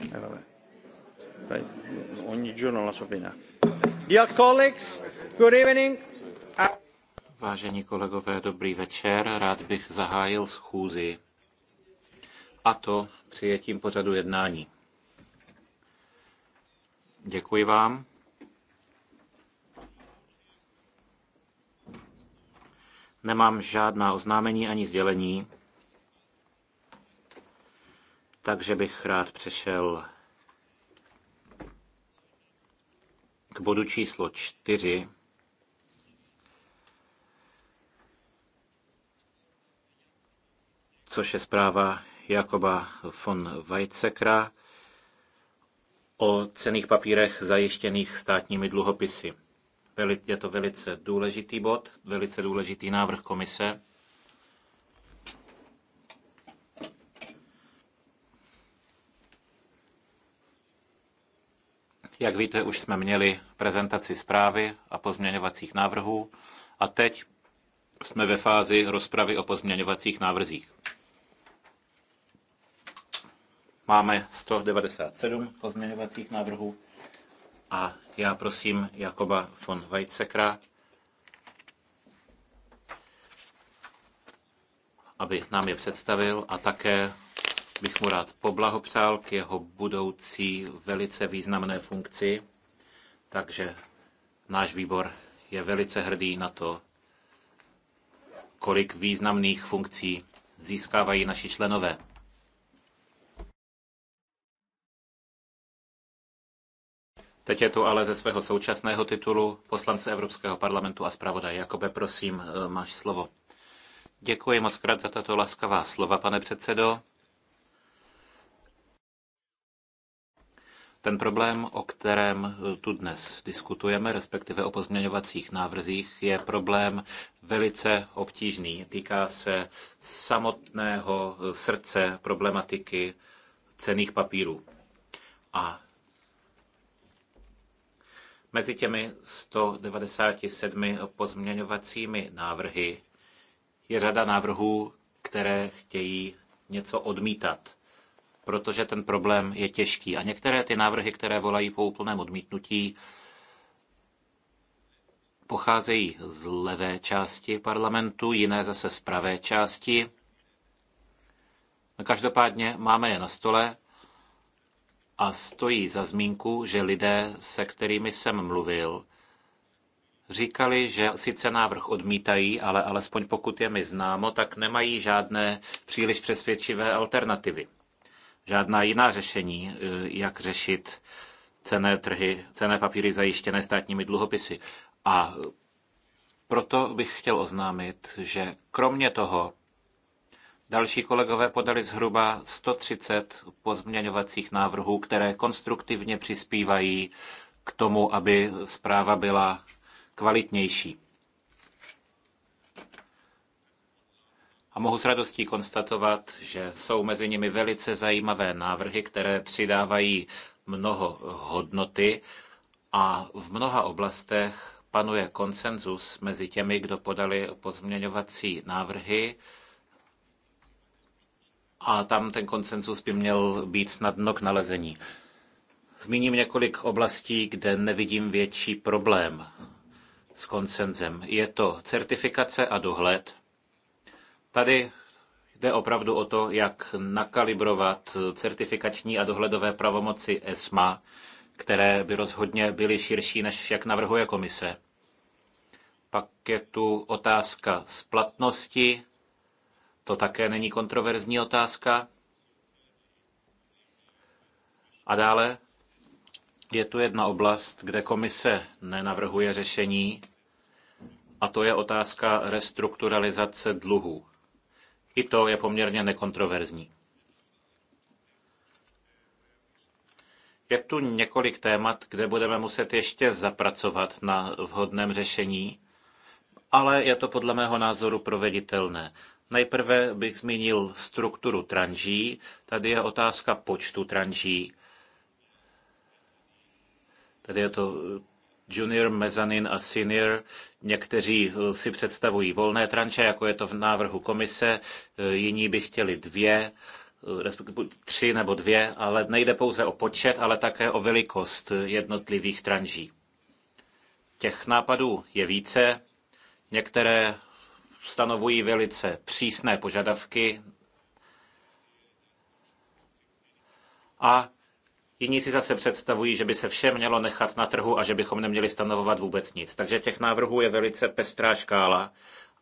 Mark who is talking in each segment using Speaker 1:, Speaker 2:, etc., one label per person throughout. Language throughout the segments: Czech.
Speaker 1: Eh, vabbè. Vai, ogni giorno la sua pena.
Speaker 2: Dear colleagues, good evening. Vážení kolegové, dobrý večer. Rád bych zahájil schůzi. A to přijetím pořadu jednání. Děkuji vám. Nemám žádná oznámení ani sdělení. Takže bych rád přešel k bodu číslo čtyři. což je zpráva Jakoba von Weizsäckera o cených papírech zajištěných státními dluhopisy. Je to velice důležitý bod, velice důležitý návrh komise. Jak víte, už jsme měli prezentaci zprávy a pozměňovacích návrhů a teď jsme ve fázi rozpravy o pozměňovacích návrzích. Máme 197 pozměňovacích návrhů a já prosím Jakoba von Weizsäckera, aby nám je představil a také bych mu rád poblahopřál k jeho budoucí velice významné funkci. Takže náš výbor je velice hrdý na to, kolik významných funkcí získávají naši členové. Teď je tu ale ze svého současného titulu poslance Evropského parlamentu a zpravodaj. Jakobe, prosím, eh, máš slovo. Děkuji moc krát za tato laskavá slova, pane předsedo. Ten problém, o kterém eh, tu dnes diskutujeme, respektive o pozměňovacích návrzích, je problém velice obtížný. Týká se samotného eh, srdce problematiky cených papírů. A mezi těmi 197 pozměňovacími návrhy je řada návrhů, které chtějí něco odmítat protože ten problém je těžký. A některé ty návrhy, které volají po úplném odmítnutí, pocházejí z levé části parlamentu, jiné zase z pravé části. No, každopádně máme je na stole a stojí za zmínku, že lidé, se kterými jsem mluvil, říkali, že sice návrh odmítají, ale alespoň pokud je mi známo, tak nemají žádné příliš přesvědčivé alternativy žádná jiná řešení, eh, jak řešit cené trhy, cené papíry zajištěné státními dluhopisy. A proto bych chtěl oznámit, že kromě toho další kolegové podali zhruba 130 pozměňovacích návrhů, které konstruktivně přispívají k tomu, aby zpráva byla kvalitnější. A mohu s radostí konstatovat, že jsou mezi nimi velice zajímavé návrhy, které přidávají mnoho hodnoty a v mnoha oblastech panuje konsenzus mezi těmi, kdo podali pozměňovací návrhy. A tam ten konsenzus by měl být snadno k nalezení. Zmíním několik oblastí, kde nevidím větší problém s konsenzem. Je to certifikace a dohled. Tady jde opravdu o to, jak nakalibrovat certifikační a dohledové pravomoci ESMA, které by rozhodně byly širší, než jak navrhuje komise. Pak je tu otázka splatnosti. To také není kontroverzní otázka. A dále je tu jedna oblast, kde komise nenavrhuje řešení, a to je otázka restrukturalizace dluhů. I to je poměrně nekontroverzní. Je tu několik témat, kde budeme muset ještě zapracovat na vhodném řešení, ale je to podle mého názoru proveditelné. Nejprve bych zmínil strukturu tranží. Tady je otázka počtu tranží. Tady je to junior, mezzanin a senior. Někteří eh, si představují volné tranče, jako je to v návrhu komise, eh, jiní by chtěli dvě, eh, respektive tři nebo dvě, ale nejde pouze o počet, ale také o velikost jednotlivých tranží. Těch nápadů je více, některé stanovují velice přísné požadavky a Jiní si zase představují, že by se vše mělo nechat na trhu a že bychom neměli stanovovat vůbec nic. Takže těch návrhů je velice pestrá škála,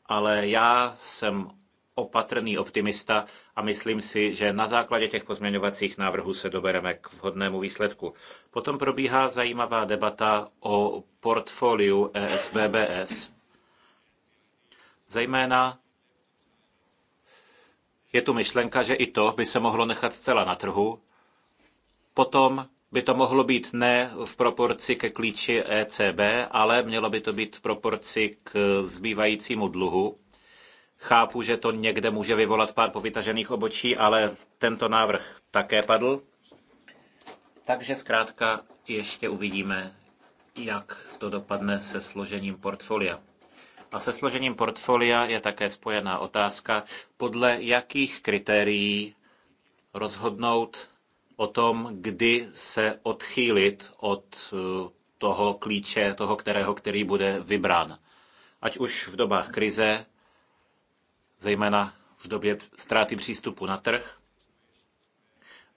Speaker 2: ale já jsem opatrný optimista a myslím si, že na základě těch pozměňovacích návrhů se dobereme k vhodnému výsledku. Potom probíhá zajímavá debata o portfoliu ESBBS. Zejména je tu myšlenka, že i to by se mohlo nechat zcela na trhu potom by to mohlo být ne v proporci ke klíči ECB, ale mělo by to být v proporci k zbývajícímu dluhu. Chápu, že to někde může vyvolat pár povytažených obočí, ale tento návrh také padl. Takže zkrátka ještě uvidíme, jak to dopadne se složením portfolia. A se složením portfolia je také spojená otázka, podle jakých kritérií rozhodnout, o tom, kdy se odchýlit od eh, toho klíče, toho kterého, který bude vybrán. Ať už v dobách krize, zejména v době ztráty přístupu na trh,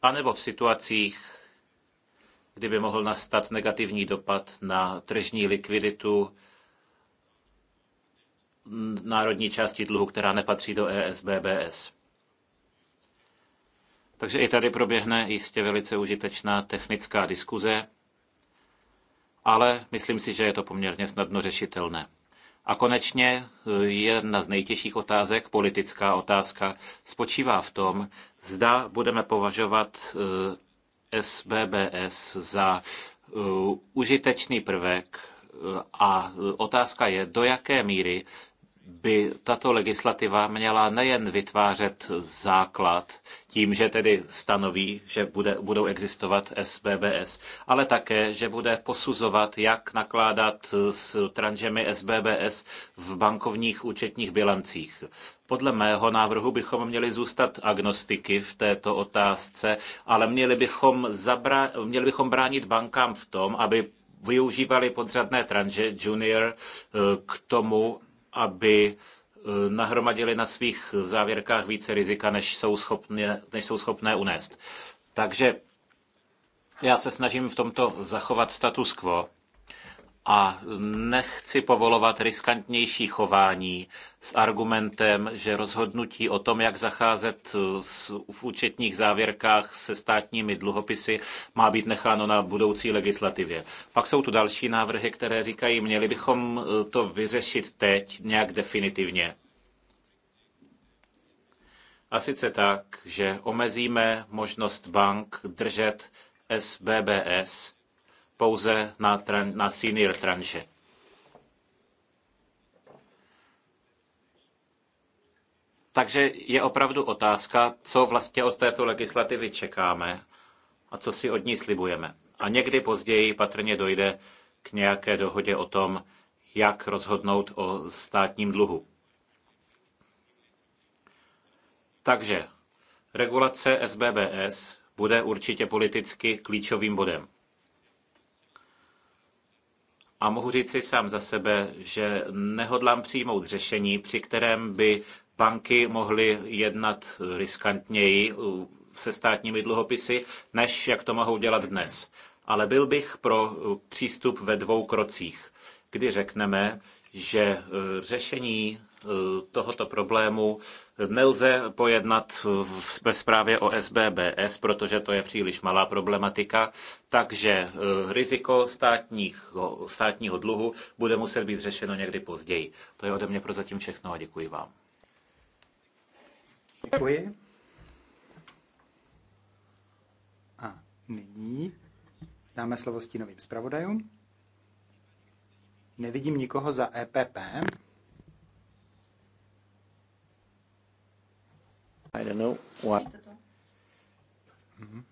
Speaker 2: anebo v situacích, kdyby mohl nastat negativní dopad na tržní likviditu národní části dluhu, která nepatří do ESBBS. Takže i tady proběhne jistě velice užitečná technická diskuze, ale myslím si, že je to poměrně snadno řešitelné. A konečně eh, jedna z nejtěžších otázek, politická otázka, spočívá v tom, zda budeme považovat SBBS eh, za eh, užitečný prvek a otázka je, do jaké míry by tato legislativa měla nejen vytvářet základ tím, že tedy stanoví, že bude, budou existovat SBBS, ale také, že bude posuzovat, jak nakládat s tranžemi SBBS v bankovních účetních bilancích. Podle mého návrhu bychom měli zůstat agnostiky v této otázce, ale měli bychom, zabra- měli bychom bránit bankám v tom, aby využívali podřadné tranže junior eh, k tomu, aby Eh, nahromadili na svých závěrkách více rizika, než jsou schopné, než jsou schopné unést. Takže já se snažím v tomto zachovat status quo a nechci povolovat riskantnější chování s argumentem, že rozhodnutí o tom, jak zacházet v účetních závěrkách se státními dluhopisy, má být necháno na budoucí legislativě. Pak jsou tu další návrhy, které říkají, měli bychom eh, to vyřešit teď nějak definitivně. A sice tak, že omezíme možnost bank držet SBBS, pouze na, tran, na senior tranže. Takže je opravdu otázka, co vlastně od této legislativy čekáme a co si od ní slibujeme. A někdy později patrně dojde k nějaké dohodě o tom, jak rozhodnout o státním dluhu. Takže regulace SBBS bude určitě politicky klíčovým bodem. A mohu říct si sám za sebe, že nehodlám přijmout řešení, při kterém by banky mohly jednat riskantněji se státními dluhopisy, než jak to mohou dělat dnes. Ale byl bych pro přístup ve dvou krocích, kdy řekneme, že e, řešení tohoto problému nelze pojednat ve zprávě o SBBS, protože to je příliš malá problematika, takže eh, riziko státního, státního dluhu bude muset být řešeno někdy později. To je ode mě zatím všechno a děkuji vám. Děkuji. A
Speaker 1: nyní dáme slovo stínovým zpravodajům. Nevidím nikoho za EPP.
Speaker 3: I don't know what. Mhm.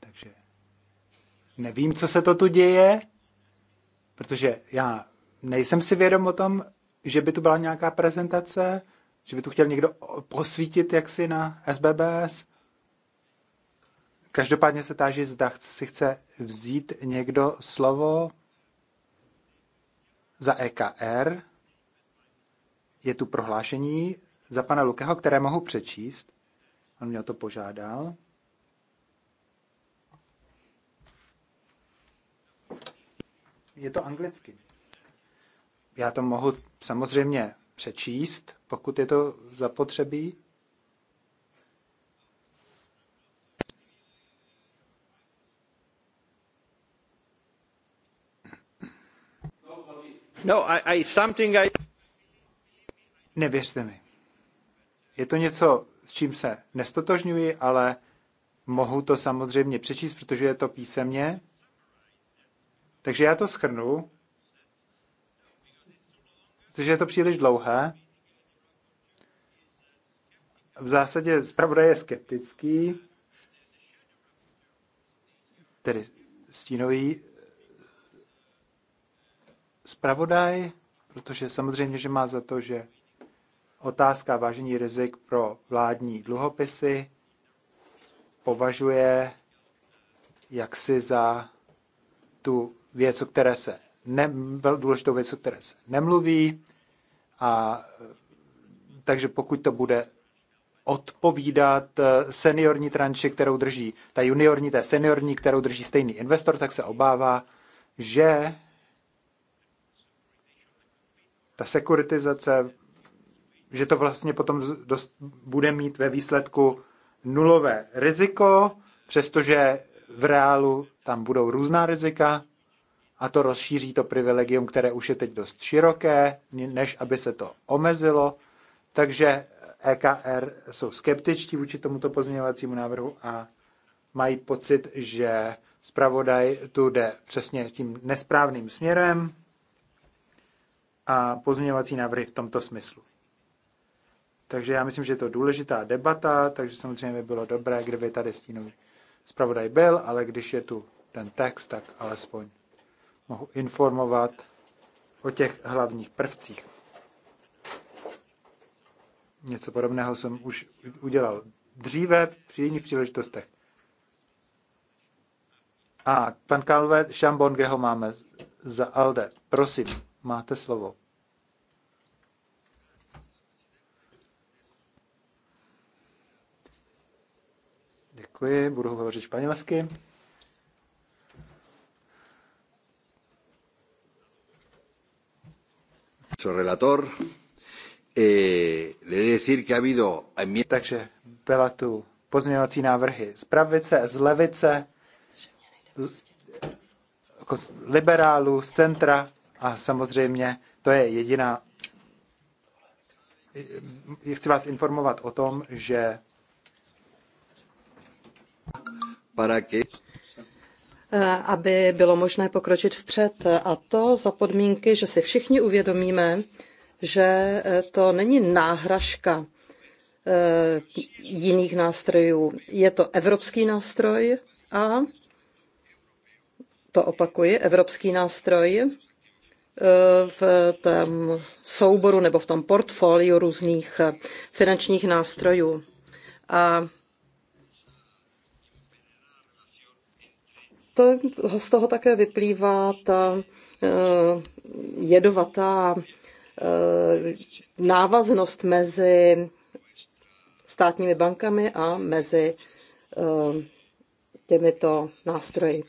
Speaker 1: Takže nevím, co se to tu děje, protože já nejsem si vědom o tom, že by tu byla nějaká prezentace, že by tu chtěl někdo posvítit jaksi na SBBS. Každopádně se táží, zda si chce vzít někdo slovo za EKR. Je tu prohlášení za pana Lukeho, které mohu přečíst. On mě o to požádal. Je to anglicky. Já to mohu samozřejmě přečíst, pokud je to zapotřebí. No, I, I, something I... Nevěřte mi. Je to něco, s čím se nestotožňuji, ale mohu to samozřejmě přečíst, protože je to písemně. Takže já to schrnu, protože je to příliš dlouhé. V zásadě zpravodaj je skeptický, tedy stínový zpravodaj, protože samozřejmě, že má za to, že otázka vážení rizik pro vládní dluhopisy považuje jaksi za tu věc, o které se ne, důležitou věc, o které se nemluví. A, takže pokud to bude odpovídat eh, seniorní tranči, kterou drží, ta juniorní, ta seniorní, kterou drží stejný investor, tak se obává, že ta sekuritizace že to vlastně potom dost, bude mít ve výsledku nulové riziko, přestože v reálu tam budou různá rizika a to rozšíří to privilegium, které už je teď dost široké, než aby se to omezilo. Takže EKR jsou skeptičtí vůči tomuto pozměňovacímu návrhu a mají pocit, že zpravodaj tu jde přesně tím nesprávným směrem a pozměňovací návrhy v tomto smyslu. Takže já myslím, že je to důležitá debata, takže samozřejmě by bylo dobré, kdyby tady stínový zpravodaj byl, ale když je tu ten text, tak alespoň mohu informovat o těch hlavních prvcích. Něco podobného jsem už udělal dříve při jiných příležitostech. A pan Calvet Šambon, kde ho máme za Alde, prosím, máte slovo. Děkuji, budu hovořit španělsky. Relator, eh, takže byla tu pozměňovací návrhy z pravice, z levice, jako liberálů, z centra a samozřejmě to je jediná. Chci vás informovat o tom, že
Speaker 2: para que
Speaker 3: eh, aby bylo možné pokročit vpřed. Eh, a to za podmínky, že si všichni uvědomíme, že eh, to není náhražka jiných nástrojů. Je to evropský nástroj a to opakuji, evropský nástroj v tom souboru nebo v tom portfoliu různých finančních nástrojů. A to, z toho také vyplývá ta eh, jedovatá eh, návaznost mezi státními bankami a mezi eh, těmito nástroji.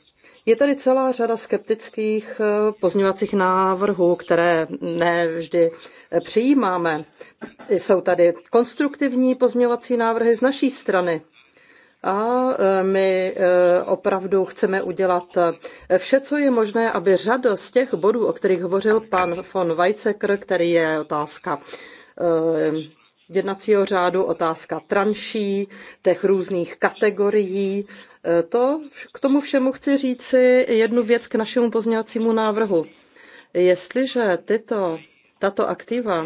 Speaker 3: Je tady celá řada skeptických pozměňovacích návrhů, které ne vždy přijímáme. Jsou tady konstruktivní pozměňovací návrhy z naší strany a e, my e, opravdu chceme udělat e, vše, co je možné, aby řada z těch bodů, o kterých hovořil pan von Weizsäcker, který je otázka jednacího řádu, otázka tranší, těch různých kategorií. To, k tomu všemu chci říci jednu věc k našemu pozněvacímu návrhu. Jestliže tyto, tato aktiva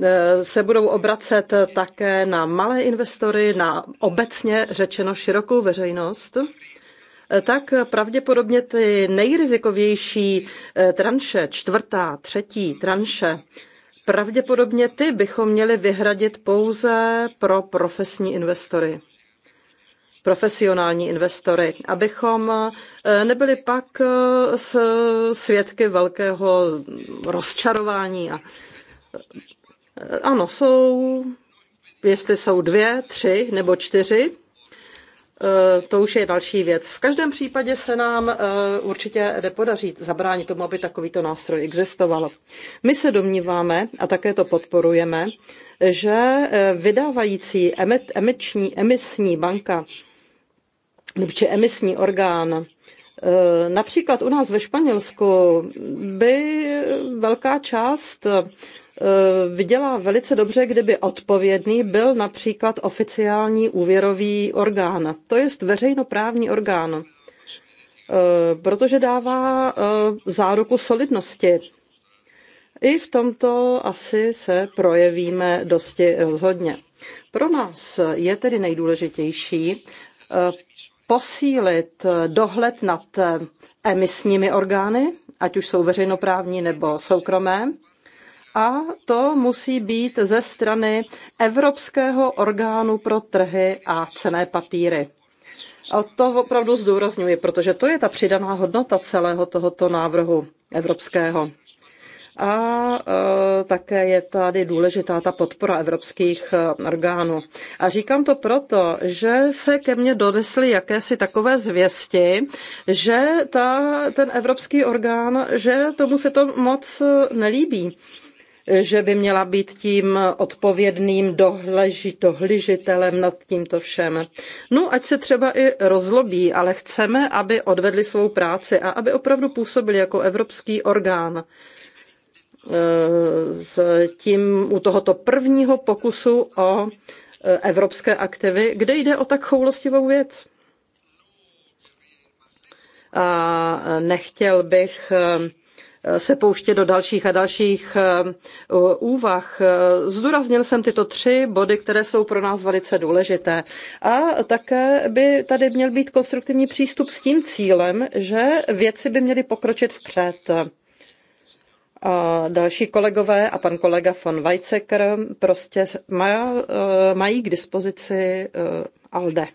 Speaker 3: E, se budou obracet také na malé investory, na obecně řečeno širokou veřejnost, e, tak pravděpodobně ty nejrizikovější e, tranše, čtvrtá, třetí tranše, pravděpodobně ty bychom měli vyhradit pouze pro profesní investory profesionální investory, abychom nebyli pak svědky velkého rozčarování a Eh, ano, jsou, jestli jsou dvě, tři nebo čtyři, eh, to už je další věc. V každém případě se nám eh, určitě nepodaří zabránit tomu, aby takovýto nástroj existoval. My se domníváme, a také to podporujeme, že vydávající emiční, emisní banka či emisní orgán Například u nás ve Španělsku by velká část Eh, viděla velice dobře, kdyby odpovědný byl například oficiální úvěrový orgán, to je veřejnoprávní orgán, eh, protože dává eh, záruku solidnosti. I v tomto asi se projevíme dosti rozhodně. Pro nás je tedy nejdůležitější posílit dohled nad emisními orgány, ať už jsou veřejnoprávní nebo soukromé, a to musí být ze strany Evropského orgánu pro trhy a cené papíry. A to opravdu zdůrazňuji, protože to je ta přidaná hodnota celého tohoto návrhu evropského. A e, také je tady důležitá ta podpora evropských e, orgánů. A říkám to proto, že se ke mně donesly jakési takové zvěsti, že ta, ten evropský orgán, že tomu se to moc nelíbí že by měla být tím odpovědným dohlížitelem nad tímto všem. No, ať se třeba i rozlobí, ale chceme, aby odvedli svou práci a aby opravdu působili jako evropský orgán e, s tím u tohoto prvního pokusu o e, evropské aktivy, kde jde o tak choulostivou věc. A nechtěl bych e, se pouštět do dalších a dalších eh, úvah. Zdůraznil jsem tyto tři body, které jsou pro nás velice důležité. A také by tady měl být konstruktivní přístup s tím cílem, že věci by měly pokročit vpřed. A další kolegové a pan kolega von Weizsäcker prostě má, eh, mají k dispozici eh, ALDE.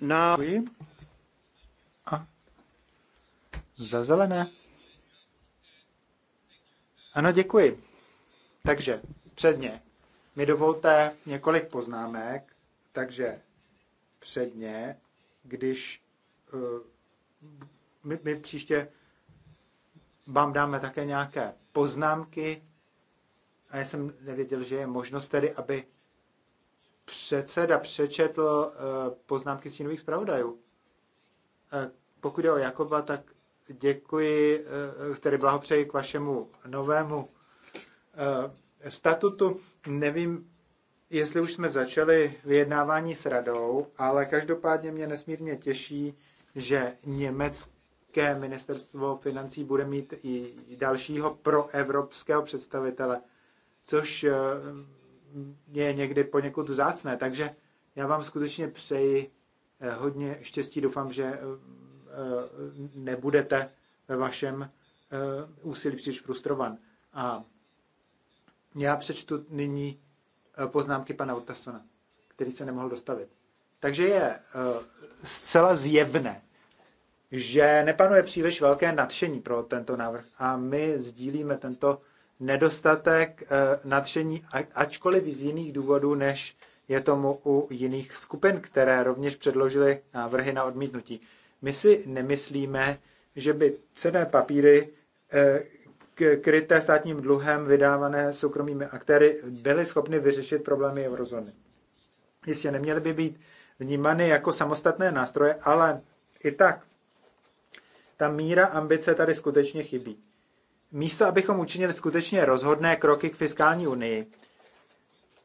Speaker 3: Na... A za zelené
Speaker 1: ano, děkuji. Takže předně mi dovolte několik poznámek. Takže předně, když uh, my, my příště vám dáme také nějaké poznámky, a já jsem nevěděl, že je možnost tedy, aby předseda přečetl uh, poznámky stínových zpravodajů. Uh, pokud je o Jakoba, tak děkuji, který eh, blahopřeji k vašemu novému eh, statutu. Nevím, jestli už jsme začali vyjednávání s radou, ale každopádně mě nesmírně těší, že německé ministerstvo financí bude mít i dalšího proevropského představitele, což eh, je někdy poněkud vzácné. Takže já vám skutečně přeji hodně štěstí. Doufám, že Eh, nebudete ve vašem eh, úsilí příliš frustrovan. A já přečtu nyní eh, poznámky pana Utasona, který se nemohl dostavit. Takže je zcela zjevné, že nepanuje příliš velké nadšení pro tento návrh a my sdílíme tento nedostatek nadšení, ačkoliv z jiných důvodů, než je tomu u jiných skupin, které rovněž předložily návrhy na odmítnutí. My si nemyslíme, že by cené papíry eh, kryté státním dluhem vydávané soukromými aktéry byly schopny vyřešit problémy eurozóny. Jistě neměly by být vnímány jako samostatné nástroje, ale i tak ta míra ambice tady skutečně chybí. Místo, abychom učinili skutečně rozhodné kroky k fiskální unii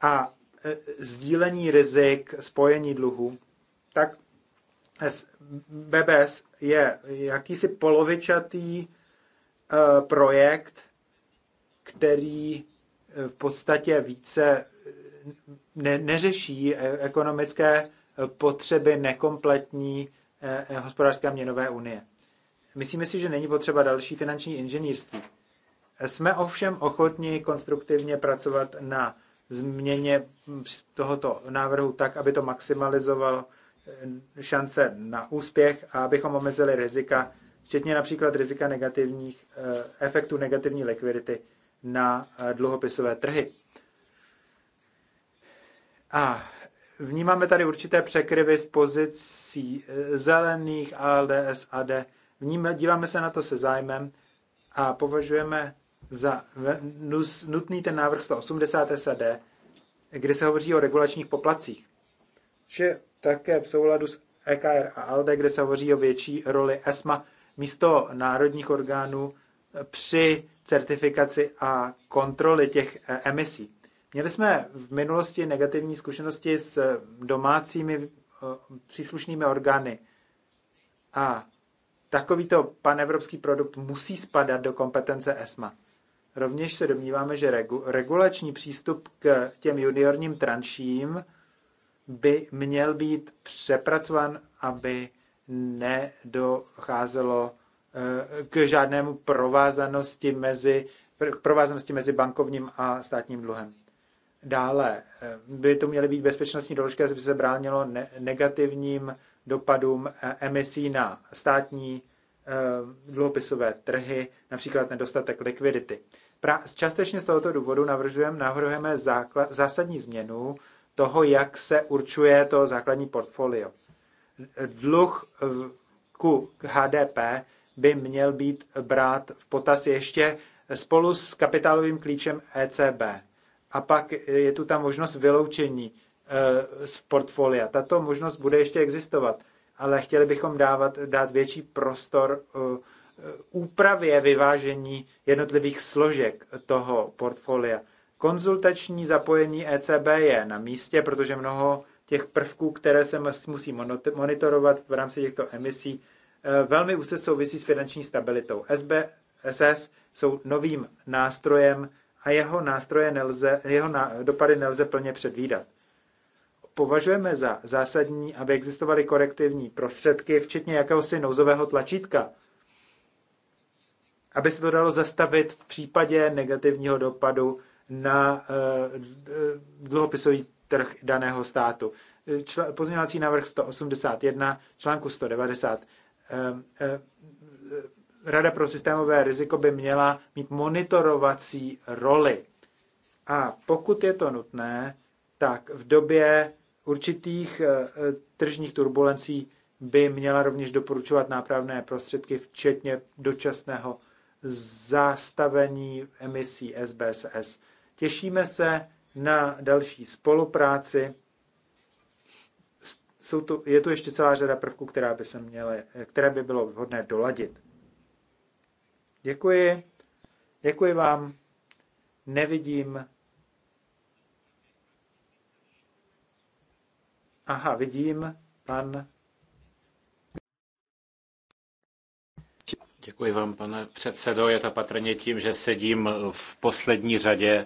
Speaker 1: a eh, sdílení rizik, spojení dluhu, tak BBS je jakýsi polovičatý eh, projekt, který eh, v podstatě více eh, ne, neřeší e, ekonomické potřeby nekompletní hospodářské a měnové unie. Myslíme si, že není potřeba další finanční inženýrství. Jsme ovšem ochotni konstruktivně pracovat na změně tohoto návrhu tak, aby to maximalizovalo Eh, šance na úspěch a abychom omezili rizika, včetně například rizika negativních eh, efektů negativní likvidity na eh, dluhopisové trhy. A vnímáme tady určité překryvy z pozicí zelených ALDS, AD. Vníme, díváme se na to se zájmem a považujeme za nutný ten návrh 180 SAD, kde se hovoří o regulačních poplacích. Že také v souladu s EKR a ALDE, kde se hovoří o větší roli ESMA místo národních orgánů eh, při certifikaci a kontroli těch eh, emisí. Měli jsme v minulosti negativní zkušenosti s eh, domácími příslušnými orgány a takovýto panevropský produkt musí spadat do kompetence ESMA. Rovněž se domníváme, že regulační přístup k těm juniorním tranším by měl být přepracovan, aby nedocházelo eh, k žádnému provázanosti mezi, provázanosti mezi bankovním a státním dluhem. Dále eh, by to měly být bezpečnostní doložky, aby se bránilo negativním dopadům eh, emisí na státní dluhopisové trhy, například nedostatek likvidity. Pra, částečně z tohoto důvodu navržujeme, navrhujeme zásadní změnu toho, jak se určuje to základní portfolio. Dluh ku HDP by měl být brát v potaz ještě spolu s kapitálovým klíčem ECB. A pak je tu ta možnost vyloučení eh, z portfolia. Tato možnost bude ještě existovat, ale chtěli bychom dávat, dát větší prostor eh, úpravě vyvážení jednotlivých složek toho portfolia. Konzultační zapojení ECB je na místě, protože mnoho těch prvků, které se musí monitorovat v rámci těchto emisí, eh, velmi úzce souvisí s finanční stabilitou. SBSS jsou novým nástrojem a jeho, nástroje nelze, jeho dopady nelze plně předvídat. Považujeme za zásadní, aby existovaly korektivní prostředky, včetně jakéhosi nouzového tlačítka, aby se to dalo zastavit v případě negativního dopadu na eh, dluhopisový trh daného státu. pozměňovací návrh 181, článku 190. Ehm, eh, Rada pro systémové riziko by měla mít monitorovací roli. A pokud je to nutné, tak v době určitých eh, tržních turbulencí by měla rovněž doporučovat nápravné prostředky, včetně dočasného zastavení emisí SBSS Těšíme se na další spolupráci. Jsou to, je tu ještě celá řada prvků, která by se měla, které by bylo vhodné doladit. Děkuji. Děkuji vám. Nevidím. Aha, vidím. Pan
Speaker 2: Děkuji vám, pane předsedo. Je to patrně tím, že sedím v poslední řadě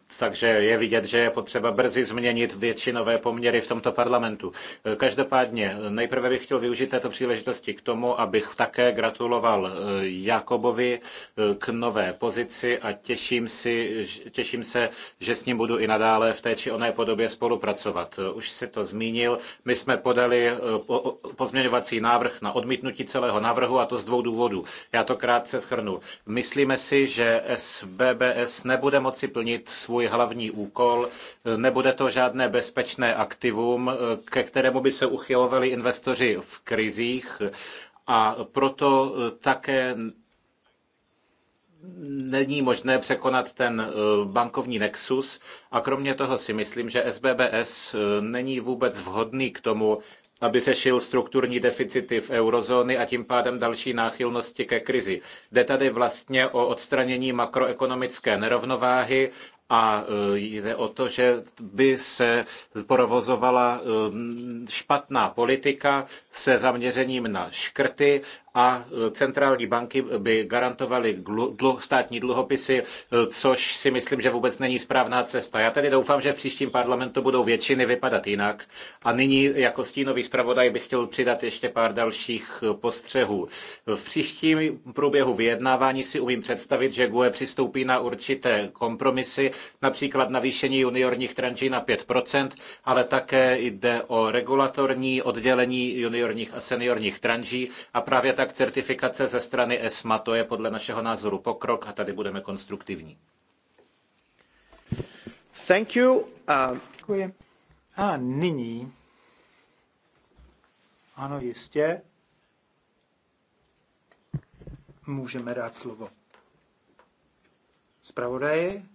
Speaker 2: takže je vidět, že je potřeba brzy změnit většinové poměry v tomto parlamentu. E, každopádně nejprve bych chtěl využít této příležitosti k tomu, abych také gratuloval e, Jakobovi e, k nové pozici a těším, si, těším se, že s ním budu i nadále v té či oné podobě spolupracovat. Už si to zmínil, my jsme podali pozměňovací návrh na odmítnutí celého návrhu a to z dvou důvodů. Já to krátce schrnu. Myslíme si, že SBBS nebude moci plnit svůj svůj hlavní úkol. Nebude to žádné bezpečné aktivum, ke kterému by se uchylovali investoři v krizích a proto také není možné překonat ten eh, bankovní nexus a kromě toho si myslím, že SBBS eh, není vůbec vhodný k tomu, aby řešil strukturní deficity v eurozóny a tím pádem další náchylnosti ke krizi. Jde tady vlastně o odstranění makroekonomické nerovnováhy a e, jde o to, že by se provozovala e, špatná politika se zaměřením na škrty a e, centrální banky by garantovaly státní dluhopisy, e, což si myslím, že vůbec není správná cesta. Já tedy doufám, že v příštím parlamentu budou většiny vypadat jinak. A nyní jako stínový zpravodaj bych chtěl přidat ještě pár dalších e, postřehů. V příštím průběhu vyjednávání si umím představit, že GUE přistoupí na určité kompromisy, například navýšení juniorních tranží na 5%, ale také jde o regulatorní oddělení juniorních a seniorních tranží a právě tak certifikace ze strany ESMA, to je podle našeho názoru pokrok a tady budeme konstruktivní.
Speaker 1: Thank you. Uh... Děkuji. A nyní, ano jistě, můžeme dát slovo zpravodaji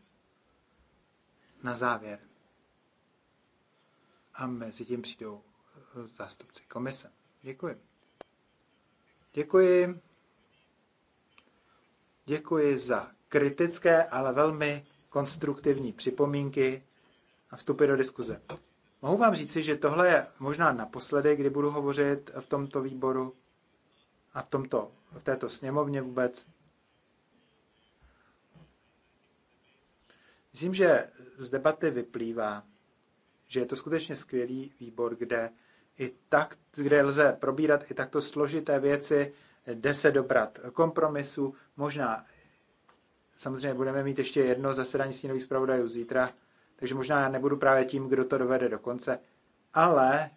Speaker 1: na závěr. A mezi tím přijdou e, zástupci komise. Děkuji. Děkuji. Děkuji za kritické, ale velmi konstruktivní připomínky a vstupy do diskuze. Mohu vám říci, že tohle je možná naposledy, kdy budu hovořit v tomto výboru a v, tomto, v této sněmovně vůbec. Myslím, že z debaty vyplývá, že je to skutečně skvělý výbor, kde i tak, kde lze probírat i takto složité věci, jde se dobrat kompromisu. Možná, samozřejmě budeme mít ještě jedno zasedání stínových zpravodajů zítra, takže možná já nebudu právě tím, kdo to dovede do konce, ale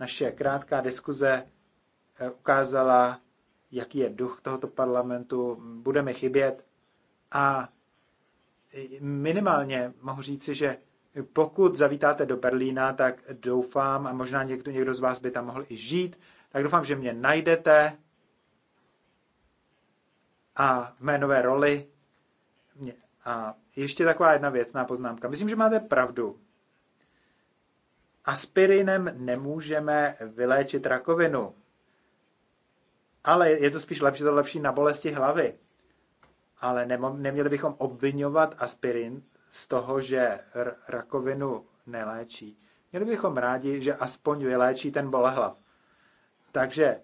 Speaker 1: naše krátká diskuze eh, ukázala, jaký je duch tohoto parlamentu, budeme chybět a minimálně mohu říci, že pokud zavítáte do Berlína, tak doufám, a možná někdo, někdo z vás by tam mohl i žít, tak doufám, že mě najdete a v mé nové roli. A ještě taková jedna věcná poznámka. Myslím, že máte pravdu. Aspirinem nemůžeme vyléčit rakovinu. Ale je to spíš lepší, to lepší na bolesti hlavy. Ale neměli bychom obvinovat aspirin z toho, že rakovinu neléčí. Měli bychom rádi, že aspoň vyléčí ten bolehlav. Takže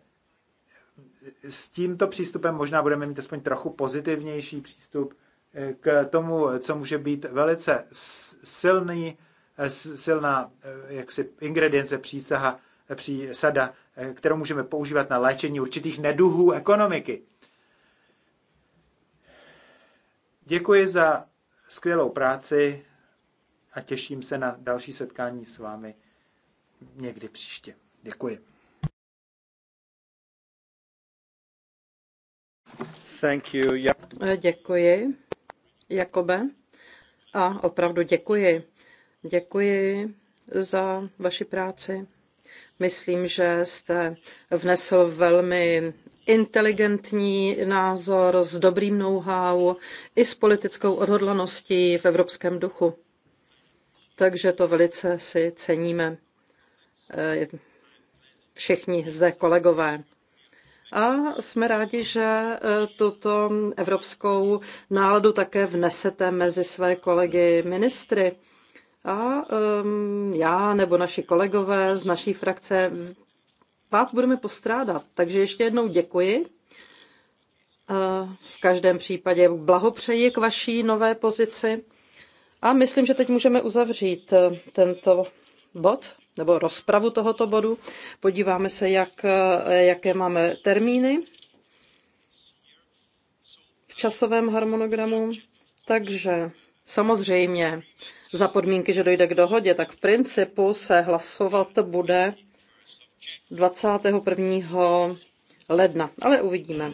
Speaker 1: s tímto přístupem možná budeme mít aspoň trochu pozitivnější přístup eh, k tomu, co může být velice silný, eh, silná eh, jaksi, ingredience přísaha, přísada, kterou můžeme používat na léčení určitých neduhů ekonomiky. Děkuji za skvělou práci a těším se na další setkání s vámi někdy příště. Děkuji. Thank you. Ja-
Speaker 3: Děkuji, Jakobe. A opravdu děkuji. Děkuji za vaši práci. Myslím, že jste vnesl velmi inteligentní názor s dobrým know-how i s politickou odhodlaností v evropském duchu. Takže to velice si ceníme eh, všichni zde kolegové. A jsme rádi, že eh, tuto evropskou náladu také vnesete mezi své kolegy ministry. A um, já nebo naši kolegové z naší frakce vás budeme postrádat. Takže ještě jednou děkuji. Eh, v každém případě blahopřeji k vaší nové pozici. A myslím, že teď můžeme uzavřít eh, tento bod nebo rozpravu tohoto bodu. Podíváme se, jak, eh, jaké máme termíny v časovém harmonogramu. Takže samozřejmě za podmínky, že dojde k dohodě, tak v principu se hlasovat bude 21. ledna, ale uvidíme.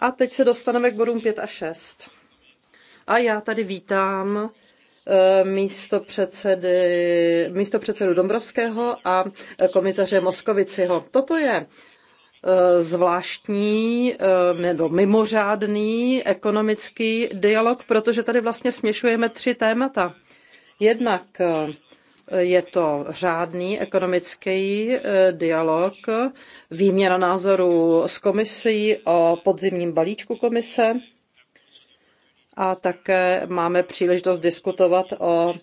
Speaker 3: A teď se dostaneme k bodům 5 a 6. A já tady vítám eh, místo, předsedy, místo předsedu Dombrovského a eh, komisaře Moskoviciho. Toto je eh, zvláštní nebo mimořádný ekonomický dialog, protože tady vlastně směšujeme tři témata. Jednak je to řádný ekonomický eh, dialog, výměna názorů s komisí o podzimním balíčku komise a také máme příležitost diskutovat o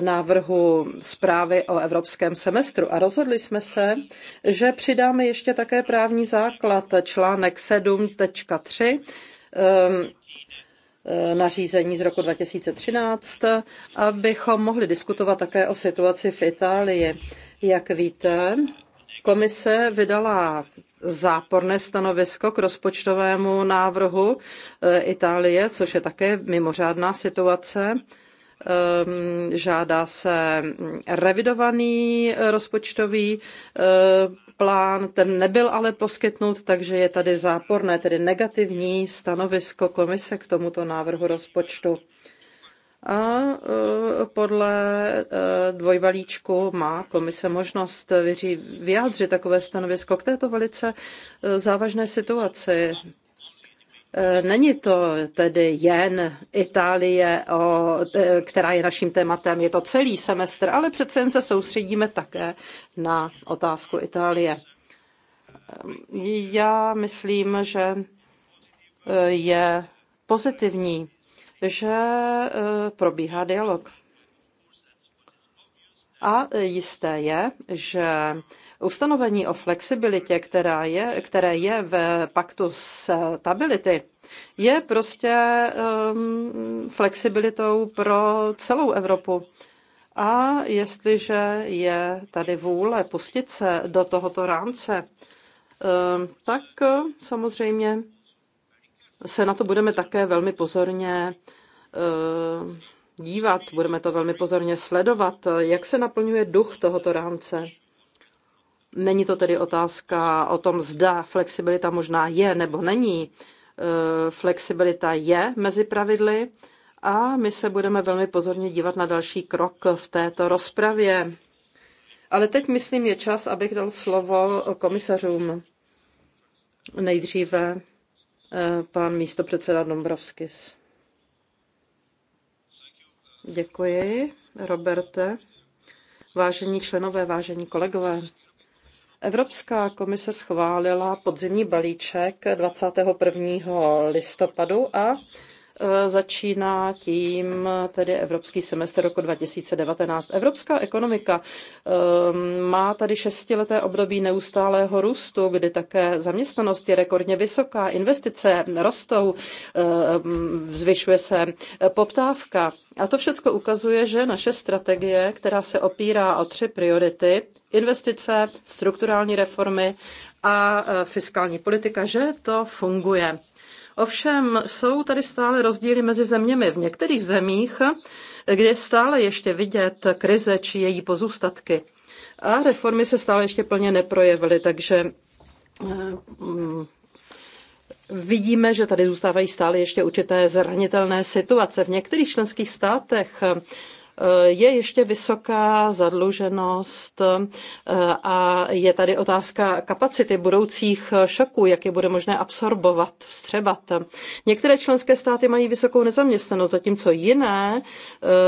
Speaker 3: návrhu zprávy o evropském semestru. A rozhodli jsme se, že přidáme ještě také právní základ článek 7.3 Eh, nařízení z roku 2013, abychom mohli diskutovat také o situaci v Itálii. Jak víte, komise vydala záporné stanovisko k rozpočtovému návrhu eh, Itálie, což je také mimořádná situace. Ehm, žádá se revidovaný eh, rozpočtový plán, ten nebyl ale poskytnut, takže je tady záporné, tedy negativní stanovisko komise k tomuto návrhu rozpočtu. A e, podle e, dvojbalíčku má komise možnost vyjádřit takové stanovisko k této velice e, závažné situaci. E, není to tedy jen Itálie, e, která je naším tématem, je to celý semestr, ale přece jen se soustředíme také na otázku Itálie. Já myslím, že e, je pozitivní, že probíhá dialog. A jisté je, že ustanovení o flexibilitě, která je, které je v paktu stability, je prostě um, flexibilitou pro celou Evropu. A jestliže je tady vůle pustit se do tohoto rámce, ehm, tak samozřejmě se na to budeme také velmi pozorně ehm, dívat, budeme to velmi pozorně sledovat, jak se naplňuje duch tohoto rámce. Není to tedy otázka o tom, zda flexibilita možná je nebo není. E, flexibilita je mezi pravidly a my se budeme velmi pozorně dívat na další krok v této rozpravě. Ale teď, myslím, je čas, abych dal slovo komisařům. Nejdříve e, pan místopředseda Dombrovskis. Děkuji, Roberte. Vážení členové, vážení kolegové, Evropská komise schválila podzimní balíček 21. listopadu a Eh, začíná tím eh, tedy Evropský semestr roku 2019. Evropská ekonomika ehm, má tady šestileté období neustálého růstu, kdy také zaměstnanost je rekordně vysoká, investice rostou, ehm, zvyšuje se eh, poptávka. A to všechno ukazuje, že naše strategie, která se opírá o tři priority, investice, strukturální reformy a fiskální politika, že to funguje. Ovšem jsou tady stále rozdíly mezi zeměmi. V některých zemích, kde je stále ještě vidět krize či její pozůstatky. A reformy se stále ještě plně neprojevily, takže eh, mm, Vidíme, že tady zůstávají stále ještě určité zranitelné situace. V některých členských státech Eh, je ještě vysoká zadluženost eh, a je tady otázka kapacity budoucích eh, šoků, jak je bude možné absorbovat, vstřebat. Některé členské státy mají vysokou nezaměstnanost, zatímco jiné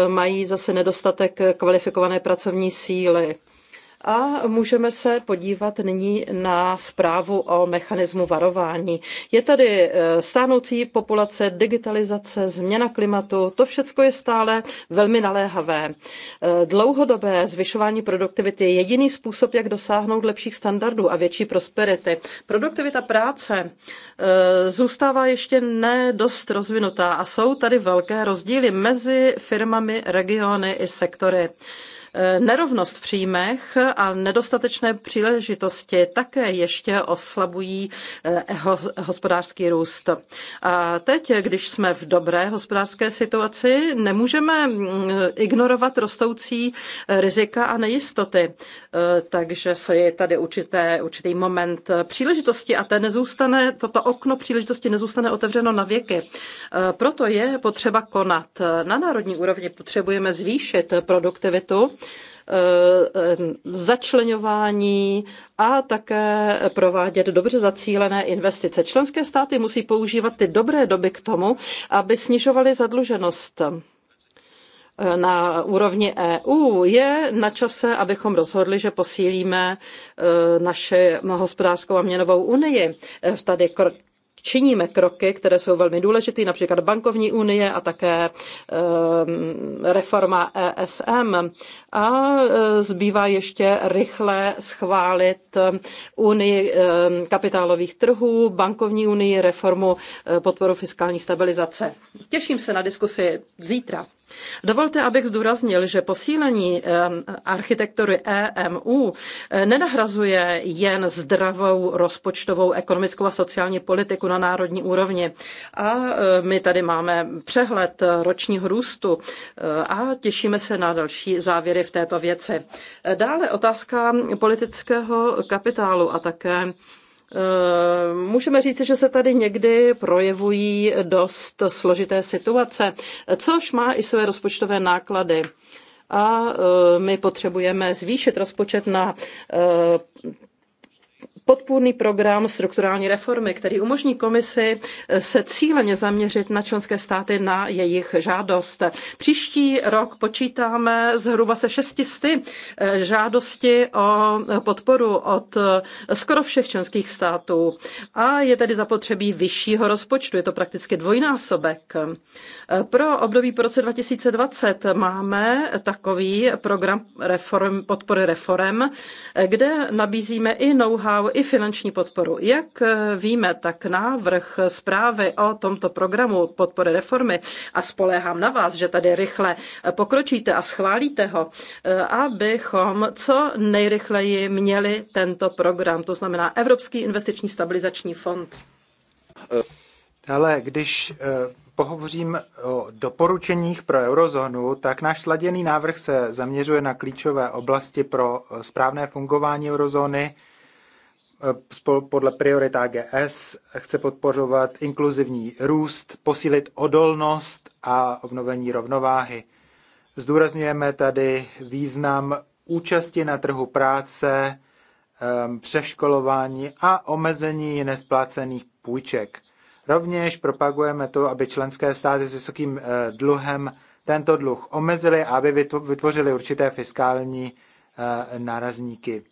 Speaker 3: mají zase nedostatek kvalifikované pracovní síly. A můžeme se podívat nyní na zprávu o mechanismu varování. Je tady e, stánoucí populace, digitalizace, změna klimatu, to všechno je stále velmi naléhavé. E, dlouhodobé zvyšování produktivity je jediný způsob, jak dosáhnout lepších standardů a větší prosperity. Produktivita práce e, zůstává ještě nedost rozvinutá a jsou tady velké rozdíly mezi firmami, regiony i sektory. Eh, nerovnost v příjmech a nedostatečné příležitosti také ještě oslabují eh, hospodářský růst. A teď, když jsme v dobré hospodářské situaci, nemůžeme mm, ignorovat rostoucí eh, rizika a nejistoty. Takže se je tady určité, určitý moment příležitosti a ten nezůstane, toto okno příležitosti nezůstane otevřeno na věky. Proto je potřeba konat. Na národní úrovni potřebujeme zvýšit produktivitu Eh, eh, začlenování a také provádět dobře zacílené investice. Členské státy musí používat ty dobré doby k tomu, aby snižovaly zadluženost eh, na úrovni EU, je na čase, abychom rozhodli, že posílíme naše hospodářskou a měnovou unii. Tady činíme kroky, které jsou velmi důležité, například bankovní unie a také ehm, reforma ESM. A e, zbývá ještě rychle schválit unii ehm, kapitálových trhů, bankovní unii, reformu e, podporu fiskální stabilizace. Těším se na diskusi zítra. Dovolte, abych zdůraznil, že posílení architektury EMU eh, nenahrazuje jen zdravou rozpočtovou, ekonomickou a sociální politiku na národní úrovni. A eh, my tady máme přehled eh, ročního růstu a těšíme se na další závěry v této věci. Dále otázka politického kapitálu a také Eh, můžeme říct, že se tady někdy projevují dost složité situace, což má i své rozpočtové náklady. A eh, my potřebujeme zvýšit rozpočet na eh, podpůrný program strukturální reformy, který umožní komisi eh, se cíleně zaměřit na členské státy na jejich žádost. Příští rok počítáme zhruba se 600 eh, žádosti o podporu od eh, skoro všech členských států a je tedy zapotřebí vyššího rozpočtu, je to prakticky dvojnásobek. Pro období po roce 2020 máme takový program reform, podpory reform, kde nabízíme i know-how i finanční podporu. Jak eh, víme, tak návrh zprávy o tomto programu podpory reformy a spoléhám na vás, že tady rychle eh, pokročíte a schválíte ho, eh, abychom co nejrychleji měli tento program, to znamená Evropský investiční stabilizační fond.
Speaker 1: Ale když pohovořím o doporučeních pro eurozónu, tak náš sladěný návrh se zaměřuje na klíčové oblasti pro správné fungování eurozóny Eh, podle priorit AGS chce podporovat inkluzivní růst, posílit odolnost a obnovení rovnováhy. Zdůrazňujeme tady význam účasti na trhu práce, eh, přeškolování a omezení nesplácených půjček. Rovněž propagujeme to, aby členské státy s vysokým eh, dluhem tento dluh omezili a aby vytvořili určité fiskální nárazníky.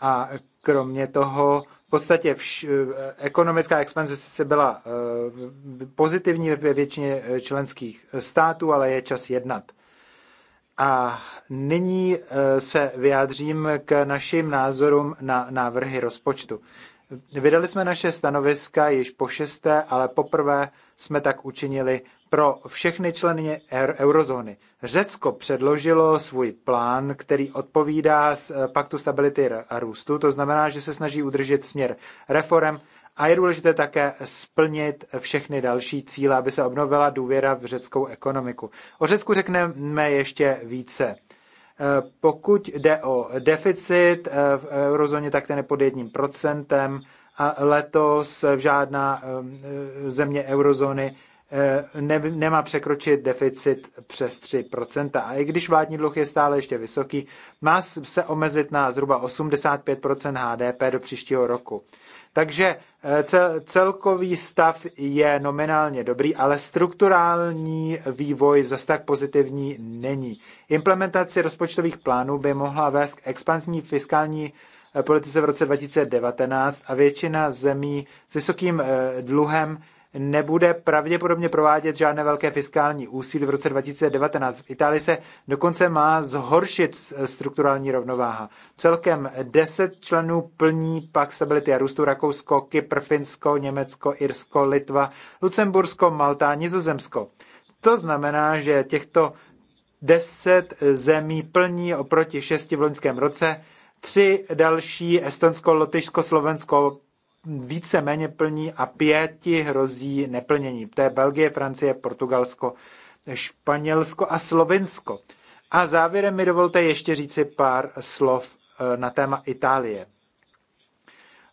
Speaker 1: A Kromě toho, v podstatě vš, eh, ekonomická expanze se byla eh, pozitivní ve většině eh, členských států, ale je čas jednat. A nyní se vyjádřím k našim názorům na návrhy rozpočtu. Vydali jsme naše stanoviska již po šesté, ale poprvé jsme tak učinili pro všechny členy er-, eurozóny. Řecko předložilo svůj plán, který odpovídá eh, paktu stability a růstu, to znamená, že se snaží udržet směr reform a je důležité také splnit všechny další cíle, aby se obnovila důvěra v řeckou ekonomiku. O Řecku řekneme ještě více. Eh, pokud jde o deficit eh, v eurozóně, tak ten je pod jedním procentem a letos žádná země eurozóny Eh, ne, nemá překročit deficit přes 3%. A i když vládní dluh je stále ještě vysoký, má se omezit na zhruba 85% HDP do příštího roku. Takže eh, celkový stav je nominálně dobrý, ale strukturální vývoj zas tak pozitivní není. Implementace rozpočtových plánů by mohla vést k expanzní fiskální eh, politice v roce 2019 a většina zemí s vysokým dluhem nebude pravděpodobně provádět žádné velké fiskální úsilí v roce 2019. V Itálii se dokonce má zhoršit strukturální rovnováha. Celkem 10 členů plní pak stability a růstu Rakousko, Kypr, Finsko, Německo, Irsko, Litva, Lucembursko, Malta, Nizozemsko. To znamená, že těchto 10 zemí plní oproti 6 v loňském roce Tři další, Estonsko, Lotyšsko, Slovensko, více méně plní a pěti hrozí neplnění. To je Belgie, Francie, Portugalsko, Španělsko a Slovinsko. A závěrem mi dovolte ještě říci pár slov eh, na téma Itálie.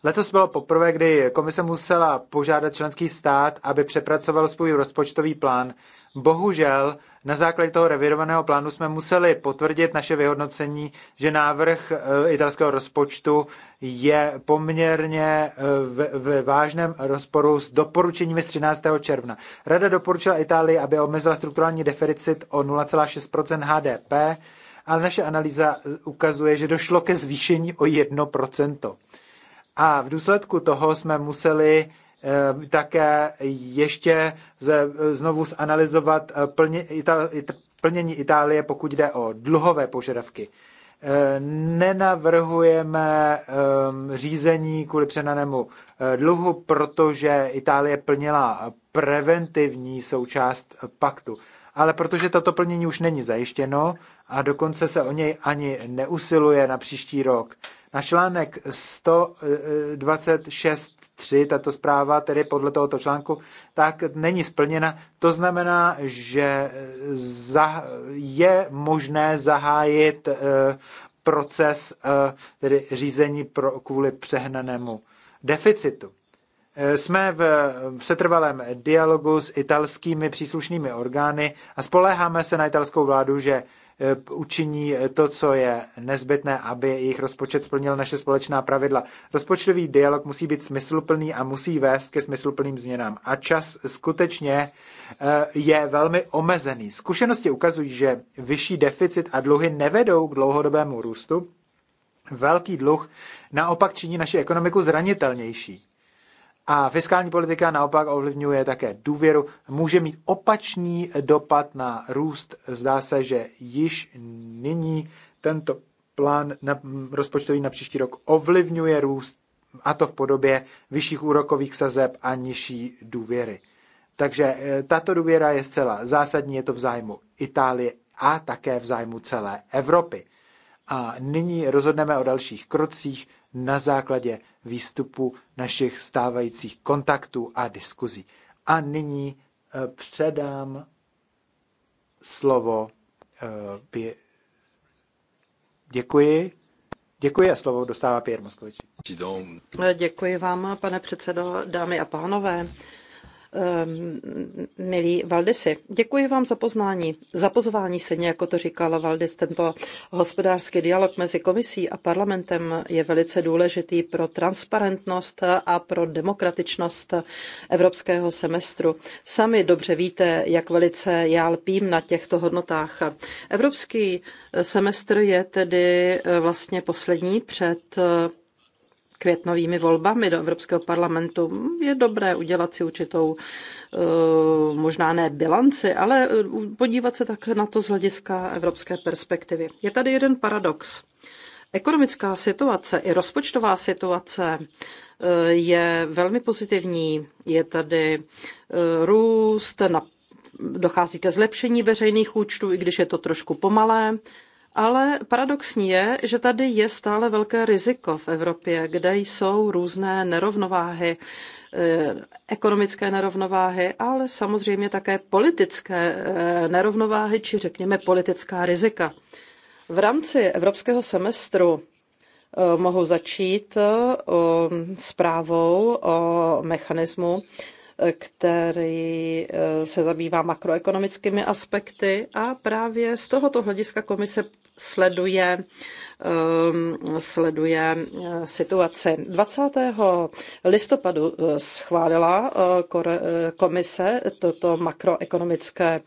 Speaker 1: Letos bylo poprvé, kdy komise musela požádat členský stát, aby přepracoval svůj rozpočtový plán Bohužel na základě toho revidovaného plánu jsme museli potvrdit naše vyhodnocení, že návrh eh, italského rozpočtu je poměrně eh, ve vážném rozporu s doporučeními z 13. června. Rada doporučila Itálii, aby omezila strukturální deficit o 0,6 HDP, ale naše analýza eh, ukazuje, že došlo ke zvýšení o 1 A v důsledku toho jsme museli Eh, také ještě znovu zanalizovat eh, plnění Itálie, pokud jde o dluhové požadavky. Eh, nenavrhujeme ehm, řízení kvůli přenanému dluhu, protože Itálie plnila preventivní součást paktu. Ale protože toto plnění už není zajištěno a dokonce se o něj ani neusiluje na příští rok, na článek 126.3, tato zpráva, tedy podle tohoto článku, tak není splněna. To znamená, že je možné zahájit eh, proces eh, tedy řízení pro, kvůli přehnanému deficitu. Jsme v setrvalém dialogu s italskými příslušnými orgány a spoléháme se na italskou vládu, že eh, učiní eh, to, co je nezbytné, aby jejich rozpočet splnil naše společná pravidla. Rozpočtový dialog musí být smysluplný a musí vést ke smysluplným změnám. A čas skutečně eh, je velmi omezený. Zkušenosti ukazují, že vyšší deficit a dluhy nevedou k dlouhodobému růstu. Velký dluh naopak činí naši ekonomiku zranitelnější. A fiskální politika naopak ovlivňuje také důvěru. Může mít opačný dopad na růst. Zdá se, že již nyní tento plán na, rozpočtový na příští rok ovlivňuje růst, a to v podobě vyšších úrokových sazeb a nižší důvěry. Takže eh, tato důvěra je zcela zásadní, je to v zájmu Itálie a také v zájmu celé Evropy. A nyní rozhodneme o dalších krocích na základě výstupu našich stávajících kontaktů a diskuzí. A nyní eh, předám slovo. Eh, Děkuji. Děkuji a slovo dostává Pierre Moskovič.
Speaker 3: Děkuji vám, pane předsedo, dámy a pánové. Ehm, milí Valdisi. Děkuji vám za poznání, za pozvání, stejně jako to říkala Valdis. Tento hospodářský dialog mezi komisí a parlamentem je velice důležitý pro transparentnost a pro demokratičnost evropského semestru. Sami dobře víte, jak velice já lpím na těchto hodnotách. Evropský semestr je tedy vlastně poslední před květnovými volbami do Evropského parlamentu. Je dobré udělat si určitou, eh, možná ne bilanci, ale eh, podívat se tak na to z hlediska evropské perspektivy. Je tady jeden paradox. Ekonomická situace i rozpočtová situace eh, je velmi pozitivní. Je tady růst, dochází ke zlepšení veřejných účtů, i když je to trošku pomalé. Ale paradoxní je, že tady je stále velké riziko v Evropě, kde jsou různé nerovnováhy, eh, ekonomické nerovnováhy, ale samozřejmě také politické eh, nerovnováhy, či řekněme politická rizika. V rámci evropského semestru eh, mohu začít zprávou o mechanismu který eh, se zabývá makroekonomickými aspekty a právě z tohoto hlediska komise sleduje Ehm, sleduje eh, situaci. 20. listopadu eh, schválila eh, komise toto makroekonomické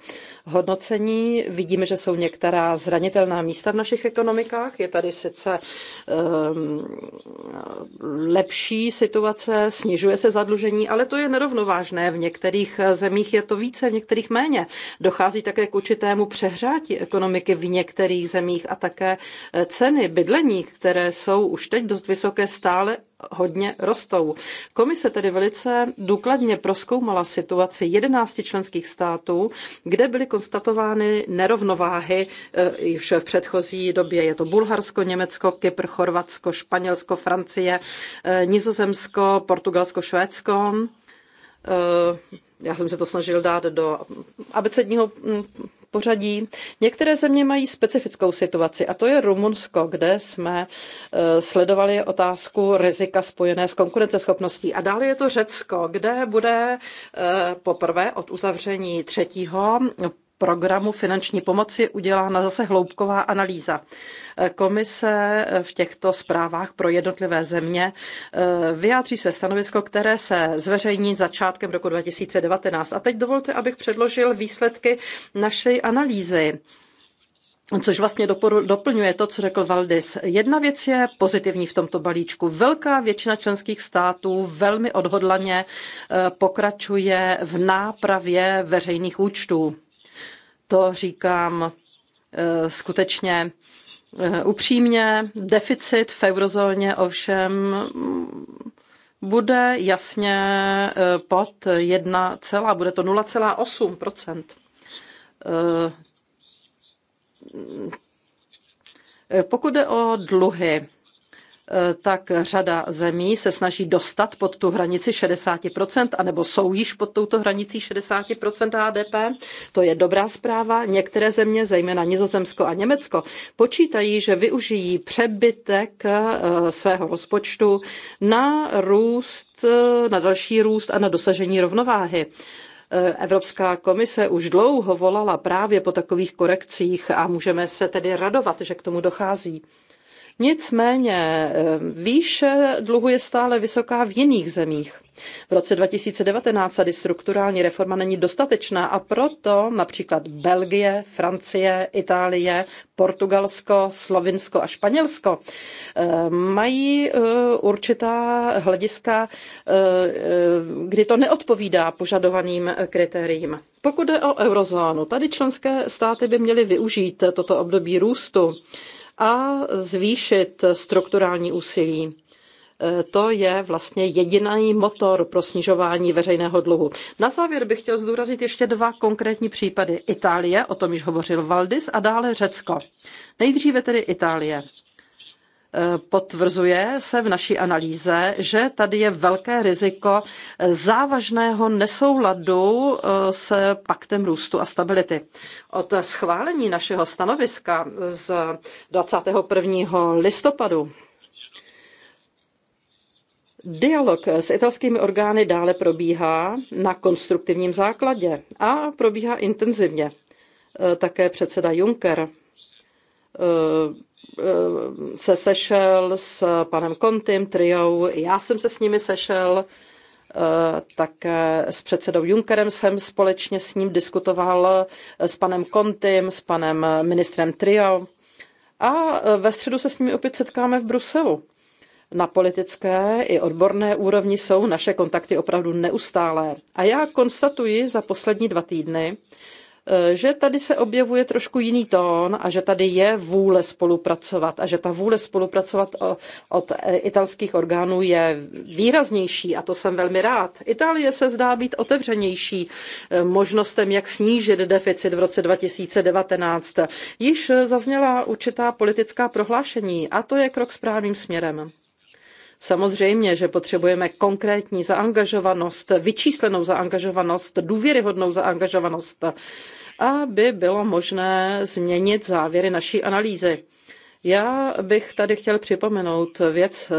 Speaker 3: hodnocení. Vidíme, že jsou některá zranitelná místa v našich ekonomikách. Je tady sice ehm, lepší situace, snižuje se zadlužení, ale to je nerovnovážné. V některých zemích je to více, v některých méně. Dochází také k určitému přehřátí ekonomiky v některých zemích a také ceny ceny bydlení, které jsou už teď dost vysoké, stále hodně rostou. Komise tedy velice důkladně proskoumala situaci 11 členských států, kde byly konstatovány nerovnováhy eh, již v předchozí době. Je to Bulharsko, Německo, Kypr, Chorvatsko, Španělsko, Francie, eh, Nizozemsko, Portugalsko, Švédsko eh, já jsem se to snažil dát do abecedního mm, pořadí. Některé země mají specifickou situaci a to je Rumunsko, kde jsme eh, sledovali otázku rizika spojené s konkurenceschopností. A dále je to Řecko, kde bude eh, poprvé od uzavření třetího programu finanční pomoci udělána zase hloubková analýza. Komise v těchto zprávách pro jednotlivé země eh, vyjádří své stanovisko, které se zveřejní začátkem roku 2019. A teď dovolte, abych předložil výsledky naší analýzy. Což vlastně doplňuje to, co řekl Valdis. Jedna věc je pozitivní v tomto balíčku. Velká většina členských států velmi odhodlaně eh, pokračuje v nápravě veřejných účtů to říkám eh, skutečně eh, upřímně. Deficit v eurozóně ovšem mm, bude jasně eh, pod 1, bude to 0,8 mm, pokud jde o dluhy, Eh, tak řada zemí se snaží dostat pod tu hranici 60%, anebo jsou již pod touto hranicí 60% HDP. To je dobrá zpráva. Některé země, zejména Nizozemsko a Německo, počítají, že využijí přebytek eh, svého rozpočtu na růst, eh, na další růst a na dosažení rovnováhy. Evropská komise už dlouho volala právě po takových korekcích a můžeme se tedy radovat, že k tomu dochází. Nicméně eh, výše dluhu je stále vysoká v jiných zemích. V roce 2019 tady strukturální reforma není dostatečná a proto například Belgie, Francie, Itálie, Portugalsko, Slovinsko a Španělsko eh, mají eh, určitá hlediska, kdy to neodpovídá požadovaným kritériím. Pokud jde o eurozónu, tady členské státy by měly využít toto období růstu a zvýšit strukturální úsilí. E, to je vlastně jediný motor pro snižování veřejného dluhu. Na závěr bych chtěl zdůraznit ještě dva konkrétní případy. Itálie, o tom již hovořil Valdis, a dále Řecko. Nejdříve tedy Itálie potvrzuje se v naší analýze, že tady je velké riziko závažného nesouladu eh, s paktem růstu a stability. Od schválení našeho stanoviska z 21. listopadu Dialog s italskými orgány dále probíhá na konstruktivním základě a probíhá intenzivně. Eh, také předseda Juncker eh, Eh, se sešel s panem Kontym, Triou, já jsem se s nimi sešel, eh, také s předsedou Junckerem jsem společně s ním diskutoval, eh, s panem Kontym, s panem ministrem Trio. A ve středu se s nimi opět setkáme v Bruselu. Na politické i odborné úrovni jsou naše kontakty opravdu neustálé. A já konstatuji za poslední dva týdny, Eh, že tady se objevuje trošku jiný tón a že tady je vůle spolupracovat a že ta vůle spolupracovat od eh, italských orgánů je výraznější a to jsem velmi rád. Itálie se zdá být otevřenější eh, možnostem, jak snížit deficit v roce 2019. Již zazněla určitá politická prohlášení a to je krok správným směrem. Samozřejmě, že potřebujeme konkrétní zaangažovanost, vyčíslenou zaangažovanost, důvěryhodnou zaangažovanost, aby bylo možné změnit závěry naší analýzy. Já bych tady chtěl připomenout věc,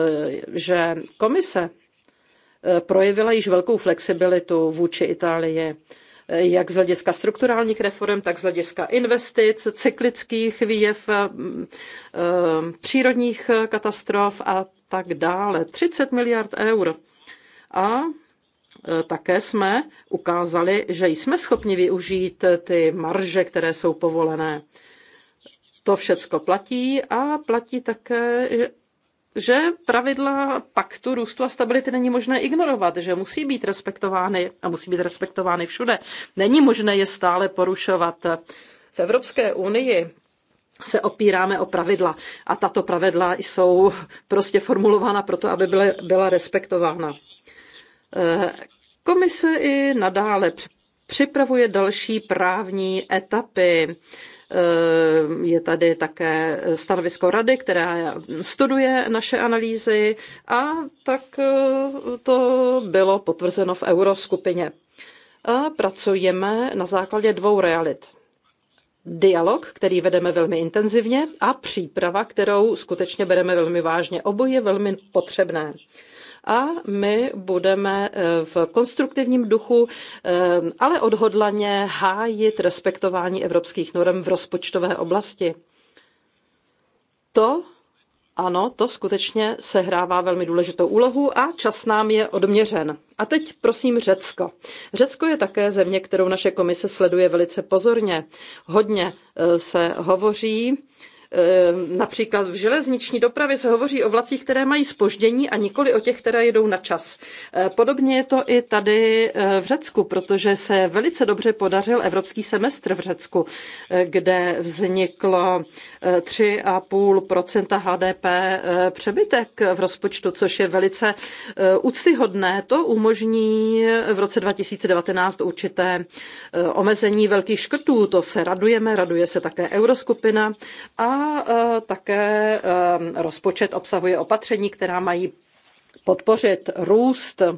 Speaker 3: že komise eh, projevila již velkou flexibilitu vůči Itálii eh, jak z hlediska strukturálních reform, tak z hlediska investic, cyklických výjev, mm, eh, přírodních katastrof a tak dále. 30 miliard eur. A e, také jsme ukázali, že jsme schopni využít ty marže, které jsou povolené. To všecko platí a platí také, že pravidla paktu růstu a stability není možné ignorovat, že musí být respektovány a musí být respektovány všude. Není možné je stále porušovat. V Evropské unii se opíráme o pravidla. A tato pravidla jsou prostě formulována proto, aby byla, byla respektována. Eh, komise i nadále připravuje další právní etapy. Eh, je tady také stanovisko rady, která studuje naše analýzy a tak eh, to bylo potvrzeno v euroskupině. A pracujeme na základě dvou realit dialog, který vedeme velmi intenzivně a příprava, kterou skutečně bereme velmi vážně. Oboje je velmi potřebné a my budeme eh, v konstruktivním duchu, eh, ale odhodlaně hájit respektování evropských norm v rozpočtové oblasti. To ano, to skutečně sehrává velmi důležitou úlohu a čas nám je odměřen. A teď prosím Řecko. Řecko je také země, kterou naše komise sleduje velice pozorně. Hodně eh, se hovoří Ehm, například v železniční dopravě se hovoří o vlacích, které mají spoždění a nikoli o těch, které jedou na čas. Ehm, podobně je to i tady ehm, v Řecku, protože se velice dobře podařil evropský semestr v Řecku, kde vzniklo 3,5 HDP přebytek v rozpočtu, což je velice úctyhodné. To umožní v roce 2019 určité omezení velkých škrtů. To se radujeme, raduje se také euroskupina a Eh, také eh, rozpočet obsahuje opatření, která mají podpořit růst eh,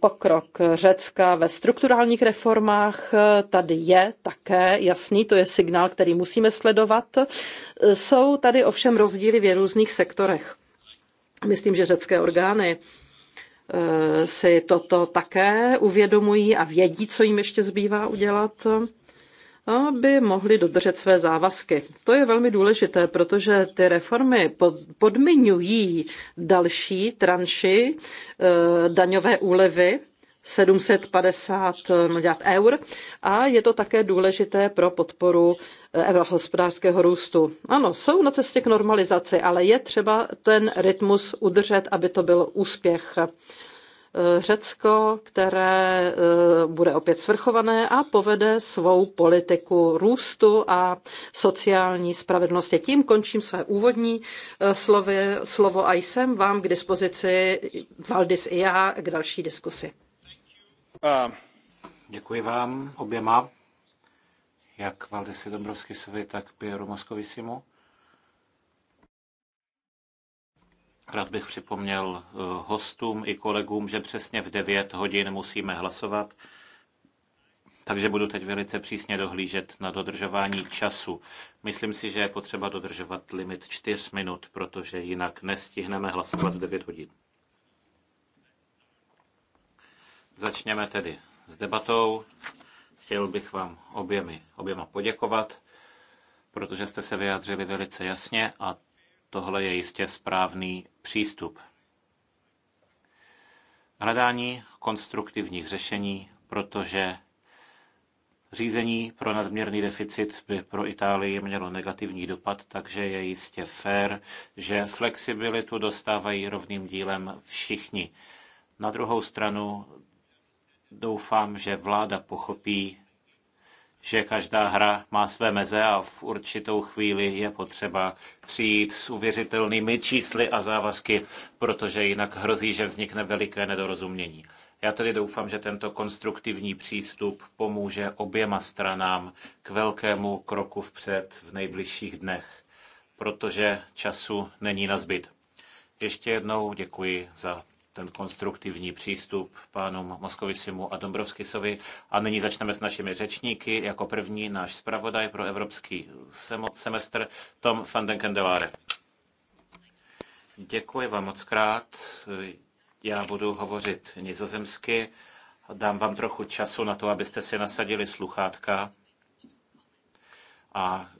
Speaker 3: pokrok Řecka ve strukturálních reformách tady je také jasný, to je signál, který musíme sledovat. Jsou tady ovšem rozdíly v různých sektorech. Myslím, že řecké orgány si toto také uvědomují a vědí, co jim ještě zbývá udělat aby mohli dodržet své závazky. To je velmi důležité, protože ty reformy podmiňují další tranši eh, daňové úlevy 750 eh, miliard eur a je to také důležité pro podporu eh, hospodářského růstu. Ano, jsou na cestě k normalizaci, ale je třeba ten rytmus udržet, aby to byl úspěch. Řecko, které eh, bude opět svrchované a povede svou politiku růstu a sociální spravedlnosti. Tím končím své úvodní eh, slovy, slovo a jsem vám k dispozici, Valdis i já, k další diskusi.
Speaker 2: Děkuji vám oběma, jak Valdisi Dombrovskisovi, tak Pieru Moskovisimu. Rád bych připomněl eh, hostům i kolegům, že přesně v 9 hodin musíme hlasovat, takže budu teď velice přísně dohlížet na dodržování času. Myslím si, že je potřeba dodržovat limit 4 minut, protože jinak nestihneme hlasovat v 9 hodin. Začněme tedy s debatou. Chtěl bych vám oběmi, oběma poděkovat, protože jste se vyjádřili velice jasně a Tohle je jistě správný přístup. Hledání konstruktivních řešení, protože Řízení pro nadměrný deficit by pro Itálii mělo negativní dopad, takže je jistě fér, že flexibilitu dostávají rovným dílem všichni. Na druhou stranu doufám, že vláda pochopí, že každá hra má své meze a v určitou chvíli je potřeba přijít s uvěřitelnými čísly a závazky, protože jinak hrozí, že vznikne veliké nedorozumění. Já tedy doufám, že tento konstruktivní přístup pomůže oběma stranám k velkému kroku vpřed v nejbližších dnech, protože času není na zbyt. Ještě jednou děkuji za ten konstruktivní přístup pánům Moskovisimu a Dombrovskisovi. A nyní začneme s našimi řečníky. Jako první náš zpravodaj pro evropský semestr Tom van den Kendeláre. Děkuji vám moc krát. Já budu hovořit nizozemsky. Dám vám trochu času na to, abyste si nasadili sluchátka. A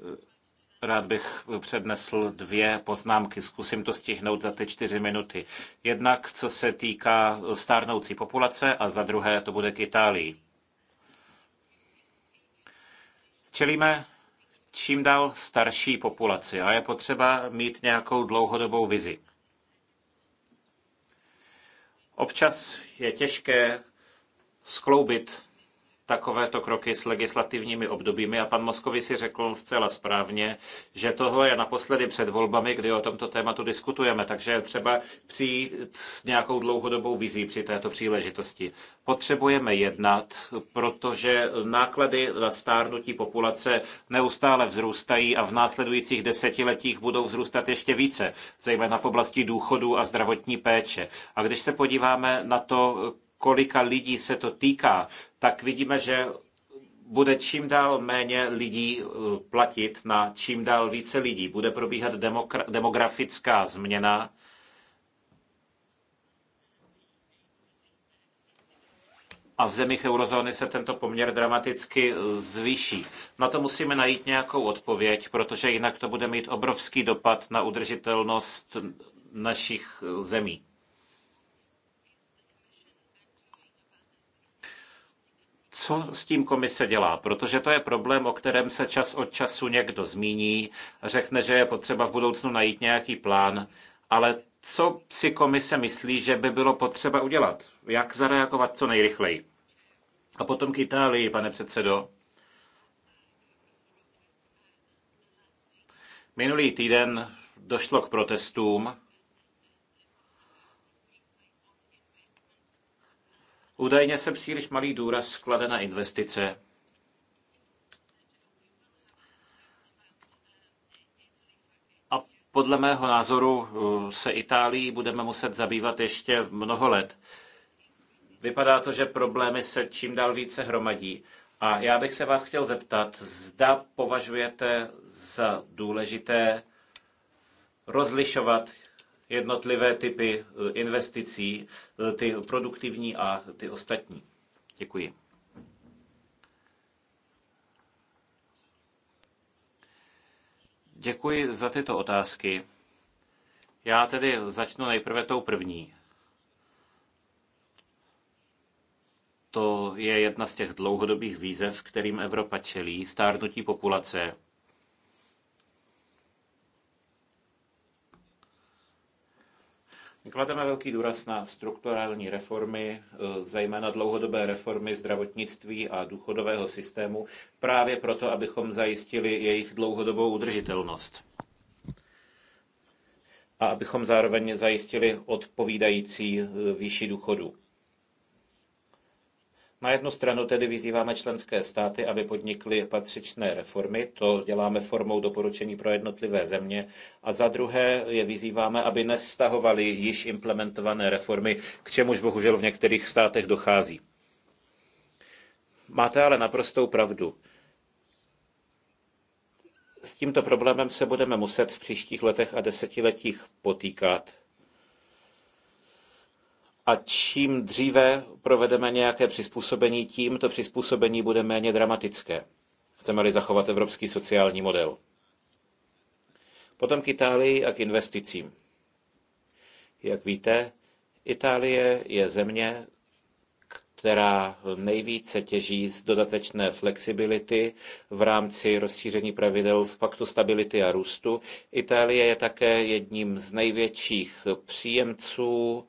Speaker 2: Rád bych přednesl dvě poznámky, zkusím to stihnout za ty čtyři minuty. Jednak, co se týká stárnoucí populace a za druhé to bude k Itálii. Čelíme čím dál starší populaci a je potřeba mít nějakou dlouhodobou vizi. Občas je těžké skloubit takovéto kroky s legislativními obdobími a pan Moskovi si řekl zcela správně, že tohle je naposledy před volbami, kdy o tomto tématu diskutujeme, takže třeba přijít s nějakou dlouhodobou vizí při této příležitosti. Potřebujeme jednat, protože náklady na stárnutí populace neustále vzrůstají a v následujících desetiletích budou vzrůstat ještě více, zejména v oblasti důchodů a zdravotní péče. A když se podíváme na to, kolika lidí se to týká, tak vidíme, že bude čím dál méně lidí eh, platit na čím dál více lidí. Bude probíhat demografická změna. a v zemích eurozóny se tento poměr dramaticky eh, zvýší. Na to musíme najít nějakou odpověď, protože jinak to bude mít obrovský dopad na udržitelnost našich eh, zemí. co s tím komise dělá, protože to je problém, o kterém se čas od času někdo zmíní, řekne, že je potřeba v budoucnu najít nějaký plán, ale co si komise myslí, že by bylo potřeba udělat? Jak zareagovat co nejrychleji? A potom k Itálii, pane předsedo. Minulý týden došlo k protestům Údajně se příliš malý důraz sklade na investice. A podle mého názoru eh, se Itálií budeme muset zabývat ještě mnoho let. Vypadá to, že problémy se čím dál více hromadí. A já bych se vás chtěl zeptat, zda považujete za důležité rozlišovat jednotlivé typy eh, investicí, eh, ty produktivní a ty ostatní. Děkuji. Děkuji za tyto otázky. Já tedy začnu nejprve tou první. To je jedna z těch dlouhodobých výzev, kterým Evropa čelí, stárnutí populace Klademe velký důraz na strukturální reformy, e, zejména dlouhodobé reformy zdravotnictví a důchodového systému, právě proto, abychom zajistili jejich dlouhodobou udržitelnost. A abychom zároveň zajistili odpovídající e, výši důchodu. Na jednu stranu tedy vyzýváme členské státy, aby podnikly patřičné reformy, to děláme formou doporučení pro jednotlivé země, a za druhé je vyzýváme, aby nestahovali již implementované reformy, k čemuž bohužel v některých státech dochází. Máte ale naprostou pravdu. S tímto problémem se budeme muset v příštích letech a desetiletích potýkat a čím dříve provedeme nějaké přizpůsobení, tím to přizpůsobení bude méně dramatické. Chceme-li zachovat evropský sociální model. Potom k Itálii a k investicím. Jak víte, Itálie je země, která nejvíce těží z dodatečné flexibility v rámci rozšíření pravidel v paktu stability a růstu. Itálie je také jedním z největších příjemců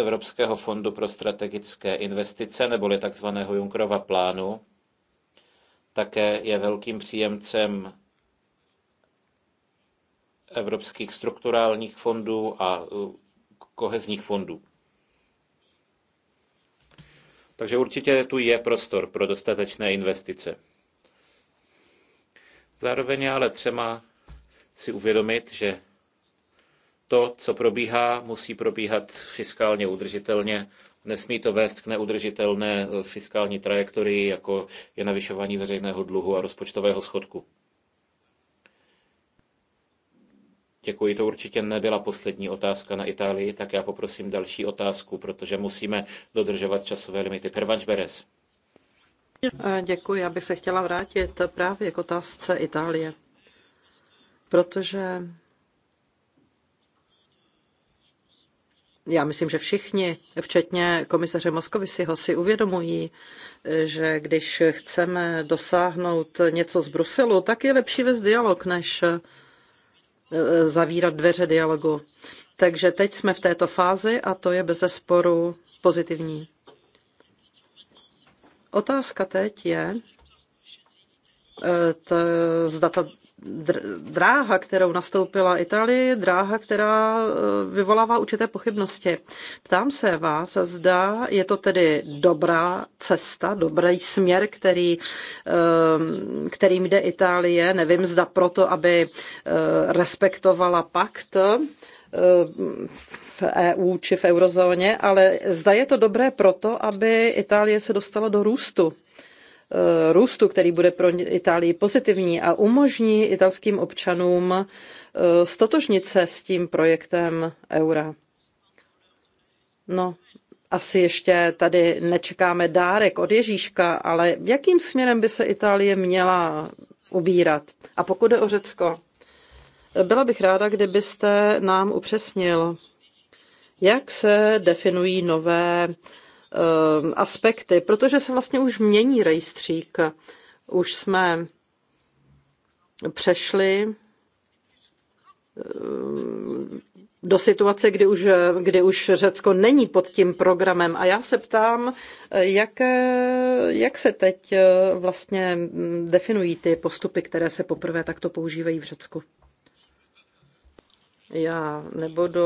Speaker 2: Evropského fondu pro strategické investice neboli takzvaného Junkrova plánu. Také je velkým příjemcem evropských strukturálních fondů a uh, kohezních fondů. Takže určitě tu je prostor pro dostatečné investice. Zároveň je ale třeba si uvědomit, že to, co probíhá, musí probíhat fiskálně udržitelně. Nesmí to vést k neudržitelné eh, fiskální trajektorii, jako je navyšování veřejného dluhu a rozpočtového schodku. Děkuji, to určitě nebyla poslední otázka na Itálii, tak já poprosím další otázku, protože musíme dodržovat časové limity. Pervanč Beres.
Speaker 3: Eh, děkuji, já bych se chtěla vrátit právě k otázce Itálie, protože já myslím, že všichni, včetně komisaře Moskovisiho, si uvědomují, že když chceme dosáhnout něco z Bruselu, tak je lepší vést dialog, než eh, zavírat dveře dialogu. Takže teď jsme v této fázi a to je bez sporu pozitivní. Otázka teď je, eh, to, zda ta dráha, kterou nastoupila Itálie, dráha, která eh, vyvolává určité pochybnosti. Ptám se vás, zda je to tedy dobrá cesta, dobrý směr, který, eh, kterým jde Itálie. Nevím, zda proto, aby eh, respektovala pakt v EU či v eurozóně, ale zda je to dobré proto, aby Itálie se dostala do růstu. Eh, růstu, který bude pro Itálii pozitivní a umožní italským občanům eh, stotožnit se s tím projektem eura. No, asi ještě tady nečekáme dárek od Ježíška, ale jakým směrem by se Itálie měla ubírat? A pokud je o Řecko, byla bych ráda, kdybyste nám upřesnil, jak se definují nové Um, aspekty, protože se vlastně už mění rejstřík. Už jsme přešli um, do situace, kdy už, kdy už Řecko není pod tím programem. A já se ptám, jak, jak se teď uh, vlastně mm, definují ty postupy, které se poprvé takto používají v Řecku. Já nebudu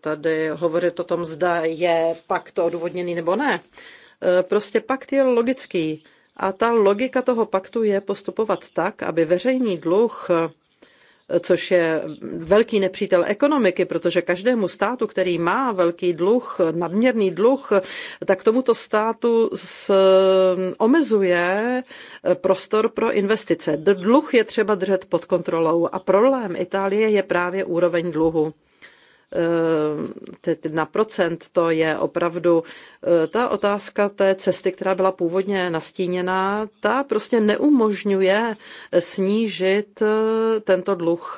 Speaker 3: tady hovořit o tom, zda je pakt odůvodněný nebo ne. E, prostě pakt je logický. A ta logika toho paktu je postupovat tak, aby veřejný dluh což je velký nepřítel ekonomiky, protože každému státu, který má velký dluh, nadměrný dluh, tak tomuto státu s, omezuje eh, prostor pro investice. Dluh je třeba držet pod kontrolou a problém Itálie je právě úroveň dluhu. Eh, na procent, to je opravdu eh, ta otázka té cesty, která byla původně nastíněná, ta prostě neumožňuje snížit eh, tento dluh.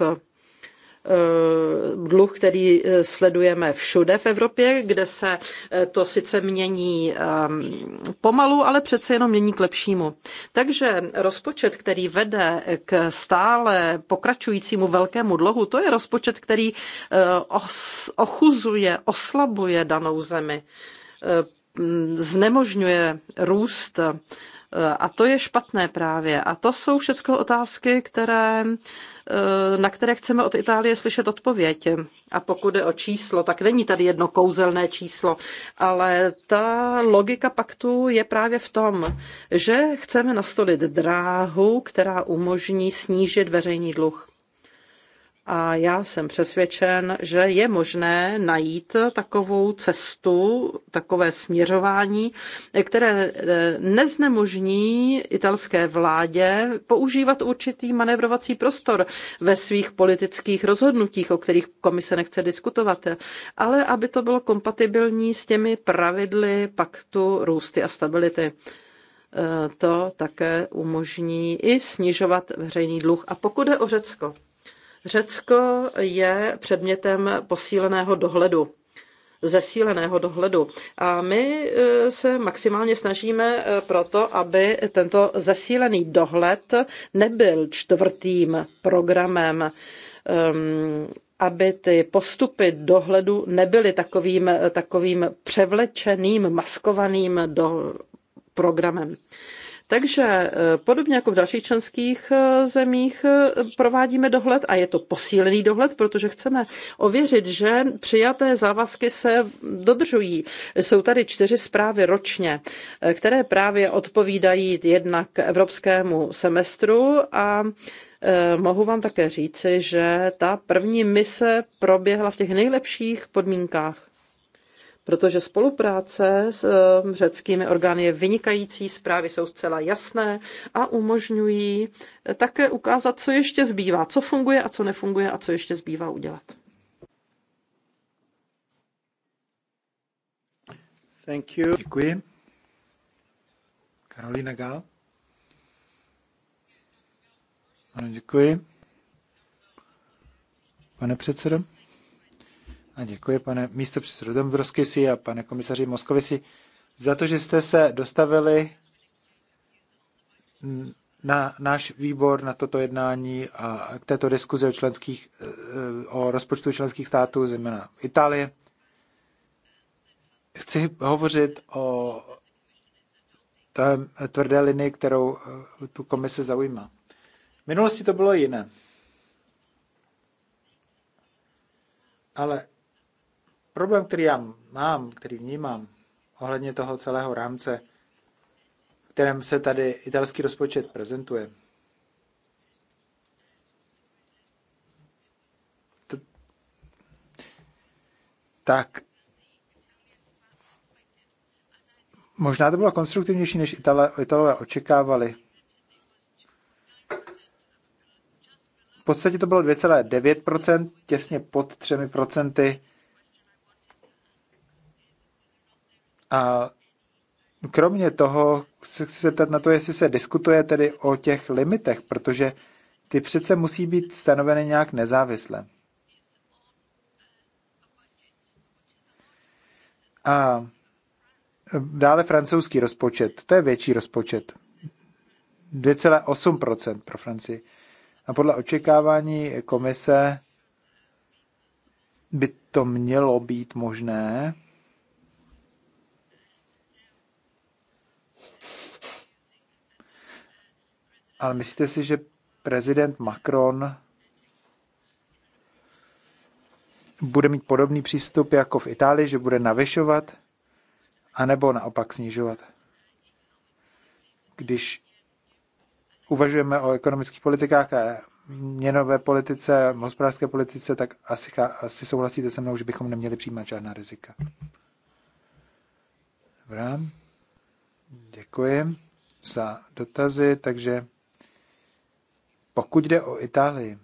Speaker 3: Eh, dluh, který eh, sledujeme všude v Evropě, kde se eh, to sice mění ehm, pomalu, ale přece jenom mění k lepšímu. Takže rozpočet, který vede k stále pokračujícímu velkému dluhu, to je rozpočet, který ochuzuje, oslabuje danou zemi, znemožňuje růst a to je špatné právě. A to jsou všechno otázky, které Eh, na které chceme od Itálie slyšet odpověď. A pokud je o číslo, tak není tady jedno kouzelné číslo, ale ta logika paktu je právě v tom, že chceme nastolit dráhu, která umožní snížit veřejný dluh. A já jsem přesvědčen, že je možné najít takovou cestu, takové směřování, které eh, neznemožní italské vládě používat určitý manevrovací prostor ve svých politických rozhodnutích, o kterých komise nechce diskutovat, ale aby to bylo kompatibilní s těmi pravidly paktu růsty a stability eh, to také umožní i snižovat veřejný dluh. A pokud je o Řecko, Řecko je předmětem posíleného dohledu zesíleného dohledu. A my e, se maximálně snažíme e, proto, aby tento zesílený dohled nebyl čtvrtým programem ehm, aby ty postupy dohledu nebyly takovým, e, takovým převlečeným, maskovaným do programem. Takže eh, podobně jako v dalších členských eh, zemích eh, provádíme dohled a je to posílený dohled, protože chceme ověřit, že přijaté závazky se dodržují. Jsou tady čtyři zprávy ročně, které právě odpovídají jednak evropskému semestru a Mohu vám také říci, že ta první mise proběhla v těch nejlepších podmínkách protože spolupráce s eh, řeckými orgány je vynikající, zprávy jsou zcela jasné a umožňují eh, také ukázat, co ještě zbývá, co funguje a co nefunguje a co ještě zbývá udělat.
Speaker 1: Thank you. Děkuji. Karolina Gál. Ano, děkuji. Pane předsedo děkuji, pane místo předsedo Dombrovskisi a pane komisaři Moskovisi, za to, že jste se dostavili na náš výbor, na toto jednání a k této diskuzi o, členských, eh, o rozpočtu členských států, zejména Itálie. Chci hovořit o té tvrdé linii, kterou eh, tu komise zaujímá. V minulosti to bylo jiné. Ale Problém, který já mám, který vnímám ohledně toho celého rámce, v kterém se tady italský rozpočet prezentuje, tak možná to bylo konstruktivnější, než Itala, Italové očekávali. V podstatě to bylo 2,9%, těsně pod 3%. A kromě toho se chci zeptat na to, jestli se diskutuje tedy o těch limitech, protože ty přece musí být stanoveny nějak nezávisle. A dále francouzský rozpočet. To je větší rozpočet. 2,8% pro Francii. A podle očekávání komise by to mělo být možné. Ale myslíte si, že prezident Macron bude mít podobný přístup jako v Itálii, že bude navyšovat, anebo naopak snižovat? Když uvažujeme o ekonomických politikách a měnové politice, hospodářské politice, tak asi, asi souhlasíte se mnou, že bychom neměli přijímat žádná rizika. Dobrá. Děkuji za dotazy, takže pokud jde o Itálii,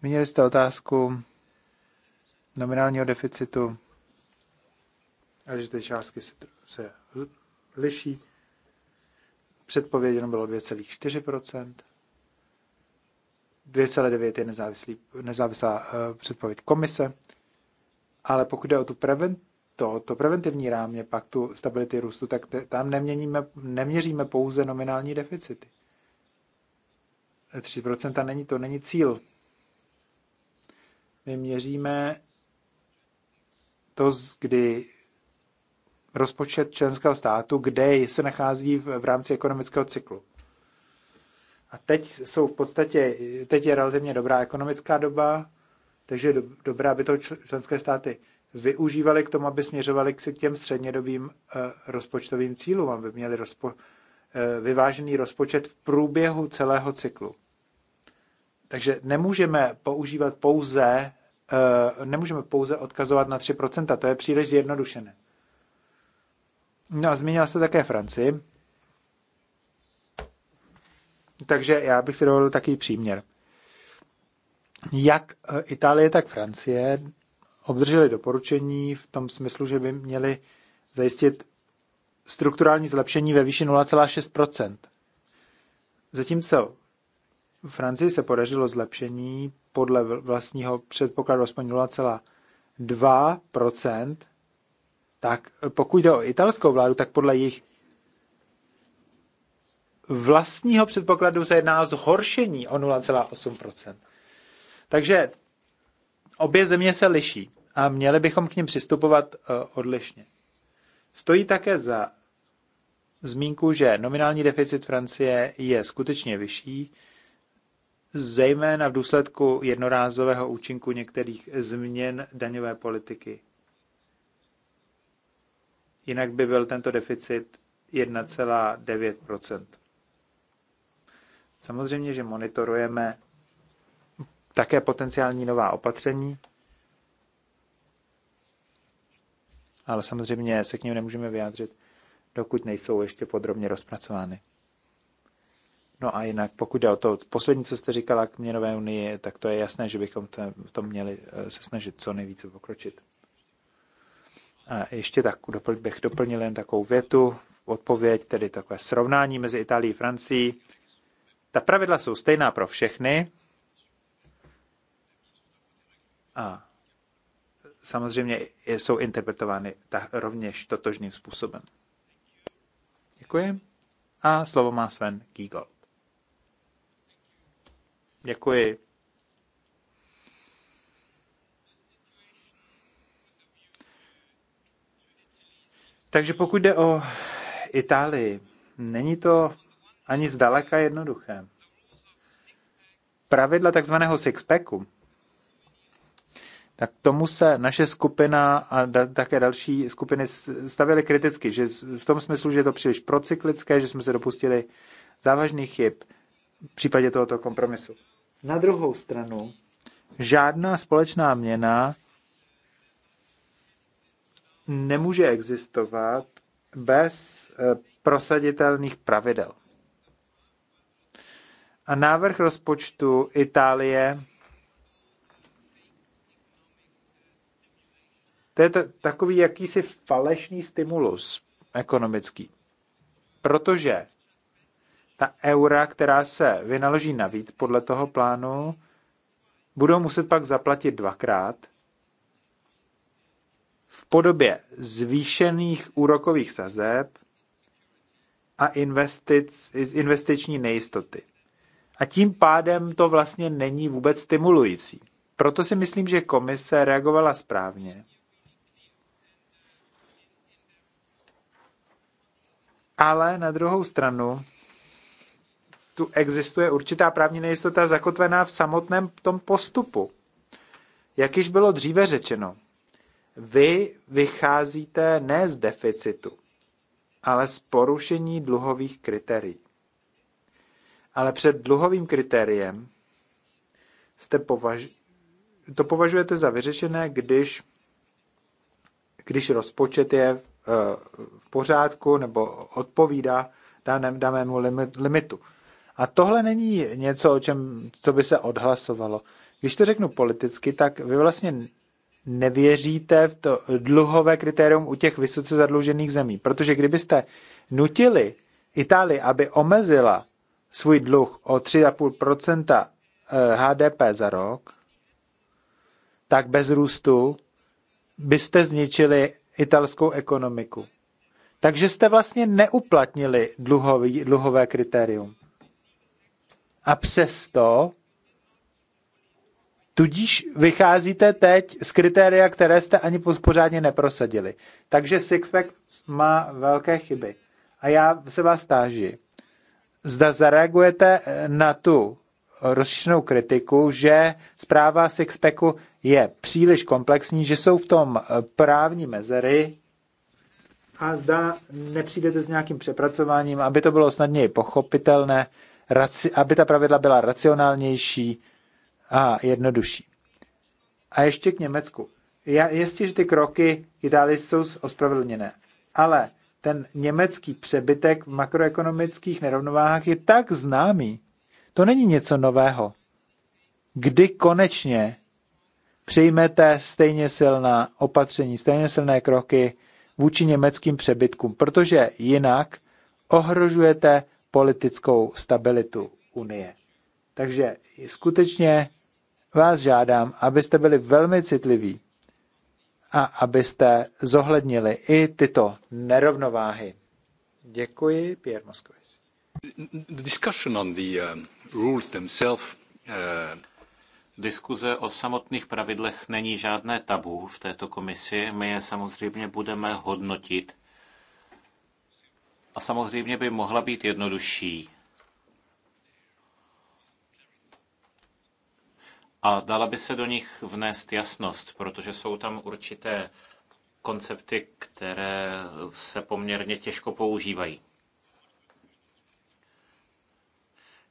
Speaker 1: zmínili jste otázku nominálního deficitu a že ty částky se, se liší. Předpověděno bylo 2,4%. 2,9 je nezávislý, nezávislá uh, předpověď komise. Ale pokud jde o tu prevent, to, to preventivní rámě paktu stability růstu, tak tam neměníme, neměříme pouze nominální deficity. 3% není to, není cíl. My měříme to, kdy rozpočet členského státu, kde se nachází v, v rámci ekonomického cyklu. A teď jsou v podstatě, teď je relativně dobrá ekonomická doba, takže je dobré, aby to členské státy využívali k tomu, aby směřovali k těm střednědobým eh, rozpočtovým cílům, aby měli rozpo, eh, vyvážený rozpočet v průběhu celého cyklu. Takže nemůžeme používat pouze, eh, nemůžeme pouze odkazovat na 3%, to je příliš zjednodušené. No a zmínila se také Francii. Takže já bych si dovolil takový příměr jak eh, Itálie, tak Francie obdrželi doporučení v tom smyslu, že by měli zajistit strukturální zlepšení ve výši 0,6 Zatímco Francii se podařilo zlepšení podle vlastního předpokladu aspoň 0,2 tak eh, pokud jde o italskou vládu, tak podle jejich vlastního předpokladu se jedná o zhoršení o 0,8 takže obě země se liší a měli bychom k ním přistupovat eh, odlišně. Stojí také za zmínku, že nominální deficit Francie je skutečně vyšší, zejména v důsledku jednorázového účinku některých změn daňové politiky. Jinak by byl tento deficit 1,9 Samozřejmě, že monitorujeme také potenciální nová opatření, ale samozřejmě se k ním nemůžeme vyjádřit, dokud nejsou ještě podrobně rozpracovány. No a jinak, pokud jde o to poslední, co jste říkala k měnové unii, tak to je jasné, že bychom to, v tom měli eh, se snažit co nejvíce pokročit. A ještě tak dopl, bych doplnil jen takovou větu, odpověď, tedy takové srovnání mezi Itálií a Francií. Ta pravidla jsou stejná pro všechny, a samozřejmě jsou interpretovány ta, rovněž totožným způsobem. Děkuji. A slovo má Sven Giegold. Děkuji. Takže pokud jde o Itálii, není to ani zdaleka jednoduché. Pravidla takzvaného sixpacku tak tomu se naše skupina a da, také další skupiny stavily kriticky, že v tom smyslu, že je to příliš procyklické, že jsme se dopustili závažný chyb v případě tohoto kompromisu. Na druhou stranu, žádná společná měna nemůže existovat bez eh, prosaditelných pravidel. A návrh rozpočtu Itálie To je takový jakýsi falešný stimulus ekonomický. Protože ta eura, která se vynaloží navíc podle toho plánu, budou muset pak zaplatit dvakrát v podobě zvýšených úrokových sazeb a investic, investiční nejistoty. A tím pádem to vlastně není vůbec stimulující. Proto si myslím, že komise reagovala správně Ale na druhou stranu tu existuje určitá právní nejistota zakotvená v samotném tom postupu. Jak již bylo dříve řečeno, vy vycházíte ne z deficitu, ale z porušení dluhových kritérií. Ale před dluhovým kritériem jste považ... to považujete za vyřešené, když, když rozpočet je v pořádku nebo odpovídá daném, danému limitu. A tohle není něco, o čem, co by se odhlasovalo. Když to řeknu politicky, tak vy vlastně nevěříte v to dluhové kritérium u těch vysoce zadlužených zemí. Protože kdybyste nutili Itálii, aby omezila svůj dluh o 3,5 eh, HDP za rok, tak bez růstu byste zničili italskou ekonomiku. Takže jste vlastně neuplatnili dluhový, dluhové kritérium. A přesto, tudíž vycházíte teď z kritéria, které jste ani pořádně neprosadili. Takže Sixpack má velké chyby. A já se vás táži. Zda zareagujete eh, na tu rozšířenou kritiku, že zpráva Sixpacku je příliš komplexní, že jsou v tom eh, právní mezery a zda nepřijdete s nějakým přepracováním, aby to bylo snadněji pochopitelné, aby ta pravidla byla racionálnější a jednodušší. A ještě k Německu. Já, jistě, že ty kroky Itálii jsou ospravedlněné, ale ten německý přebytek v makroekonomických nerovnováhách je tak známý, to není něco nového. Kdy konečně přijmete stejně silná opatření, stejně silné kroky vůči německým přebytkům, protože jinak ohrožujete politickou stabilitu Unie. Takže skutečně vás žádám, abyste byli velmi citliví a abyste zohlednili i tyto nerovnováhy. Děkuji, Pierre Moscovici.
Speaker 2: discussion on the, um, Uh, Diskuze o samotných pravidlech není žádné tabu v této komisi. My je samozřejmě budeme hodnotit. A samozřejmě by mohla být jednodušší. A dala by se do nich vnést jasnost, protože jsou tam určité koncepty, které se poměrně těžko používají.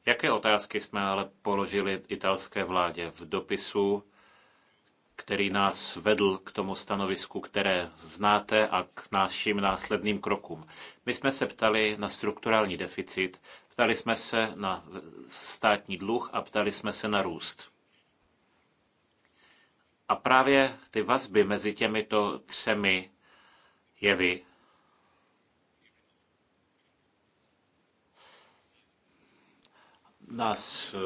Speaker 2: Jaké otázky jsme ale položili italské vládě v dopisu, který nás vedl k tomu stanovisku, které znáte a k našim následným krokům. My jsme se ptali na strukturální deficit, ptali jsme se na státní dluh a ptali jsme se na růst. A právě ty vazby mezi těmito třemi jevy nás eh,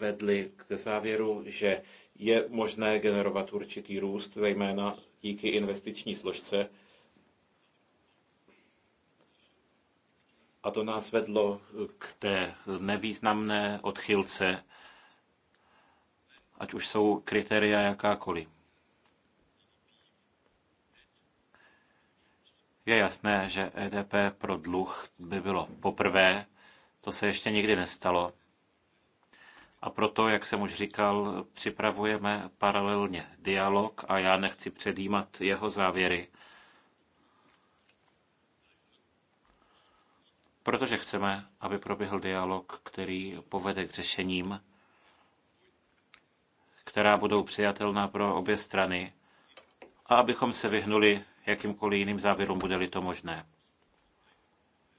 Speaker 2: vedly k závěru, že je možné generovat určitý růst, zejména díky investiční složce. A to nás vedlo eh, k té nevýznamné odchylce, ať už jsou kritéria jakákoliv. Je jasné, že EDP pro dluh by bylo poprvé to se ještě nikdy nestalo. A proto, jak jsem už říkal, připravujeme paralelně dialog a já nechci předjímat jeho závěry. Protože chceme, aby proběhl dialog, který povede k řešením, která budou přijatelná pro obě strany a abychom se vyhnuli jakýmkoliv jiným závěrům, bude-li to možné.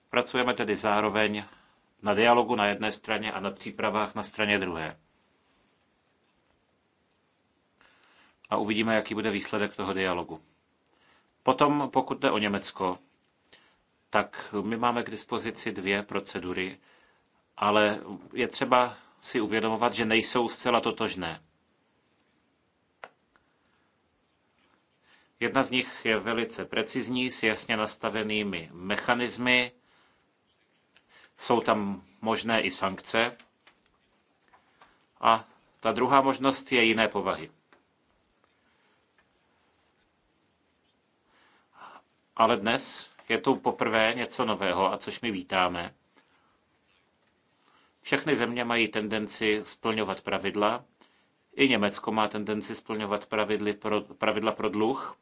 Speaker 2: Pracujeme tedy zároveň na dialogu na jedné straně a na přípravách na straně druhé. A uvidíme, jaký bude výsledek toho dialogu. Potom, pokud jde o Německo, tak my máme k dispozici dvě procedury, ale je třeba si uvědomovat, že nejsou zcela totožné. Jedna z nich je velice precizní, s jasně nastavenými mechanismy, jsou tam možné i sankce. A ta druhá možnost je jiné povahy. Ale dnes je tu poprvé něco nového, a což my vítáme. Všechny země mají tendenci splňovat pravidla. I Německo má tendenci splňovat pravidly pro, pravidla pro dluh.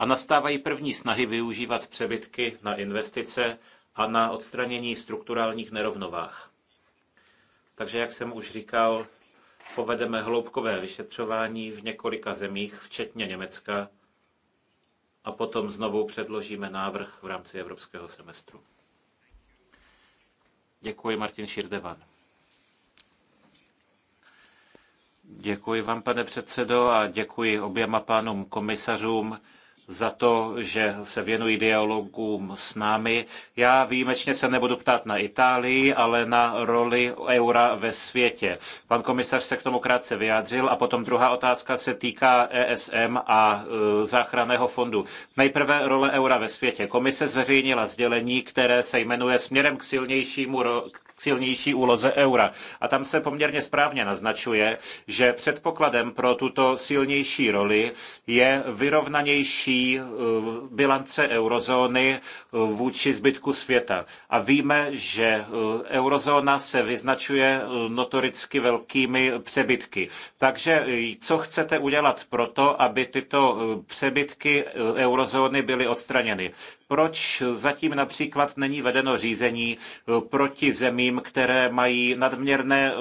Speaker 2: a nastávají první snahy využívat přebytky na investice a na odstranění strukturálních nerovnovách. Takže, jak jsem už říkal, povedeme hloubkové vyšetřování v několika zemích, včetně Německa, a potom znovu předložíme návrh v rámci evropského semestru. Děkuji, Martin Širdevan. Děkuji vám, pane předsedo, a děkuji oběma pánům komisařům za to, že se věnují dialogům s námi. Já výjimečně se nebudu ptát na Itálii, ale na roli eura ve světě. Pan komisař se k tomu krátce vyjádřil a potom druhá otázka se týká ESM a e, záchranného fondu. Nejprve role eura ve světě. Komise zveřejnila sdělení, které se jmenuje směrem k, silnějšímu, k silnější úloze eura. A tam se poměrně správně naznačuje, že předpokladem pro tuto silnější roli je vyrovnanější Eh, bilance eurozóny eh, vůči zbytku světa. A víme, že eh, eurozóna se vyznačuje notoricky velkými přebytky. Takže co chcete udělat pro to, aby tyto přebytky eurozóny byly odstraněny? Proč zatím například není vedeno řízení proti zemím, které mají nadměrné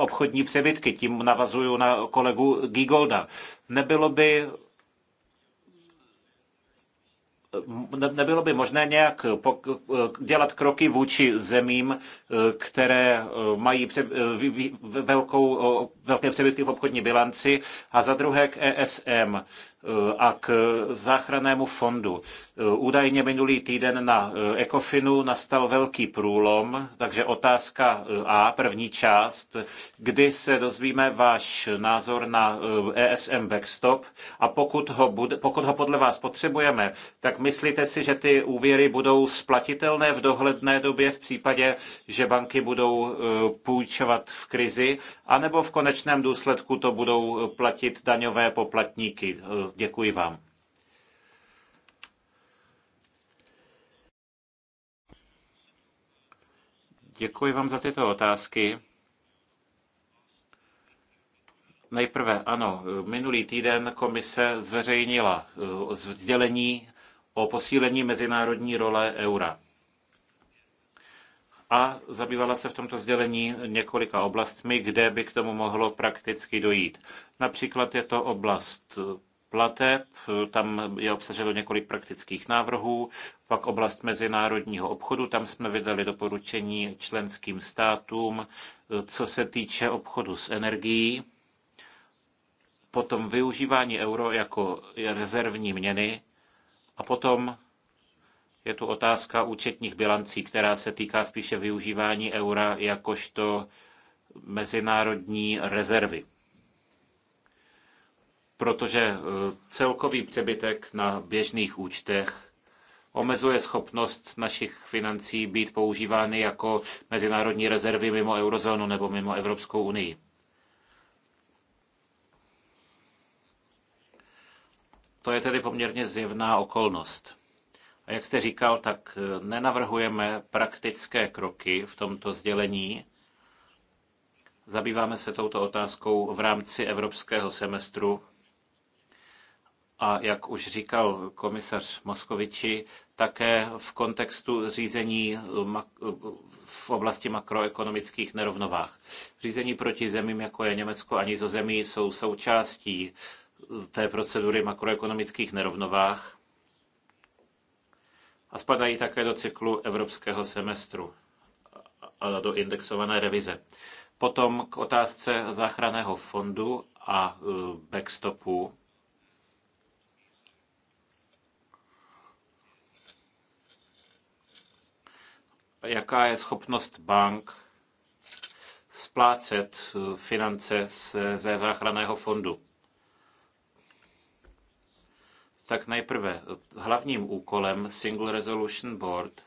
Speaker 2: obchodní přebytky? Tím navazuju na kolegu Gigolda. Nebylo by nebylo by možné nějak dělat kroky vůči zemím, které eh, mají pře- eh, velkou, velké přebytky v obchodní bilanci a za druhé k ESM a k záchrannému fondu. Údajně minulý týden na Ekofinu eh, nastal velký průlom, takže otázka eh, A, první část, kdy se dozvíme váš názor na ESM eh, e backstop a pokud ho, bude, pokud ho podle vás potřebujeme, tak myslíte si, že ty úvěry budou splatitelné v dohledné době v případě, že banky budou půjčovat v krizi, anebo v konečném důsledku to budou platit daňové poplatníky Děkuji vám. Děkuji vám za tyto otázky. Nejprve, ano, minulý týden komise zveřejnila eh, sdělení o posílení mezinárodní role eura. A zabývala se v tomto sdělení několika oblastmi, kde by k tomu mohlo prakticky dojít. Například je to oblast eh, plateb, tam je obsaženo několik praktických návrhů, pak oblast mezinárodního obchodu, tam jsme vydali doporučení členským státům, co se týče obchodu s energií, potom využívání euro jako rezervní měny a potom je tu otázka účetních bilancí, která se týká spíše využívání eura jakožto mezinárodní rezervy protože eh, celkový přebytek na běžných účtech omezuje schopnost našich financí být používány jako mezinárodní rezervy mimo eurozónu nebo mimo Evropskou unii. To je tedy poměrně zjevná okolnost. A jak jste říkal, tak eh, nenavrhujeme praktické kroky v tomto sdělení. Zabýváme se touto otázkou v rámci evropského semestru a jak už říkal komisař Moskoviči, také v kontextu řízení v oblasti makroekonomických nerovnovách. Řízení proti zemím, jako je Německo a Nizozemí, jsou součástí té procedury makroekonomických nerovnovách a spadají také do cyklu evropského semestru a do indexované revize. Potom k otázce záchranného fondu a e, backstopu jaká je schopnost bank splácet eh, finance ze záchranného fondu. Tak nejprve, hlavním úkolem Single Resolution Board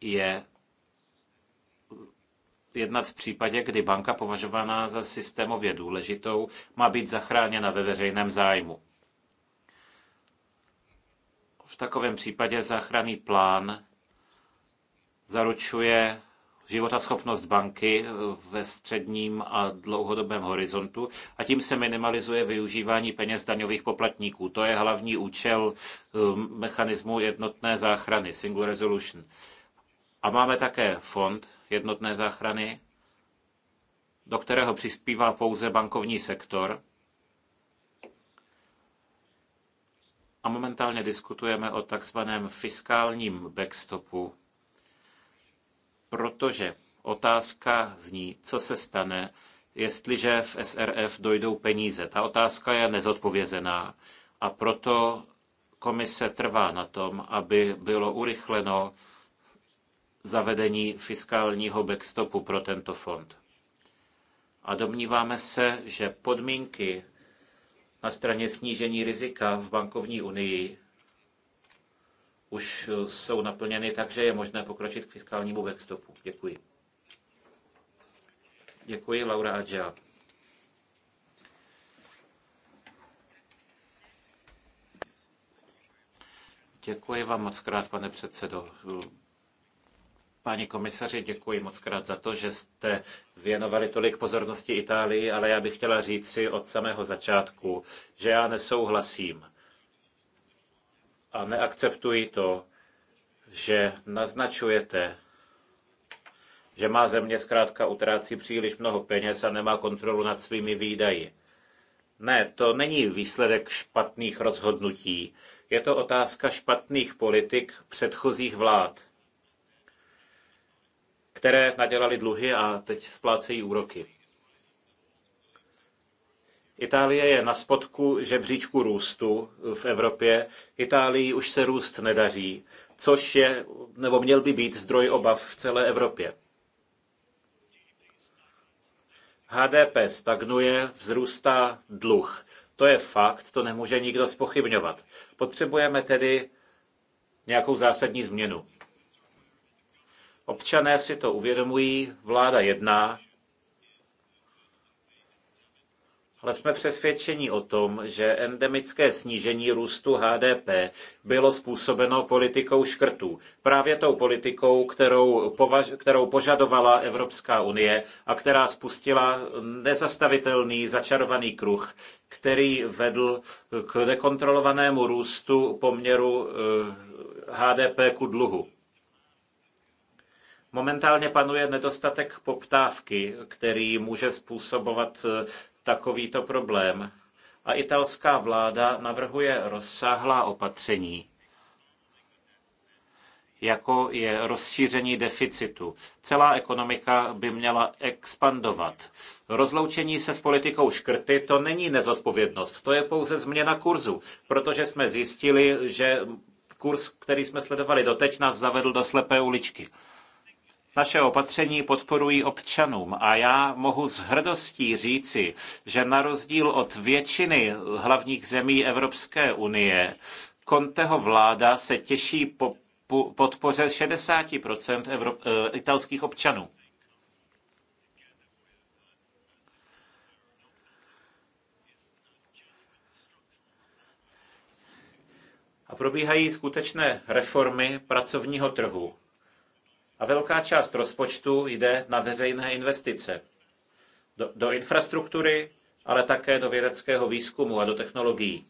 Speaker 2: je jednat v případě, kdy banka považovaná za systémově důležitou má být zachráněna ve veřejném zájmu. V takovém případě záchranný plán zaručuje životaschopnost banky eh, ve středním a dlouhodobém horizontu a tím se minimalizuje využívání peněz daňových poplatníků. To je hlavní účel eh, mechanismu jednotné záchrany, Single Resolution. A máme také fond jednotné záchrany, do kterého přispívá pouze bankovní sektor. A momentálně diskutujeme o takzvaném fiskálním backstopu, Protože otázka zní, co se stane, jestliže v SRF dojdou peníze. Ta otázka je nezodpovězená a proto komise trvá na tom, aby bylo urychleno zavedení fiskálního backstopu pro tento fond. A domníváme se, že podmínky na straně snížení rizika v bankovní unii už eh, jsou naplněny, takže je možné pokročit k fiskálnímu backstopu. Děkuji. Děkuji, Laura Adžia. Děkuji vám moc krát, pane předsedo. Páni komisaři, děkuji moc krát za to, že jste věnovali tolik pozornosti Itálii, ale já bych chtěla říct si od samého začátku, že já nesouhlasím a neakceptuji to, že naznačujete, že má země zkrátka utrácí příliš mnoho peněz a nemá kontrolu nad svými výdaji. Ne, to není výsledek špatných rozhodnutí. Je to otázka špatných politik předchozích vlád, které nadělali dluhy a teď splácejí úroky. Itálie je na spodku žebříčku růstu v Evropě. Itálii už se růst nedaří, což je, nebo měl by být zdroj obav v celé Evropě. HDP stagnuje, vzrůstá dluh. To je fakt, to nemůže nikdo spochybňovat. Potřebujeme tedy nějakou zásadní změnu. Občané si to uvědomují, vláda jedná, ale jsme přesvědčeni o tom, že endemické snížení růstu HDP bylo způsobeno politikou škrtů. Právě tou politikou, kterou, považ, kterou požadovala Evropská unie a která spustila nezastavitelný začarovaný kruh, který vedl k nekontrolovanému růstu poměru HDP eh, ku dluhu. Momentálně panuje nedostatek poptávky, který může způsobovat eh, takovýto problém a italská vláda navrhuje rozsáhlá opatření, jako je rozšíření deficitu. Celá ekonomika by měla expandovat. Rozloučení se s politikou škrty to není nezodpovědnost, to je pouze změna kurzu, protože jsme zjistili, že kurz, který jsme sledovali doteď, nás zavedl do slepé uličky. Naše opatření podporují občanům a já mohu s hrdostí říci, že na rozdíl od většiny hlavních zemí Evropské unie, Conteho vláda se těší po podpoře 60% Evrop, eh, italských občanů. A probíhají skutečné reformy pracovního trhu a velká část rozpočtu jde na veřejné investice. Do, do infrastruktury, ale také do vědeckého výzkumu a do technologií.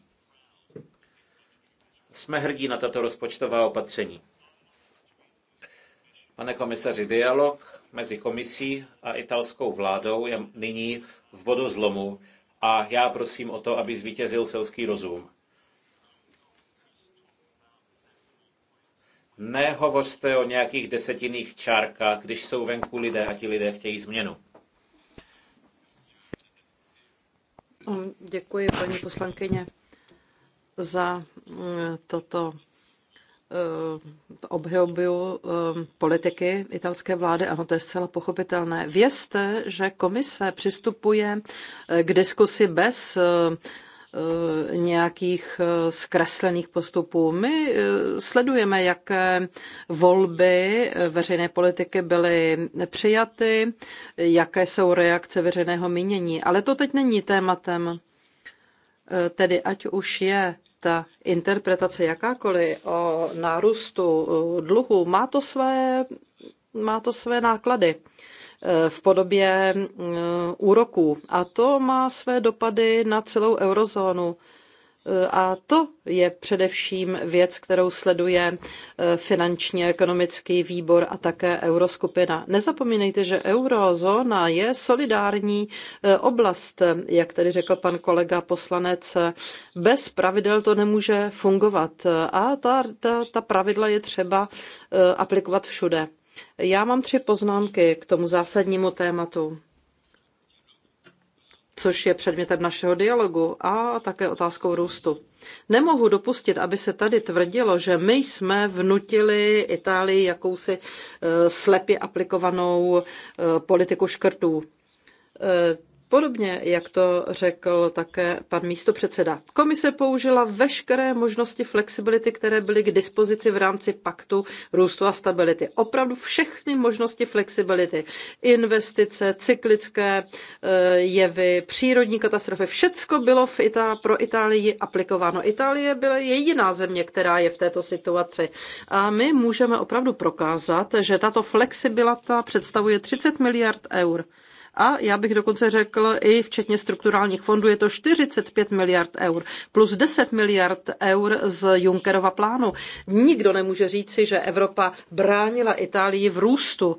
Speaker 2: Jsme hrdí na tato rozpočtová opatření. Pane komisaři, dialog mezi komisí a italskou vládou je nyní v bodu zlomu a já prosím o to, aby zvítězil selský rozum. Nehovořte o nějakých desetinných čárkách, když jsou venku lidé a ti lidé chtějí změnu.
Speaker 3: Um, děkuji, paní poslankyně, za mm, toto eh, obhajobu eh, politiky italské vlády, ano, to je zcela pochopitelné. Vězte, že komise přistupuje eh, k diskusi bez Eh, nějakých eh, zkreslených postupů. My eh, sledujeme, jaké volby veřejné politiky byly přijaty, jaké jsou reakce veřejného mínění. Ale to teď není tématem. Tedy ať už je ta interpretace jakákoliv o nárůstu dluhu, má to své, má to své náklady v podobě eh, úroků. A to má své dopady na celou eurozónu. Eh, a to je především věc, kterou sleduje eh, finančně ekonomický výbor a také euroskupina. Nezapomínejte, že eurozóna je solidární oblast, jak tady řekl pan kolega poslanec. Bez pravidel to nemůže fungovat a ta, ta, ta pravidla je třeba aplikovat všude. Já mám tři poznámky k tomu zásadnímu tématu, což je předmětem našeho dialogu a také otázkou růstu. Nemohu dopustit, aby se tady tvrdilo, že my jsme vnutili Itálii jakousi eh, slepě aplikovanou eh, politiku škrtů eh, Podobně, jak to řekl také pan místopředseda, komise použila veškeré možnosti flexibility, které byly k dispozici v rámci paktu růstu a stability. Opravdu všechny možnosti flexibility, investice, cyklické e, jevy, přírodní katastrofy, všecko bylo v Itá, pro Itálii aplikováno. Itálie byla jediná země, která je v této situaci. A my můžeme opravdu prokázat, že tato flexibilita představuje 30 miliard eur a já bych dokonce řekl i včetně strukturálních fondů je to 45 miliard eur plus 10 miliard eur z Junckerova plánu. Nikdo nemůže říci, že Evropa bránila Itálii v růstu.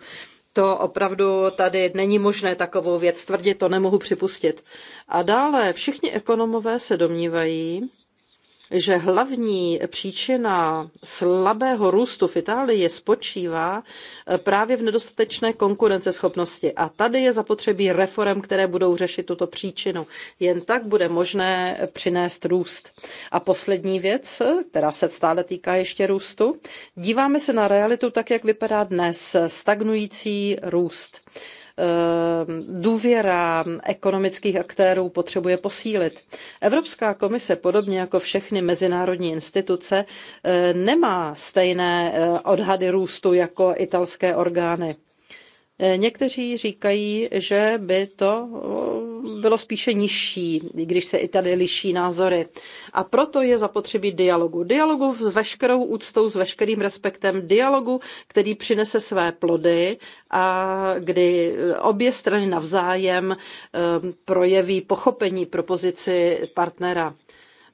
Speaker 3: To opravdu tady není možné takovou věc tvrdit, to nemohu připustit. A dále všichni ekonomové se domnívají, že hlavní příčina slabého růstu v Itálii spočívá eh, právě v nedostatečné konkurenceschopnosti. A tady je zapotřebí reform, které budou řešit tuto příčinu. Jen tak bude možné přinést růst. A poslední věc, která se stále týká ještě růstu, díváme se na realitu tak, jak vypadá dnes stagnující růst. Ehm, důvěra ekonomických aktérů potřebuje posílit. Evropská komise, podobně jako všechny mezinárodní instituce, eh, nemá stejné eh, odhady růstu jako italské orgány. Eh, někteří říkají, že by to bylo spíše nižší, když se i tady liší názory. A proto je zapotřebí dialogu. Dialogu s veškerou úctou, s veškerým respektem, dialogu, který přinese své plody a kdy eh, obě strany navzájem eh, projeví pochopení pro pozici partnera.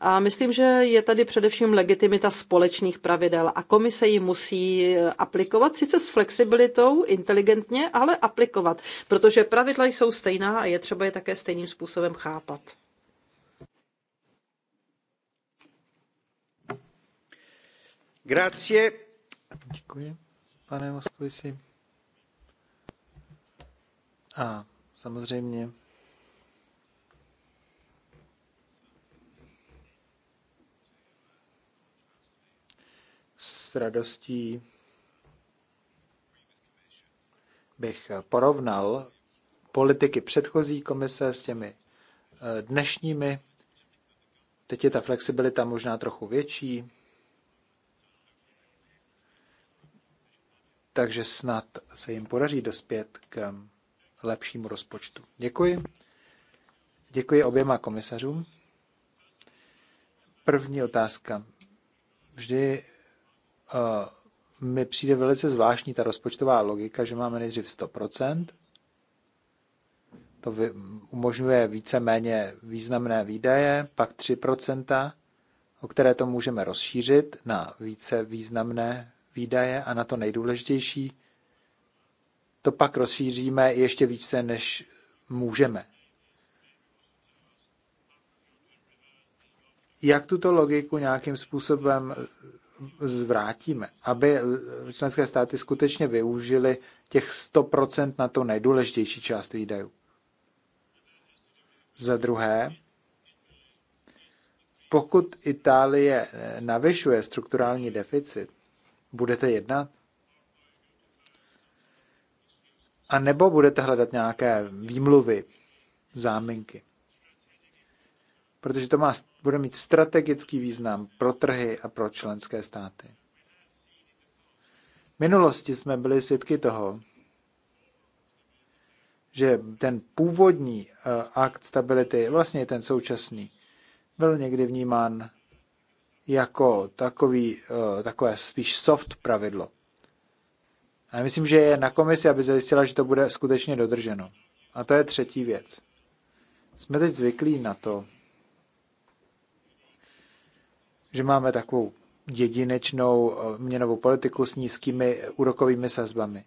Speaker 3: A myslím, že je tady především legitimita společných pravidel a komise ji musí eh, aplikovat, sice s flexibilitou, inteligentně, ale aplikovat, protože pravidla jsou stejná a je třeba je také stejným způsobem chápat.
Speaker 1: Grazie. Děkuji, pane Moskovici. A samozřejmě radostí bych porovnal politiky předchozí komise s těmi eh, dnešními. Teď je ta flexibilita možná trochu větší, takže snad se jim podaří dospět k lepšímu rozpočtu. Děkuji. Děkuji oběma komisařům. První otázka. Vždy Eh, mi přijde velice zvláštní ta rozpočtová logika, že máme nejdřív 100%, to umožňuje více-méně významné výdaje, pak 3%, o které to můžeme rozšířit na více významné výdaje a na to nejdůležitější, to pak rozšíříme ještě více, než můžeme. Jak tuto logiku nějakým způsobem zvrátíme, aby členské státy skutečně využili těch 100% na to nejdůležitější část výdajů. Za druhé, pokud Itálie navyšuje strukturální deficit, budete jednat? A nebo budete hledat nějaké výmluvy, záminky? protože to má, bude mít strategický význam pro trhy a pro členské státy. V minulosti jsme byli svědky toho, že ten původní eh, akt stability, vlastně ten současný, byl někdy vnímán jako takový, eh, takové spíš soft pravidlo. A myslím, že je na komisi, aby zajistila, že to bude skutečně dodrženo. A to je třetí věc. Jsme teď zvyklí na to, že máme takovou jedinečnou eh, měnovou politiku s nízkými úrokovými sazbami.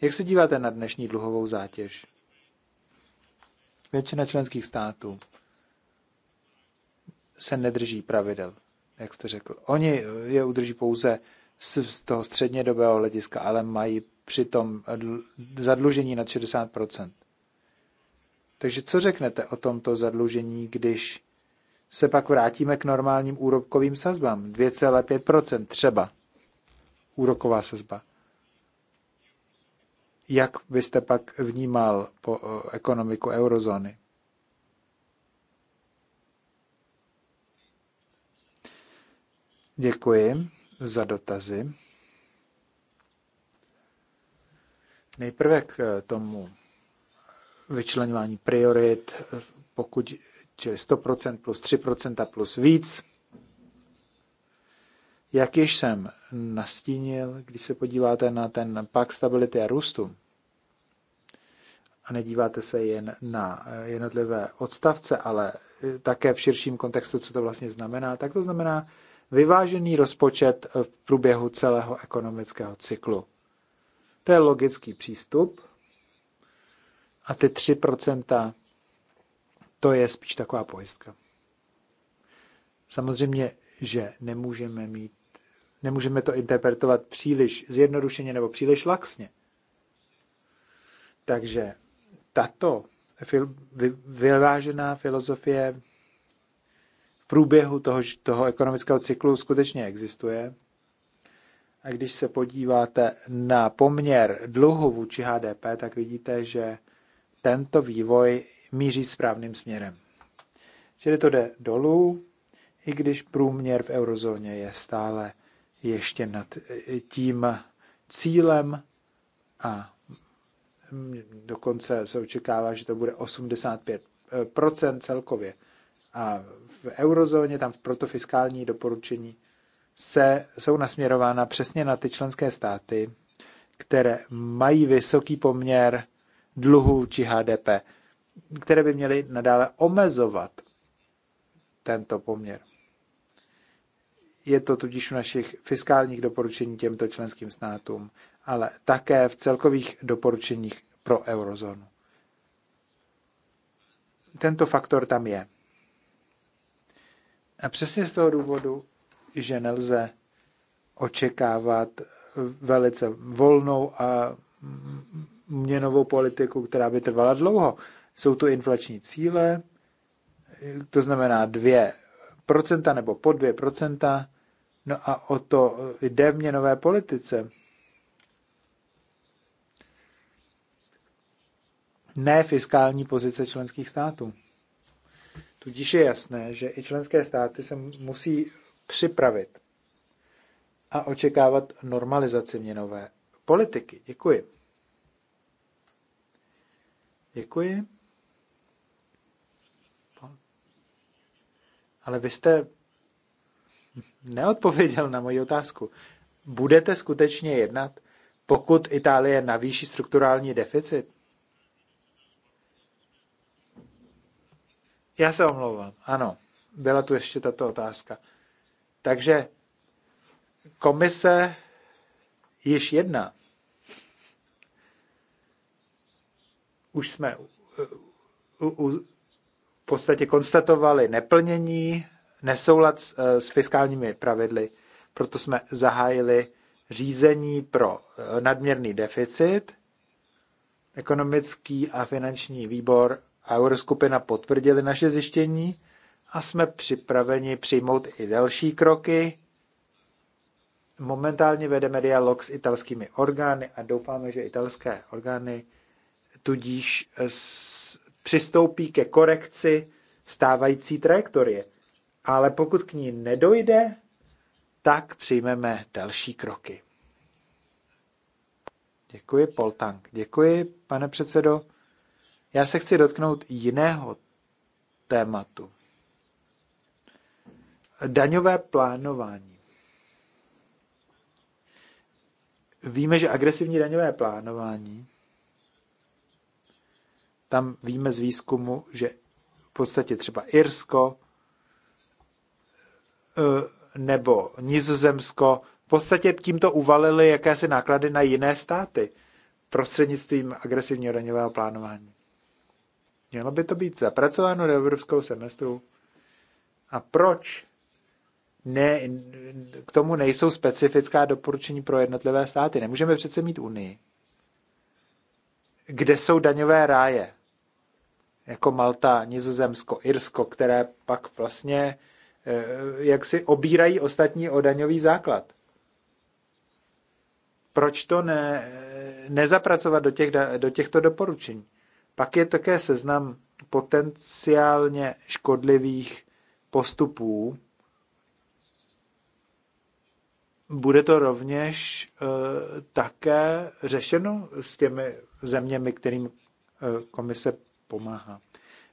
Speaker 1: Jak se díváte na dnešní dluhovou zátěž? Většina členských států se nedrží pravidel, jak jste řekl. Oni eh, je udrží pouze z, toho toho střednědobého hlediska, ale mají přitom zadlužení nad 60%. Takže co řeknete o tomto zadlužení, když se pak vrátíme k normálním úrokovým sazbám. 2,5% třeba úroková sazba. Jak byste pak vnímal po eh, ekonomiku eurozóny? Děkuji za dotazy. Nejprve k eh, tomu vyčlenování priorit, eh, pokud čili 100% plus 3% plus víc. Jak již jsem nastínil, když se podíváte na ten pak stability a růstu a nedíváte se jen na jednotlivé odstavce, ale také v širším kontextu, co to vlastně znamená, tak to znamená vyvážený rozpočet v průběhu celého ekonomického cyklu. To je logický přístup. A ty 3% to je spíš taková pojistka. Samozřejmě, že nemůžeme mít, nemůžeme to interpretovat příliš zjednodušeně nebo příliš laxně. Takže tato fil, vy, vyvážená filozofie v průběhu toho, toho ekonomického cyklu skutečně existuje. A když se podíváte na poměr dluhu vůči HDP, tak vidíte, že tento vývoj míří správným směrem. Čili to jde dolů, i když průměr v eurozóně je stále ještě nad eh, tím cílem a dokonce se očekává, že to bude 85% eh, celkově. A v eurozóně, tam v protofiskální doporučení se, jsou nasměrována přesně na ty členské státy, které mají vysoký poměr dluhu či HDP které by měly nadále omezovat tento poměr. Je to tudíž v našich fiskálních doporučení těmto členským státům, ale také v celkových doporučeních pro eurozónu. Tento faktor tam je. A přesně z toho důvodu, že nelze očekávat velice volnou a měnovou politiku, která by trvala dlouho. Jsou to inflační cíle, to znamená 2% nebo po 2%, no a o to jde v měnové politice. Ne fiskální pozice členských států. Tudíž je jasné, že i členské státy se musí připravit a očekávat normalizaci měnové politiky. Děkuji. Děkuji. ale vy jste neodpověděl na moji otázku. Budete skutečně jednat, pokud Itálie navýší strukturální deficit? Já se omlouvám, ano, byla tu ještě tato otázka. Takže komise již jedná. Už jsme u, u, u, podstatě konstatovali neplnění, nesoulad s, eh, s fiskálními pravidly. Proto jsme zahájili řízení pro eh, nadměrný deficit. Ekonomický a finanční výbor a Euroskupina potvrdili naše zjištění a jsme připraveni přijmout i další kroky. Momentálně vedeme dialog s italskými orgány a doufáme, že italské orgány tudíž s přistoupí ke korekci stávající trajektorie. Ale pokud k ní nedojde, tak přijmeme další kroky. Děkuji, Poltank. Děkuji, pane předsedo. Já se chci dotknout jiného tématu. Daňové plánování. Víme, že agresivní daňové plánování tam víme z výzkumu, že v podstatě třeba Irsko eh, nebo Nizozemsko v podstatě tímto uvalili jakési náklady na jiné státy prostřednictvím agresivního daňového plánování. Mělo by to být zapracováno do evropského semestru. A proč ne, k tomu nejsou specifická doporučení pro jednotlivé státy? Nemůžeme přece mít Unii, kde jsou daňové ráje jako Malta, Nizozemsko, Irsko, které pak vlastně eh, jak si obírají ostatní o daňový základ. Proč to ne, nezapracovat do, těch, do těchto doporučení? Pak je také seznam potenciálně škodlivých postupů. Bude to rovněž uh, také řešeno s těmi zeměmi, kterým uh, komise pomáhá.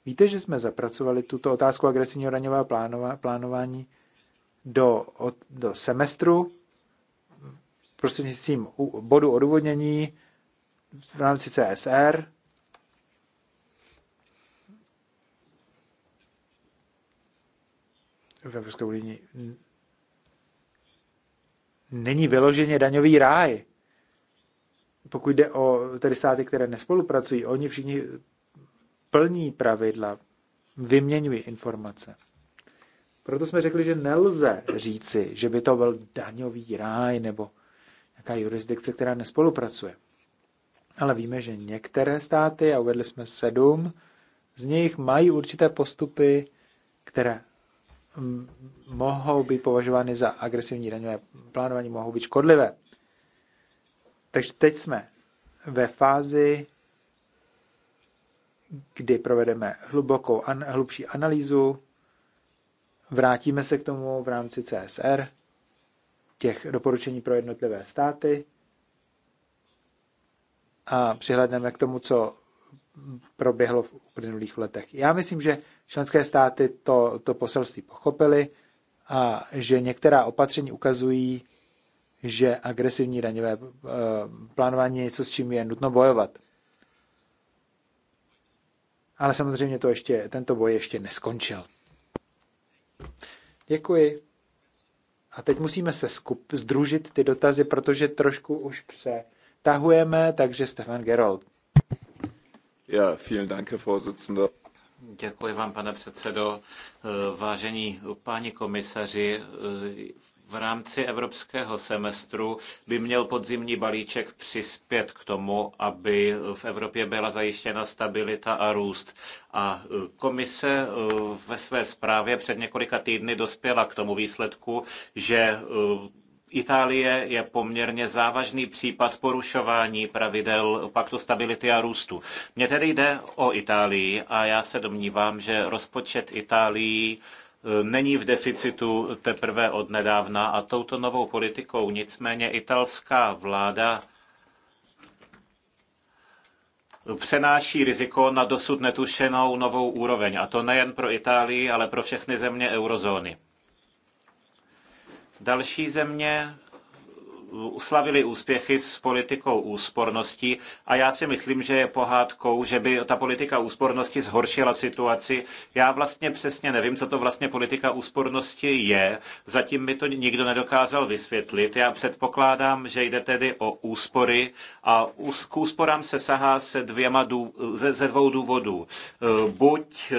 Speaker 1: Víte, že jsme zapracovali tuto otázku agresivního daňového plánování do, od, do semestru prostřednictvím bodu odůvodnění v rámci CSR. V Evropské unii není vyloženě daňový ráj. Pokud jde o tedy státy, které nespolupracují, oni všichni plní pravidla, vyměňují informace. Proto jsme řekli, že nelze říci, že by to byl daňový ráj nebo nějaká jurisdikce, která nespolupracuje. Ale víme, že některé státy, a uvedli jsme sedm, z nich mají určité postupy, které mm, mohou být považovány za agresivní daňové plánování, mohou být škodlivé. Takže teď jsme ve fázi, kdy provedeme hlubokou, an, hlubší analýzu, vrátíme se k tomu v rámci CSR, těch doporučení pro jednotlivé státy a přihledneme k tomu, co proběhlo v uplynulých letech. Já myslím, že členské státy to, to poselství pochopili a že některá opatření ukazují, že agresivní daňové eh, plánování je něco, s čím je nutno bojovat. Ale samozřejmě to ještě, tento boj ještě neskončil. Děkuji. A teď musíme se skup, združit ty dotazy, protože trošku už přetahujeme, takže Stefan Gerold.
Speaker 2: Ja, vielen Dank, Herr Vorsitzender. Děkuji vám, pane předsedo. Eh, vážení páni komisaři, eh, v rámci evropského semestru by měl podzimní balíček přispět k tomu, aby v Evropě byla zajištěna stabilita a růst. A e, komise e, ve své zprávě před několika týdny dospěla k tomu výsledku, že e, Itálie je poměrně závažný případ porušování pravidel paktu stability a růstu. Mně tedy jde o Itálii a já se domnívám, že rozpočet Itálii Eh, není v deficitu teprve od nedávna a touto novou politikou nicméně italská vláda přenáší riziko na dosud netušenou novou úroveň. A to nejen pro Itálii, ale pro všechny země eurozóny. Další země uslavili úspěchy s politikou úspornosti a já si myslím, že je pohádkou, že by ta politika úspornosti zhoršila situaci. Já vlastně přesně nevím, co to vlastně politika úspornosti je. Zatím mi to nikdo nedokázal vysvětlit. Já předpokládám, že jde tedy o úspory a k úsporám se sahá se dvěma dů, ze, ze dvou důvodů. E, buď e,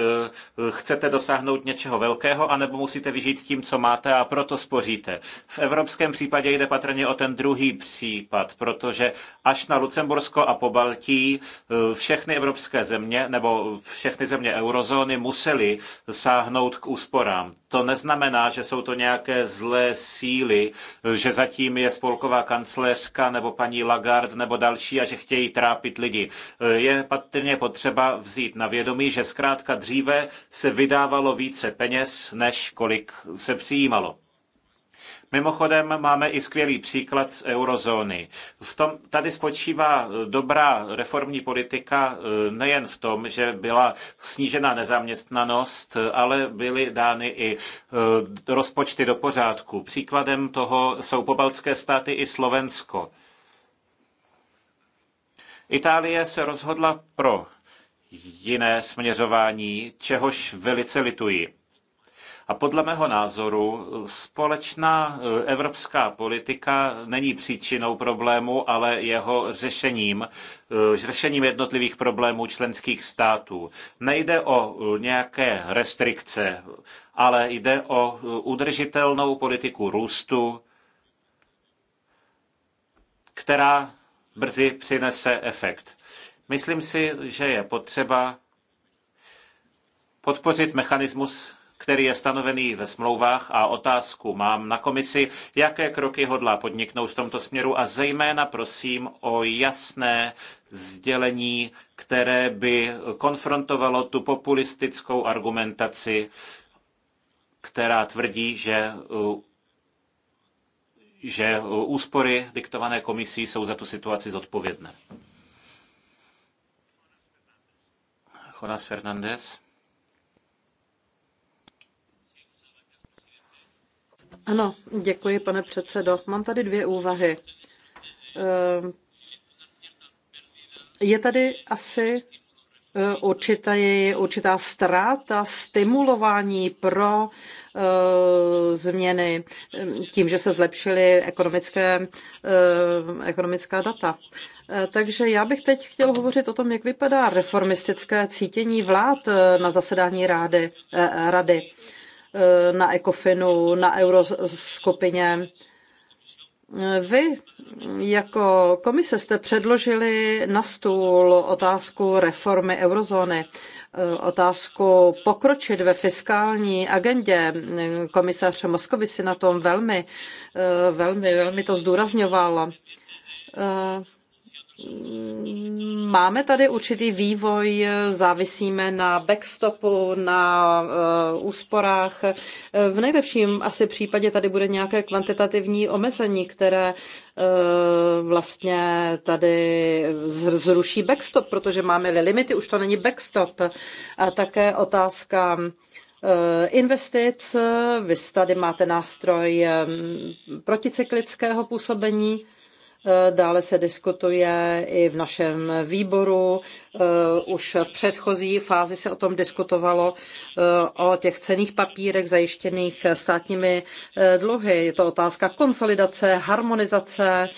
Speaker 2: chcete dosáhnout něčeho velkého, anebo musíte vyžít s tím, co máte a proto spoříte. V evropském případě jde patrně o ten ten druhý případ, protože až na Lucembursko a po Baltí eh, všechny evropské země nebo všechny země eurozóny musely sáhnout k úsporám. To neznamená, že jsou to nějaké zlé síly, eh, že zatím je spolková kancléřka nebo paní Lagarde nebo další a že chtějí trápit lidi. Eh, je patrně potřeba vzít na vědomí, že zkrátka dříve se vydávalo více peněz, než kolik se přijímalo. Mimochodem máme i skvělý příklad z eurozóny. V tom, tady spočívá dobrá reformní politika eh, nejen v tom, že byla snížena nezaměstnanost, ale byly dány i eh, rozpočty do pořádku. Příkladem toho jsou pobaltské státy i Slovensko. Itálie se rozhodla pro jiné směřování, čehož velice lituji. A podle mého názoru společná eh, evropská politika není příčinou problému, ale jeho řešením, eh, řešením jednotlivých problémů členských států. Nejde o eh, nějaké restrikce, ale jde o udržitelnou politiku růstu, která brzy přinese efekt. Myslím si, že je potřeba podpořit mechanismus který je stanovený ve smlouvách a otázku mám na komisi, jaké kroky hodlá podniknout v tomto směru a zejména prosím o jasné sdělení, které by konfrontovalo tu populistickou argumentaci, která tvrdí, že uh, že uh, úspory diktované komisí jsou za tu situaci zodpovědné. Jonas Fernández.
Speaker 3: Ano, děkuji, pane předsedo. Mám tady dvě úvahy. Eh, je tady asi eh, určitá, určitá ztráta stimulování pro eh, změny tím, že se zlepšily ekonomické, ekonomická data. Takže já bych teď chtěl hovořit o tom, jak vypadá reformistické cítění vlád na zasedání rády, rady. rady Eh, na ECOFINu, na euroskupině. Eh, vy jako komise jste předložili na stůl otázku reformy eurozóny, eh, otázku pokročit ve fiskální agendě. Komisař Moskovi si na tom velmi, velmi, velmi to zdůrazňoval. Máme tady určitý vývoj, závisíme na backstopu, na eh, úsporách. Eh, v nejlepším asi případě tady bude nějaké kvantitativní omezení, které eh, vlastně tady zruší backstop, protože máme-li limity, už to není backstop. A také otázka investic. Vy tady máte nástroj proticyklického působení Eh, dále se diskutuje i v našem výboru. Eh, už v předchozí fázi se o tom diskutovalo eh, o těch cených papírech zajištěných státními dluhy. Je to otázka konsolidace, harmonizace.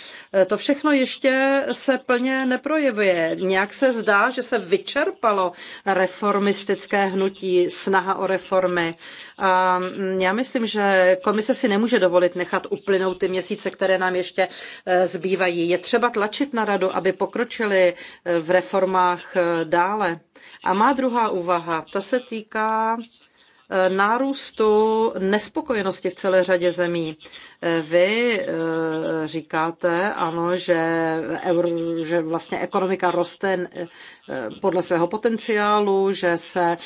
Speaker 3: To všechno ještě se plně neprojevuje. Nějak se zdá, že se vyčerpalo reformistické hnutí, snaha o reformy a mm, já myslím, že komise si nemůže dovolit nechat uplynout ty měsíce, které nám ještě e, zbývají. Je třeba tlačit na radu, aby pokročili e, v reformách e, dále. A má druhá úvaha, ta se týká Eh, nárůstu nespokojenosti v celé řadě zemí. Eh, vy eh, říkáte, ano, že, euro, že vlastně ekonomika roste podle svého potenciálu, že se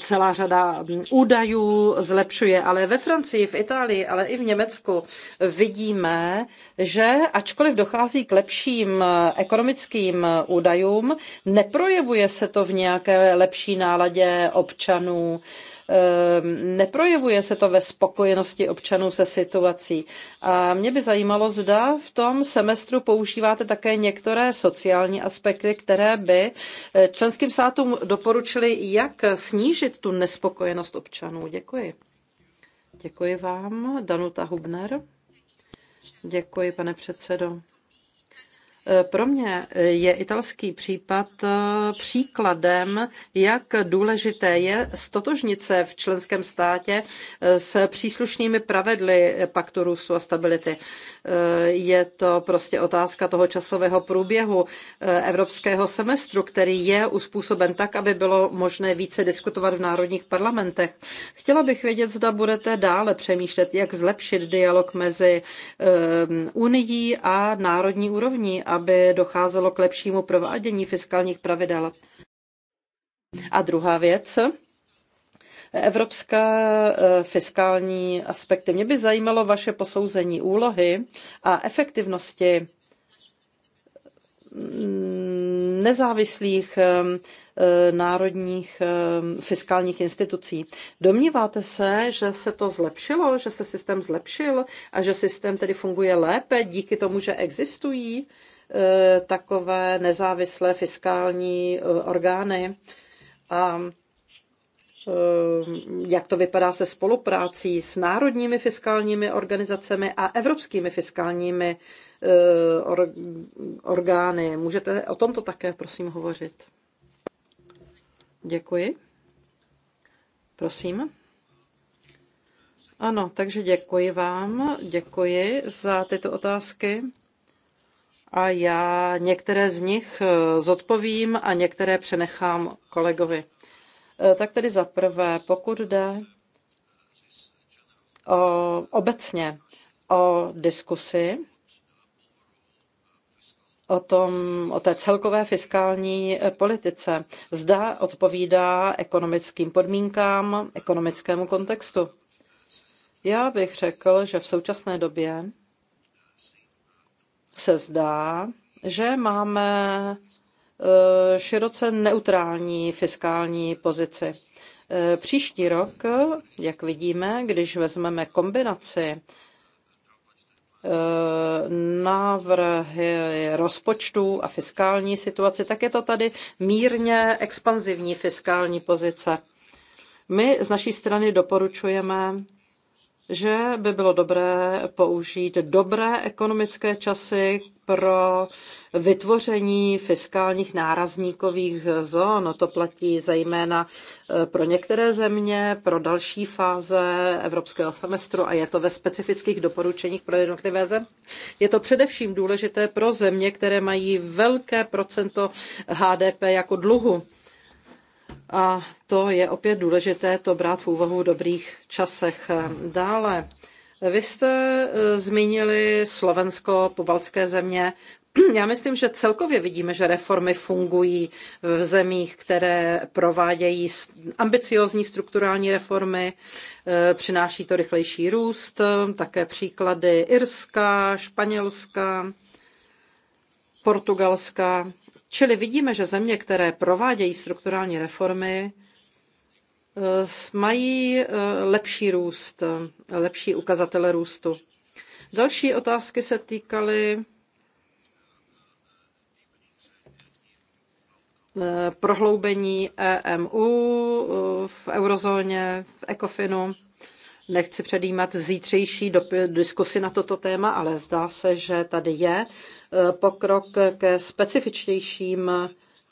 Speaker 3: celá řada hm, údajů zlepšuje, ale ve Francii, v Itálii, ale i v Německu vidíme, že ačkoliv dochází k lepším ekonomickým údajům, neprojevuje se to v nějaké lepší náladě občanů Ehm, neprojevuje se to ve spokojenosti občanů se situací. A mě by zajímalo, zda v tom semestru používáte také některé sociální aspekty, které by eh, členským státům doporučili, jak snížit tu nespokojenost občanů. Děkuji. Děkuji vám, Danuta Hubner. Děkuji, pane předsedo. Pro mě je italský případ eh, příkladem, jak důležité je stotožnit se v členském státě eh, s příslušnými pravidly paktu růstu a stability. Eh, je to prostě otázka toho časového průběhu evropského semestru, který je uspůsoben tak, aby bylo možné více diskutovat v národních parlamentech. Chtěla bych vědět, zda budete dále přemýšlet, jak zlepšit dialog mezi Unií a národní úrovní a aby docházelo k lepšímu provádění fiskálních pravidel. A druhá věc, evropská eh, fiskální aspekty. Mě by zajímalo vaše posouzení úlohy a efektivnosti mm, nezávislých eh, národních eh, fiskálních institucí. Domníváte se, že se to zlepšilo, že se systém zlepšil a že systém tedy funguje lépe díky tomu, že existují E, takové nezávislé fiskální e, orgány. A e, jak to vypadá se spoluprácí s národními fiskálními organizacemi a evropskými fiskálními orgány. Můžete o tomto také, prosím, hovořit. Děkuji. Prosím. Ano, takže děkuji vám, děkuji za tyto otázky a já některé z nich eh, zodpovím a některé přenechám kolegovi. Eh, tak tedy za prvé, pokud jde o, obecně o diskusi o, tom, o té celkové fiskální eh, politice, zda odpovídá ekonomickým podmínkám, ekonomickému kontextu. Já bych řekl, že v současné době se zdá, že máme e, široce neutrální fiskální pozici. E, příští rok, jak vidíme, když vezmeme kombinaci e, návrhy rozpočtů a fiskální situaci, tak je to tady mírně expanzivní fiskální pozice. My z naší strany doporučujeme že by bylo dobré použít dobré ekonomické časy pro vytvoření fiskálních nárazníkových zón. To platí zejména eh, pro některé země, pro další fáze evropského semestru a je to ve specifických doporučeních pro jednotlivé země. Je to především důležité pro země, které mají velké procento HDP jako dluhu. A to je opět důležité to brát v úvahu v dobrých časech. Dále, vy jste e, zmínili Slovensko, pobaltské země. Já myslím, že celkově vidíme, že reformy fungují v zemích, které provádějí ambiciozní strukturální reformy, e, přináší to rychlejší růst, také příklady Irska, Španělska, Portugalska. Čili vidíme, že země, které provádějí strukturální reformy, eh, mají eh, lepší růst, eh, lepší ukazatele růstu. Další otázky se týkaly prohloubení EMU v eurozóně, v ECOFINu. Nechci předjímat zítřejší diskusy na toto téma, ale zdá se, že tady je eh, pokrok ke specifičtějším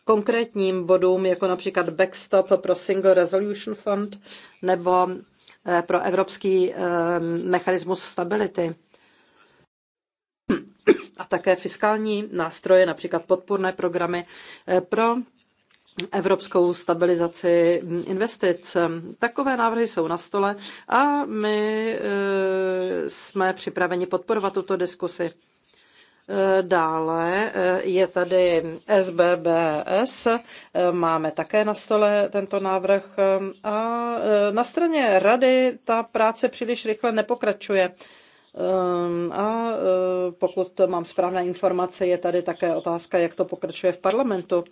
Speaker 3: konkrétním bodům, jako například backstop pro Single Resolution Fund nebo eh, pro Evropský eh, mechanismus stability. A také fiskální nástroje, například podpůrné programy pro evropskou stabilizaci investic. Takové návrhy jsou na stole a my eh, jsme připraveni podporovat tuto diskusi. Eh, dále eh, je tady SBBS, máme také na stole tento návrh a na straně rady ta práce příliš rychle nepokračuje. A pokud mám správné informace, je tady také otázka, jak to pokračuje v parlamentu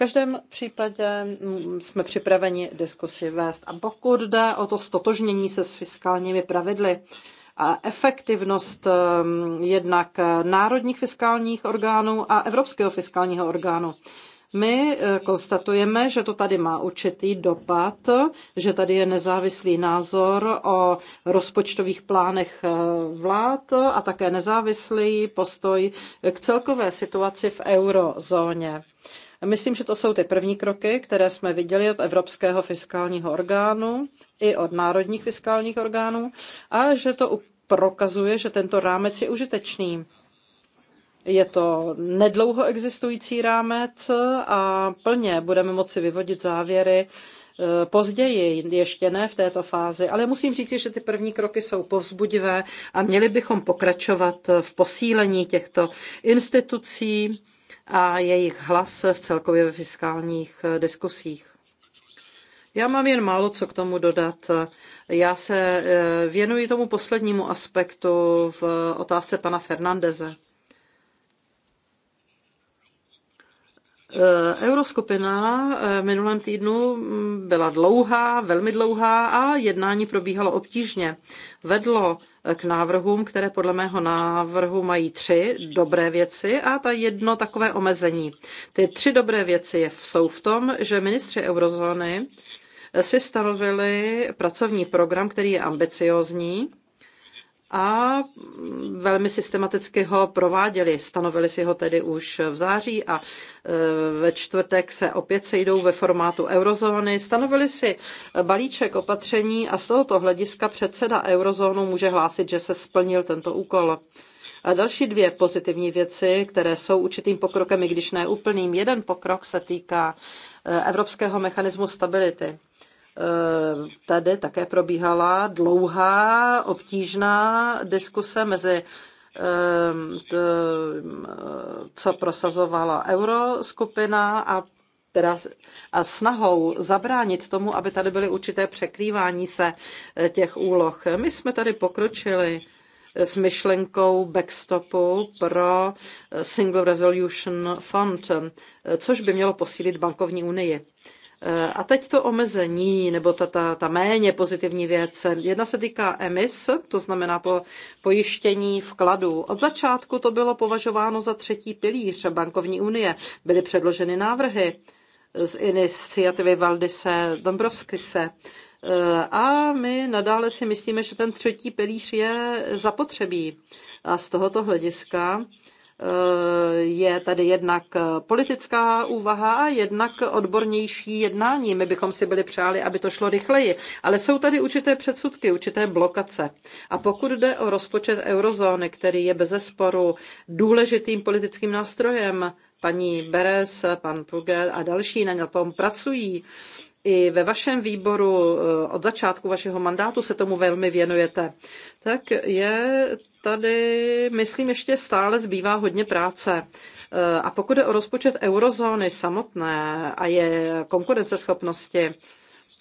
Speaker 3: každém případě mm, jsme připraveni diskusi vést. A pokud jde o to stotožnění se s fiskálními pravidly, a efektivnost mm, jednak národních fiskálních orgánů a evropského fiskálního orgánu. My eh, konstatujeme, že to tady má určitý dopad, že tady je nezávislý názor o rozpočtových plánech eh, vlád a také nezávislý postoj k celkové situaci v eurozóně. Myslím, že to jsou ty první kroky, které jsme viděli od Evropského fiskálního orgánu i od národních fiskálních orgánů a že to prokazuje, že tento rámec je užitečný. Je to nedlouho existující rámec a plně budeme moci vyvodit závěry e, později, ještě ne v této fázi, ale musím říct, že ty první kroky jsou povzbudivé a měli bychom pokračovat v posílení těchto institucí a jejich hlas v celkově ve fiskálních eh, diskusích. Já mám jen málo co k tomu dodat. Já se eh, věnuji tomu poslednímu aspektu v eh, otázce pana Fernandeze. Eh, Euroskupina eh, minulém týdnu mm, byla dlouhá, velmi dlouhá a jednání probíhalo obtížně. Vedlo eh, k návrhům, které podle mého návrhu mají tři dobré věci a ta jedno takové omezení. Ty tři dobré věci jsou v tom, že ministři eurozóny si stanovili pracovní program, který je ambiciozní, a velmi systematicky ho prováděli. Stanovili si ho tedy už v září a e, ve čtvrtek se opět sejdou ve formátu eurozóny. Stanovili si balíček opatření a z tohoto hlediska předseda eurozónu může hlásit, že se splnil tento úkol. A další dvě pozitivní věci, které jsou určitým pokrokem, i když ne úplným. Jeden pokrok se týká e, Evropského mechanismu stability. Tady také probíhala dlouhá, obtížná diskuse mezi ehm, co prosazovala euroskupina a teda a snahou zabránit tomu, aby tady byly určité překrývání se e, těch úloh. My jsme tady pokročili e, s myšlenkou backstopu pro e, Single Resolution Fund, což by mělo posílit bankovní unii. Eh, a teď to omezení, nebo ta, ta, ta méně pozitivní věc. Jedna se týká emis, to znamená po, pojištění vkladů. Od začátku to bylo považováno za třetí pilíř bankovní unie. Byly předloženy návrhy z iniciativy Valdise Dombrovskise. Eh, a my nadále si myslíme, že ten třetí pilíř je zapotřebí. A z tohoto hlediska Eh, je tady jednak eh, politická úvaha a jednak odbornější jednání. My bychom si byli přáli, aby to šlo rychleji, ale jsou tady určité předsudky, určité blokace. A pokud jde o rozpočet eurozóny, který je bezesporu důležitým politickým nástrojem, paní Beres, pan Prugel a další na tom pracují, i ve vašem výboru eh, od začátku vašeho mandátu se tomu velmi věnujete, tak je tady, myslím, ještě stále zbývá hodně práce. Eh, a pokud je o rozpočet eurozóny samotné a je konkurenceschopnosti,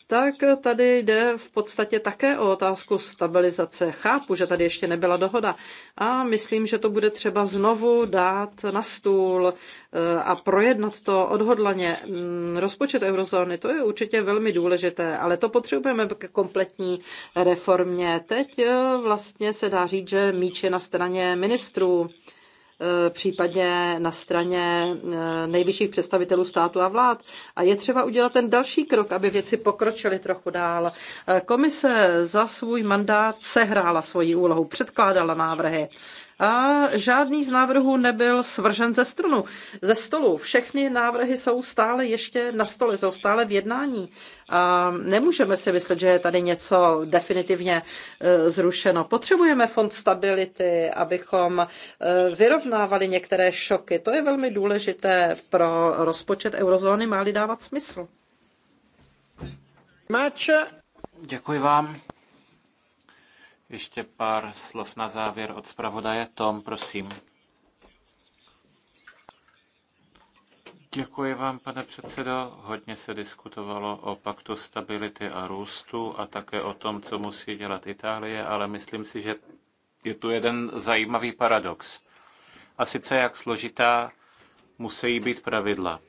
Speaker 3: tak tady jde v podstatě také o otázku stabilizace. Chápu, že tady ještě nebyla dohoda a myslím, že to bude třeba znovu dát na stůl eh, a projednat to odhodlaně. Mm, rozpočet eurozóny, to je určitě velmi důležité, ale to potřebujeme k kompletní reformě. Teď eh, vlastně se dá říct, že míč je na straně ministrů. Eh, případně na straně eh, nejvyšších představitelů státu a vlád. A je třeba udělat ten další krok, aby věci pokročily trochu dál. Eh, komise za svůj mandát sehrála svoji úlohu, předkládala návrhy a žádný z návrhů nebyl svržen ze, strunu, ze stolu. Všechny návrhy jsou stále ještě na stole, jsou stále v jednání. A nemůžeme si myslet, že je tady něco definitivně e, zrušeno. Potřebujeme fond stability, abychom e, vyrovnávali některé šoky. To je velmi důležité pro rozpočet eurozóny, má-li dávat smysl.
Speaker 2: Máče. Děkuji vám. Ještě pár slov na závěr od zpravodaje. Tom, prosím. Děkuji vám, pane předsedo. Hodně se diskutovalo o paktu stability a růstu a také o tom, co musí dělat Itálie, ale myslím si, že je tu jeden zajímavý paradox. A sice jak složitá musí být pravidla.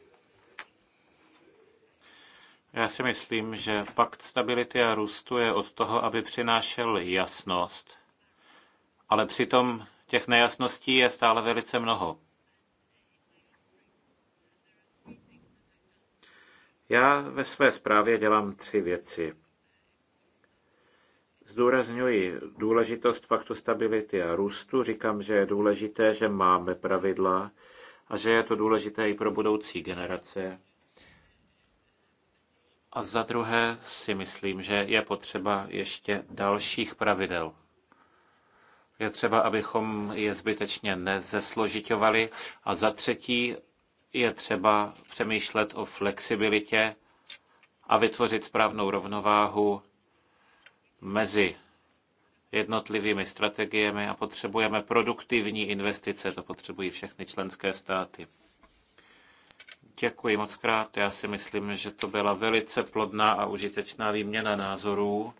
Speaker 2: Já si myslím, že pakt stability a růstu je od toho, aby přinášel jasnost, ale přitom těch nejasností je stále velice mnoho. Já ve své zprávě dělám tři věci. Zdůrazňuji důležitost paktu stability a růstu. Říkám, že je důležité, že máme pravidla a že je to důležité i pro budoucí generace. A za druhé si myslím, že je potřeba ještě dalších pravidel. Je třeba, abychom je zbytečně nezesložitovali. A za třetí je třeba přemýšlet o flexibilitě a vytvořit správnou rovnováhu mezi jednotlivými strategiemi a potřebujeme produktivní investice, to potřebují všechny členské státy. Děkuji moc krát. Já si myslím, že to byla velice plodná a užitečná výměna názorů.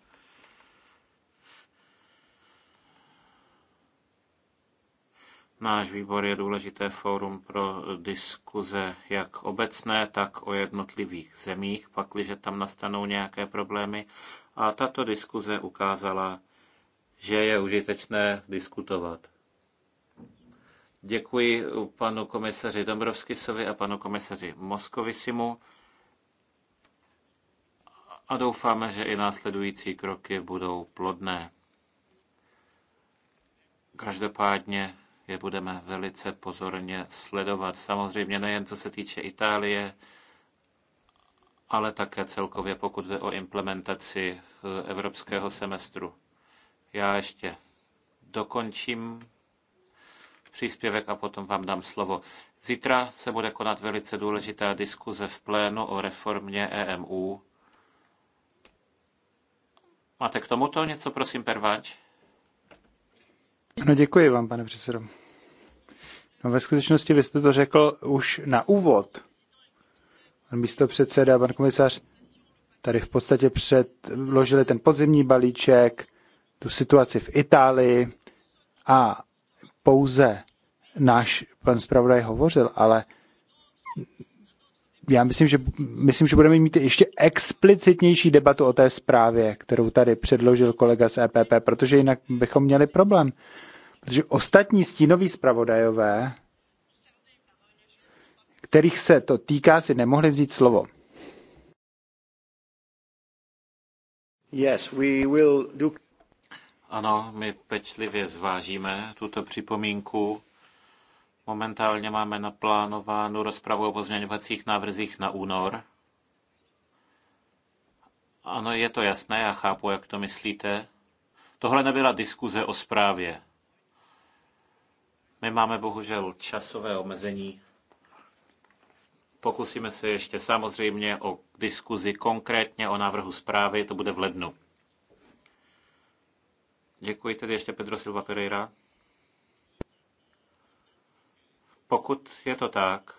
Speaker 2: Náš výbor je důležité fórum pro diskuze jak obecné, tak o jednotlivých zemích, pakliže tam nastanou nějaké problémy. A tato diskuze ukázala, že je užitečné diskutovat. Děkuji panu komisaři Dombrovskisovi a panu komisaři Moskovisimu a doufáme, že i následující kroky budou plodné. Každopádně je budeme velice pozorně sledovat. Samozřejmě nejen co se týče Itálie, ale také celkově pokud jde o implementaci eh, evropského semestru. Já ještě dokončím příspěvek a potom vám dám slovo. Zítra se bude konat velice důležitá diskuze v plénu o reformě EMU. Máte k tomuto něco, prosím, Perváč?
Speaker 1: No děkuji vám, pane předsedo. No ve skutečnosti byste to řekl už na úvod. Pan místo předseda, pan komisař, tady v podstatě předložili ten podzimní balíček, tu situaci v Itálii a pouze náš pan zpravodaj hovořil, ale já myslím, že, myslím, že budeme mít ještě explicitnější debatu o té zprávě, kterou tady předložil kolega z EPP, protože jinak bychom měli problém. Protože ostatní stínoví zpravodajové, kterých se to týká, si nemohli vzít slovo.
Speaker 2: Yes, we will do... Ano, my pečlivě zvážíme tuto připomínku. Momentálně máme naplánovánu rozpravu o pozměňovacích návrzích na únor. Ano, je to jasné, já chápu, jak to myslíte. Tohle nebyla diskuze o zprávě. My máme bohužel časové omezení. Pokusíme se ještě samozřejmě o diskuzi konkrétně o návrhu zprávy, to bude v lednu. Děkuji tedy ještě Pedro Silva Pereira. Pokud je to tak,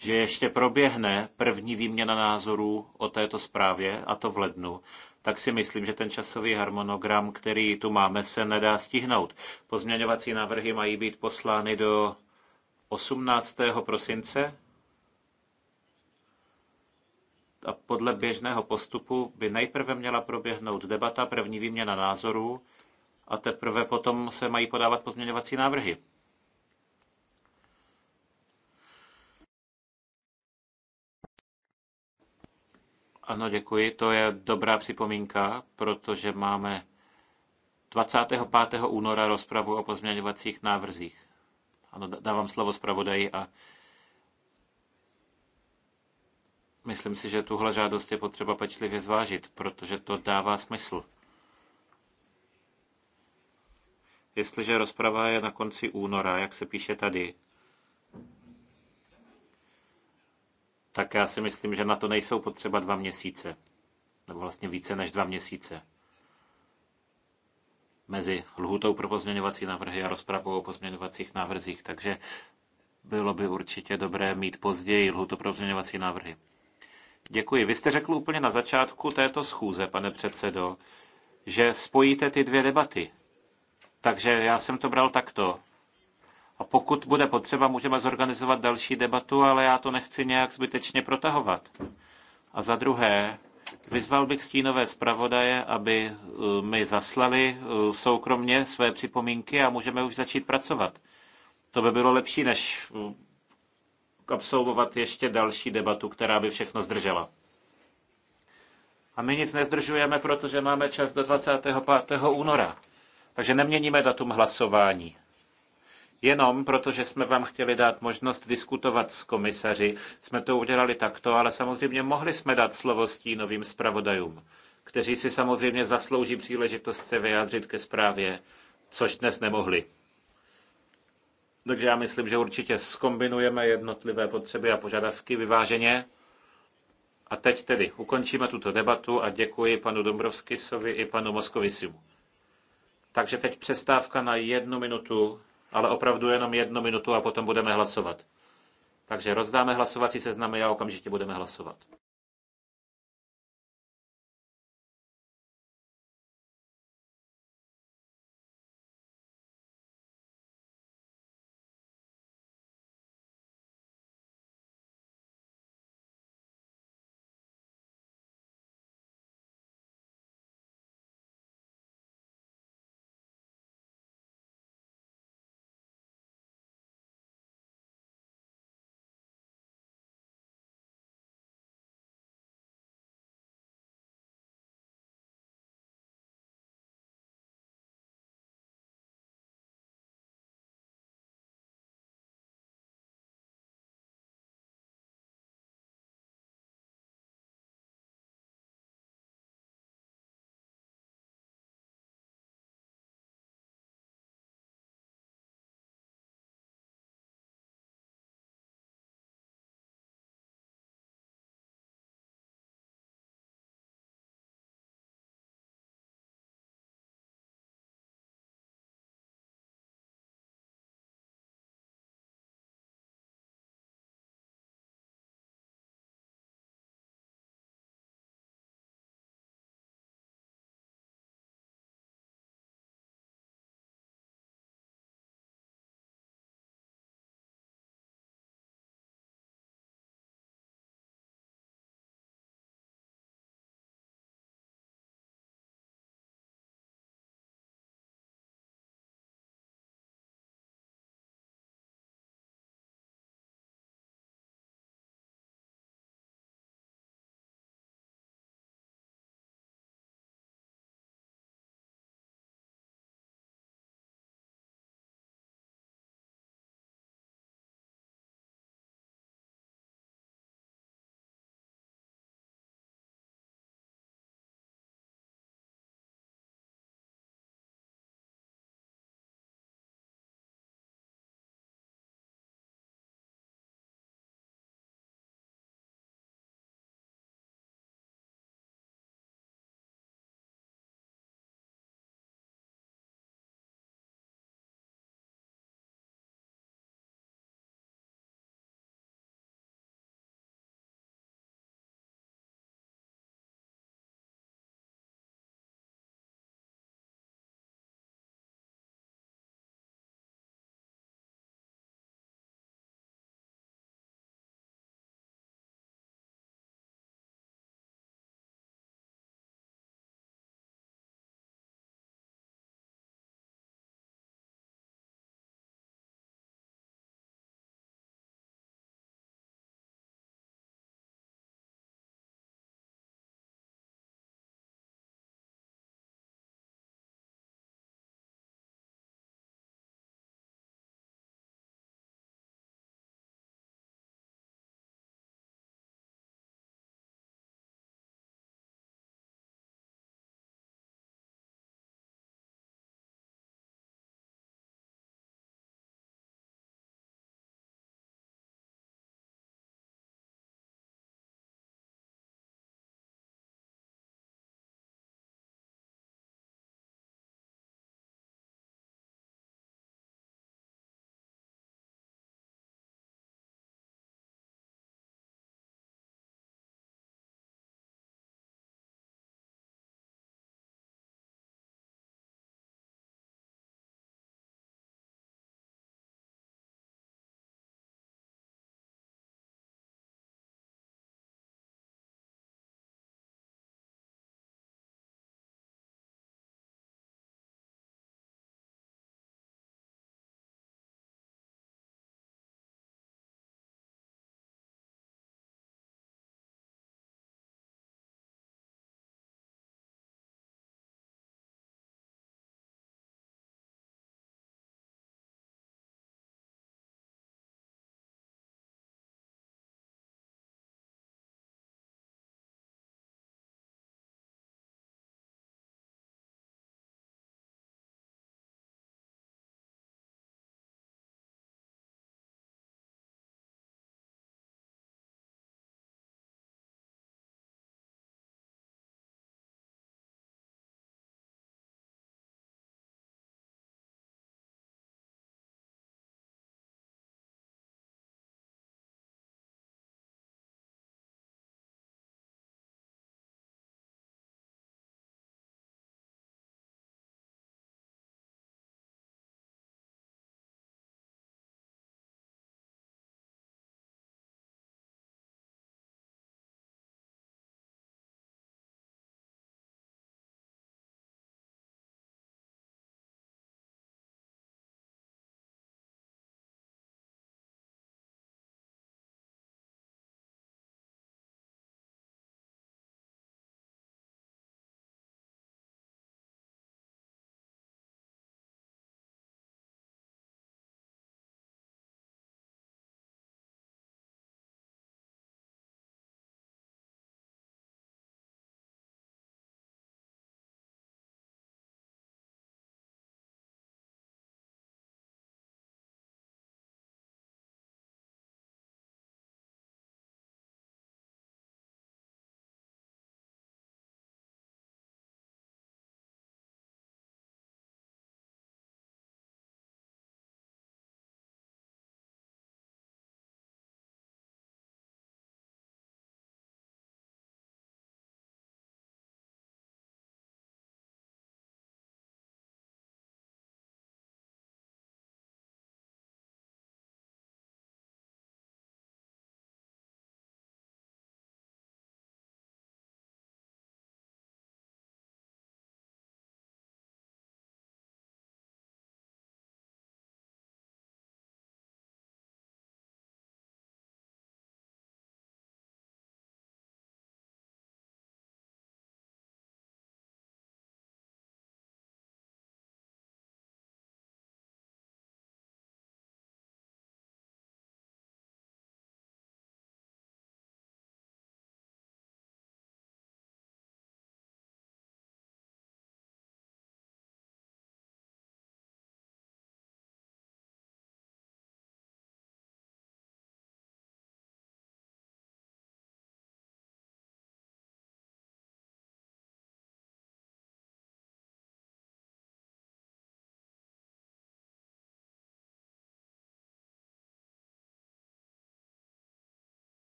Speaker 2: že ještě proběhne první výměna názorů o této zprávě, a to v lednu, tak si myslím, že ten časový harmonogram, který tu máme, se nedá stihnout. Pozměňovací návrhy mají být poslány do 18. prosince a podle běžného postupu by nejprve měla proběhnout debata, první výměna názorů a teprve potom se mají podávat pozměňovací návrhy. Ano, děkuji. To je dobrá připomínka, protože máme 25. února rozpravu o pozměňovacích návrzích. Ano, dávám slovo zpravodaji a Myslím si, že tuhle žádost je potřeba pečlivě zvážit, protože to dává smysl. Jestliže rozprava je na konci února, jak se píše tady, tak já si myslím, že na to nejsou potřeba dva měsíce. Nebo vlastně více než dva měsíce. Mezi lhutou pro pozměňovací návrhy a rozpravou o pozměňovacích návrzích. Takže bylo by určitě dobré mít později lhutu pro pozměňovací návrhy. Děkuji. Vy jste řekl úplně na začátku této schůze, pane předsedo, že spojíte ty dvě debaty. Takže já jsem to bral takto. A pokud bude potřeba, můžeme zorganizovat další debatu, ale já to nechci nějak zbytečně protahovat. A za druhé, vyzval bych stínové zpravodaje, aby e, mi zaslali e, soukromně své připomínky a můžeme už začít pracovat. To by bylo lepší, než e, absolvovat ještě další debatu, která by všechno zdržela. A my nic nezdržujeme, protože máme čas do 25. února. Takže neměníme datum hlasování. Jenom protože jsme vám chtěli dát možnost diskutovat s komisaři, jsme to udělali takto, ale samozřejmě mohli jsme dát slovo novým zpravodajům, kteří si samozřejmě zaslouží příležitost se vyjádřit ke zprávě, což dnes nemohli. Takže já myslím, že určitě skombinujeme jednotlivé potřeby a požadavky vyváženě. A teď tedy ukončíme tuto debatu a děkuji panu Dombrovskisovi i panu Moskovisimu. Takže teď přestávka na jednu minutu, ale opravdu jenom jednu minutu a potom budeme hlasovat. Takže rozdáme hlasovací seznamy a okamžitě budeme hlasovat.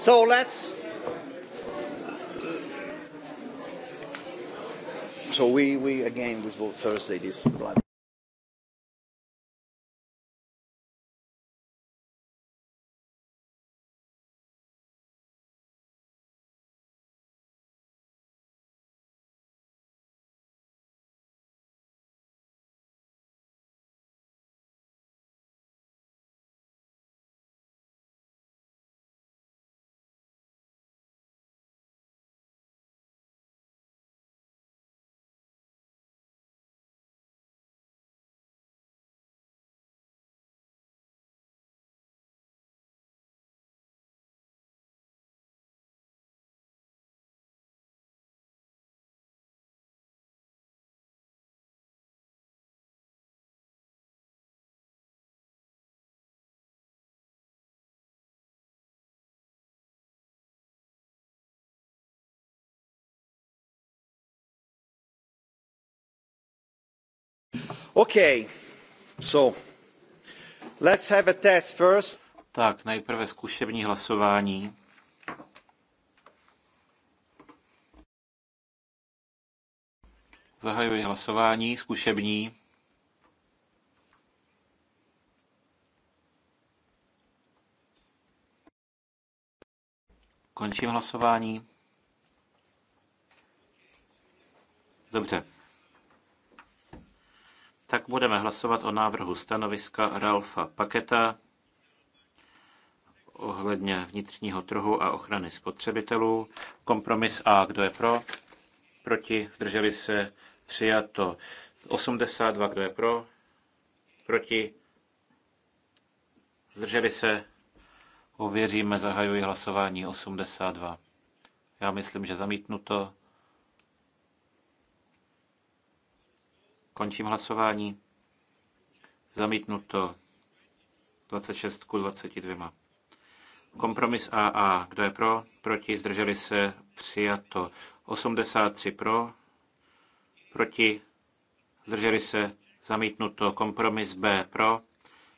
Speaker 3: So let's. So we, we again, we vote
Speaker 2: Thursday, this blood. Okay. So, let's have a test first. Tak, nejprve zkušební hlasování. Zahajuji hlasování zkušební. Končím hlasování. Dobře tak budeme hlasovat o návrhu stanoviska Ralfa Paketa ohledně vnitřního trhu a ochrany spotřebitelů. Kompromis A, kdo je pro? Proti, zdrželi se, přijato. 82, kdo je pro? Proti, zdrželi se, ověříme, zahajuji hlasování 82. Já myslím, že zamítnuto. Končím hlasování. Zamítnuto 26 ku 22. Kompromis AA. Kdo je pro? Proti? Zdrželi se? Přijato. 83 pro. Proti? Zdrželi se? Zamítnuto. Kompromis B pro.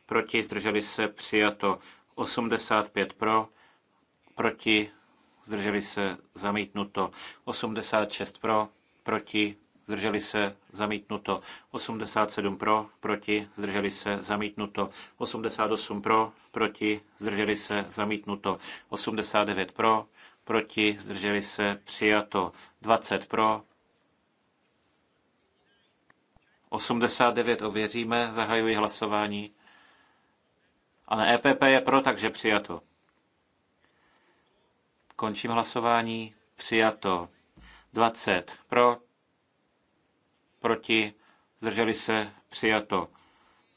Speaker 2: Proti? Zdrželi se? Přijato. 85 pro. Proti? Zdrželi se? Zamítnuto. 86 pro. Proti? zdrželi se, zamítnuto. 87 pro, proti, zdrželi se, zamítnuto. 88 pro, proti, zdrželi se, zamítnuto. 89 pro, proti, zdrželi se, přijato. 20 pro, 89 ověříme, zahajuji hlasování. Ale EPP je pro, takže přijato. Končím hlasování. Přijato. 20 pro, proti, zdrželi se, přijato.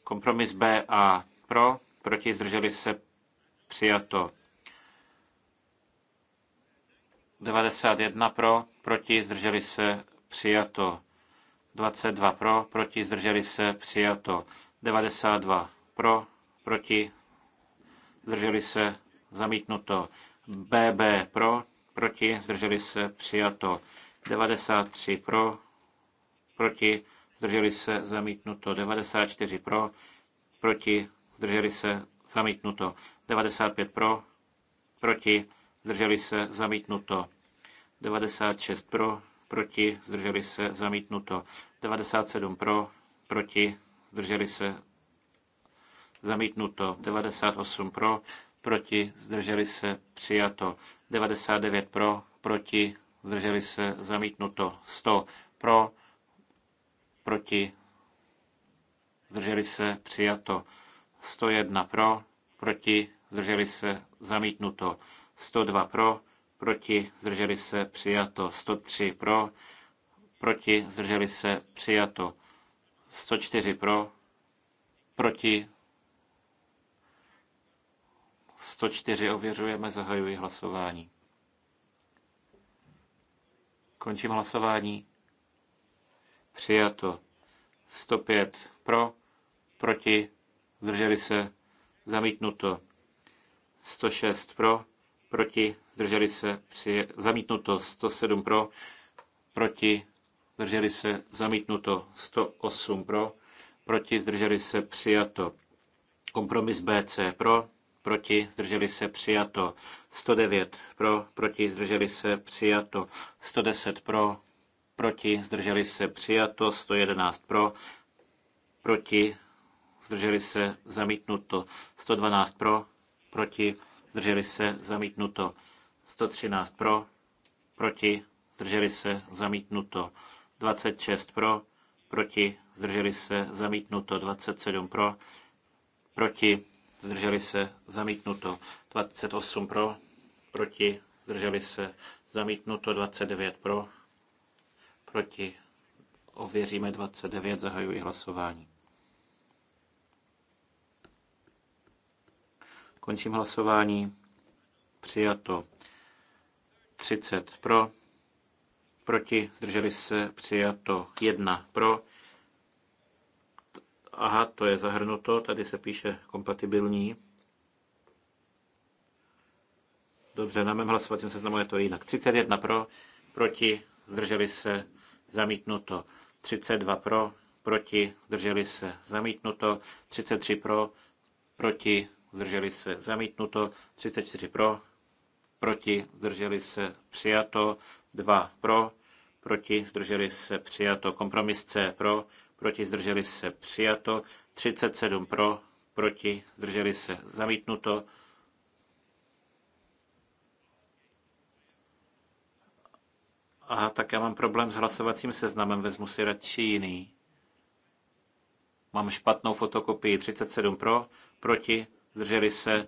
Speaker 2: Kompromis B a pro, proti, zdrželi se, přijato. 91 pro, proti, zdrželi se, přijato. 22 pro, proti, zdrželi se, přijato. 92 pro, proti, zdrželi se, zamítnuto. BB pro, proti, zdrželi se, přijato. 93 pro, proti, zdrželi se, zamítnuto. 94 pro, proti, zdrželi se, zamítnuto. 95 pro, proti, zdrželi se, zamítnuto. 96 pro, proti, zdrželi se, zamítnuto. 97 pro, proti, zdrželi se, zamítnuto. 98 pro, proti, zdrželi se, přijato. 99 pro, proti, zdrželi se, zamítnuto. 100 pro, proti, zdrželi se, přijato. 101 pro, proti, zdrželi se, zamítnuto. 102 pro, proti, zdrželi se, přijato. 103 pro, proti, zdrželi se, přijato. 104 pro, proti, 104 ověřujeme, zahajuji hlasování. Končím hlasování. Přijato. 105 pro, proti, zdrželi se, zamítnuto. 106 pro, proti, zdrželi se, při, zamítnuto. 107 pro, proti, zdrželi se, zamítnuto. 108 pro, proti, zdrželi se, přijato. Kompromis BC pro, proti, zdrželi se, přijato. 109 pro, proti, zdrželi se, přijato. 110 pro, proti, zdrželi se přijato, 111 pro, proti, zdrželi se zamítnuto, 112 pro, proti, zdrželi se zamítnuto, 113 pro, proti, zdrželi se zamítnuto, 26 pro, proti, zdrželi se zamítnuto, 27 pro, proti, zdrželi se zamítnuto, 28 pro, proti, zdrželi se zamítnuto, 29 pro, proti, ověříme 29, zahajuji hlasování. Končím hlasování. Přijato 30 pro, proti, zdrželi se, přijato 1 pro. Aha, to je zahrnuto, tady se píše kompatibilní. Dobře, na mém hlasovacím seznamu je to jinak. 31 pro, proti, zdrželi se, zamítnuto. 32 pro, proti, zdrželi se, zamítnuto. 33 pro, proti, zdrželi se, zamítnuto. 34 pro, proti, zdrželi se, přijato. 2 pro, proti, zdrželi se, přijato. Kompromis C pro, proti, zdrželi se, přijato. 37 pro, proti, zdrželi se, zamítnuto. Aha, tak já mám problém s hlasovacím seznamem, vezmu si radši jiný. Mám špatnou fotokopii 37 pro, proti, zdrželi se,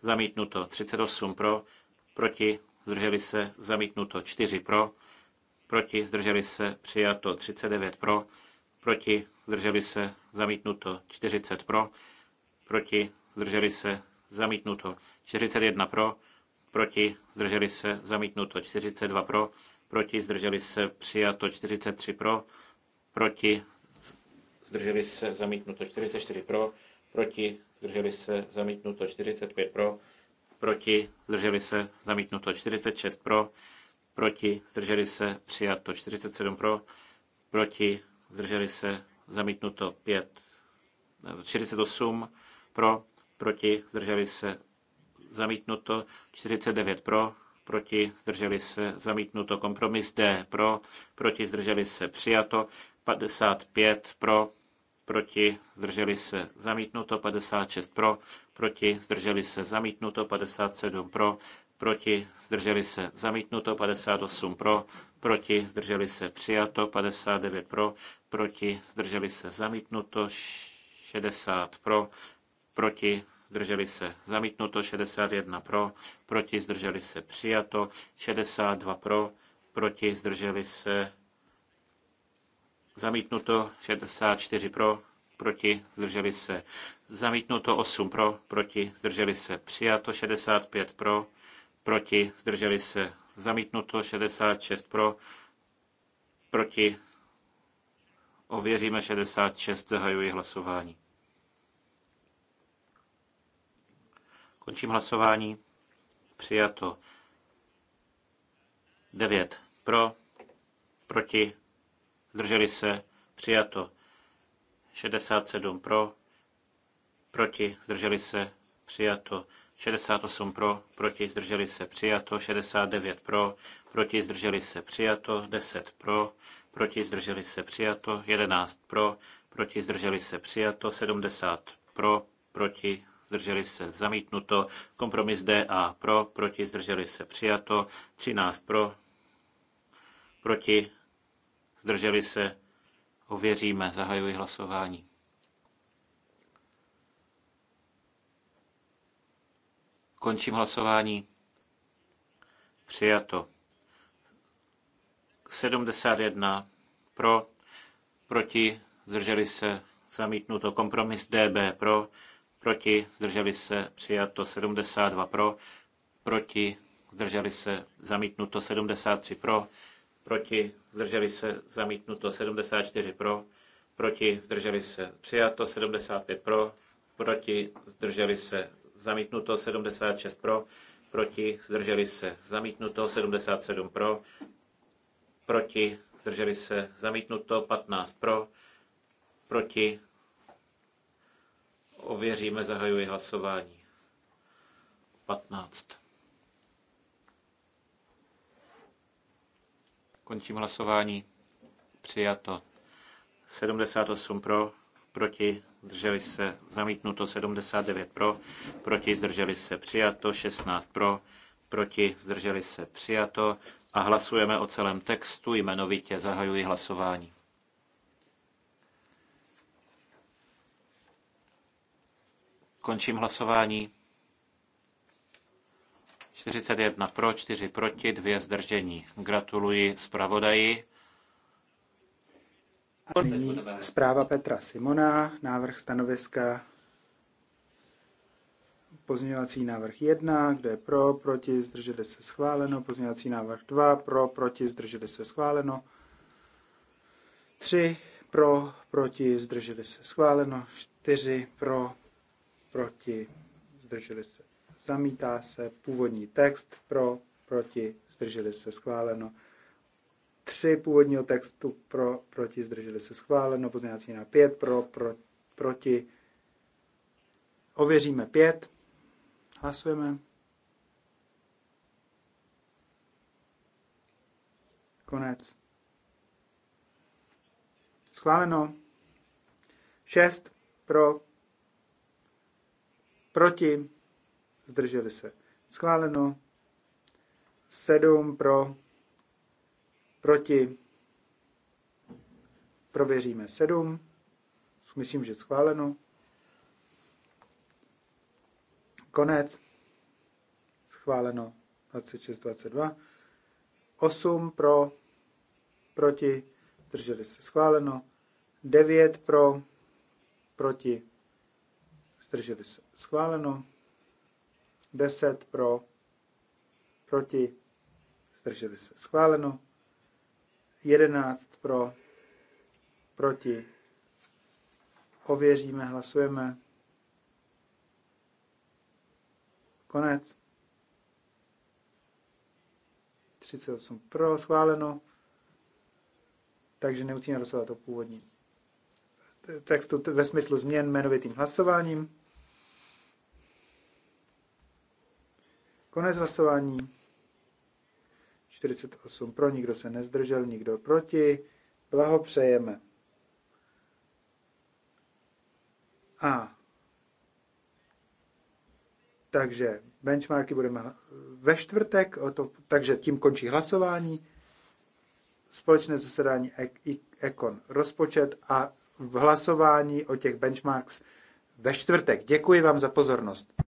Speaker 2: zamítnuto 38 pro, proti, zdrželi se, zamítnuto 4 pro, proti, zdrželi se, přijato 39 pro, proti, zdrželi se, zamítnuto 40 pro, proti, zdrželi se, zamítnuto 41 pro, proti, zdrželi se, zamítnuto 42 pro, proti, zdrželi se přijato 43 pro, proti, zdrželi se zamítnuto 44 pro, proti, zdrželi se zamítnuto 45 pro, proti, zdrželi se zamítnuto 46 pro, proti, zdrželi se přijato 47 pro, proti, zdrželi se zamítnuto 5, 48 pro, proti, zdrželi se zamítnuto 49 pro, proti, zdrželi se, zamítnuto. Kompromis D pro, proti, zdrželi se, přijato. 55 pro, proti, zdrželi se, zamítnuto. 56 pro, proti, zdrželi se, zamítnuto. 57 pro, proti, zdrželi se, zamítnuto. 58 pro, proti, zdrželi se, přijato. 59 pro, proti, zdrželi se, zamítnuto. 60 pro, proti, zdrželi se zamítnuto, 61 pro, proti, zdrželi se přijato, 62 pro, proti, zdrželi se zamítnuto, 64 pro, proti, zdrželi se zamítnuto, 8 pro, proti, zdrželi se přijato, 65 pro, proti, zdrželi se zamítnuto, 66 pro, proti, ověříme 66, zahajuji hlasování. Končím hlasování. Přijato. 9. Pro. Proti. Zdrželi se. Přijato. 67 pro. Proti. Zdrželi se. Přijato. 68 pro, proti zdrželi se přijato, 69 pro, proti zdrželi se přijato, 10 pro, proti zdrželi se přijato, 11 pro, proti zdrželi se přijato, 70 pro, proti zdrželi se, zamítnuto. Kompromis D a pro, proti, zdrželi se, přijato. 13 pro, proti, zdrželi se, ověříme, zahajuji hlasování. Končím hlasování. Přijato. 71 pro, proti, zdrželi se, zamítnuto kompromis DB pro, proti, zdrželi se, přijato 72 pro, proti, zdrželi se, zamítnuto 73 pro, proti, zdrželi se, zamítnuto 74 pro, proti, zdrželi se, přijato 75 pro, proti, zdrželi se, zamítnuto 76 pro, proti, zdrželi se, zamítnuto 77 pro, proti, zdrželi se, zamítnuto 15 pro, proti, Ověříme, zahajuji hlasování. 15. Končím hlasování. Přijato. 78 pro, proti, zdrželi se, zamítnuto 79 pro, proti, zdrželi se, přijato, 16 pro, proti, zdrželi se, přijato a hlasujeme o celém textu, jmenovitě zahajuji hlasování. Končím hlasování. 41 pro, 4 proti, 2 zdržení. Gratuluji zpravodaji.
Speaker 1: A nyní zpráva Petra Simona, návrh stanoviska, pozměňovací návrh 1, kde je pro, proti, zdrželi se schváleno, pozměňovací návrh 2, pro, proti, zdrželi se schváleno, 3, pro, proti, zdrželi se schváleno, 4, pro, proti, zdrželi se, zamítá se, původní text pro, proti, zdrželi se, schváleno, tři původního textu pro, proti, zdrželi se, schváleno, pozměňovací na pět pro, pro, proti, ověříme pět, hlasujeme, konec. Schváleno. šest pro Proti. Zdrželi se. Schváleno. 7 pro. Proti. Prověříme 7. Myslím, že schváleno. Konec. Schváleno 26-22. 8 pro, proti, zdrželi se schváleno. 9 pro, proti, zdrželi se schváleno, 10 pro, proti, zdrželi se schváleno, 11 pro, proti, ověříme, hlasujeme, konec, 38 pro, schváleno, takže nemusíme hlasovat o původním textu ve smyslu změn jmenovitým hlasováním. Konec hlasování. 48 pro, nikdo se nezdržel, nikdo proti. Blahopřejeme. A takže benchmarky budeme ve čtvrtek, o to, takže tím končí hlasování. Společné zasedání Ekon rozpočet a v hlasování o těch benchmarks ve čtvrtek. Děkuji vám za pozornost.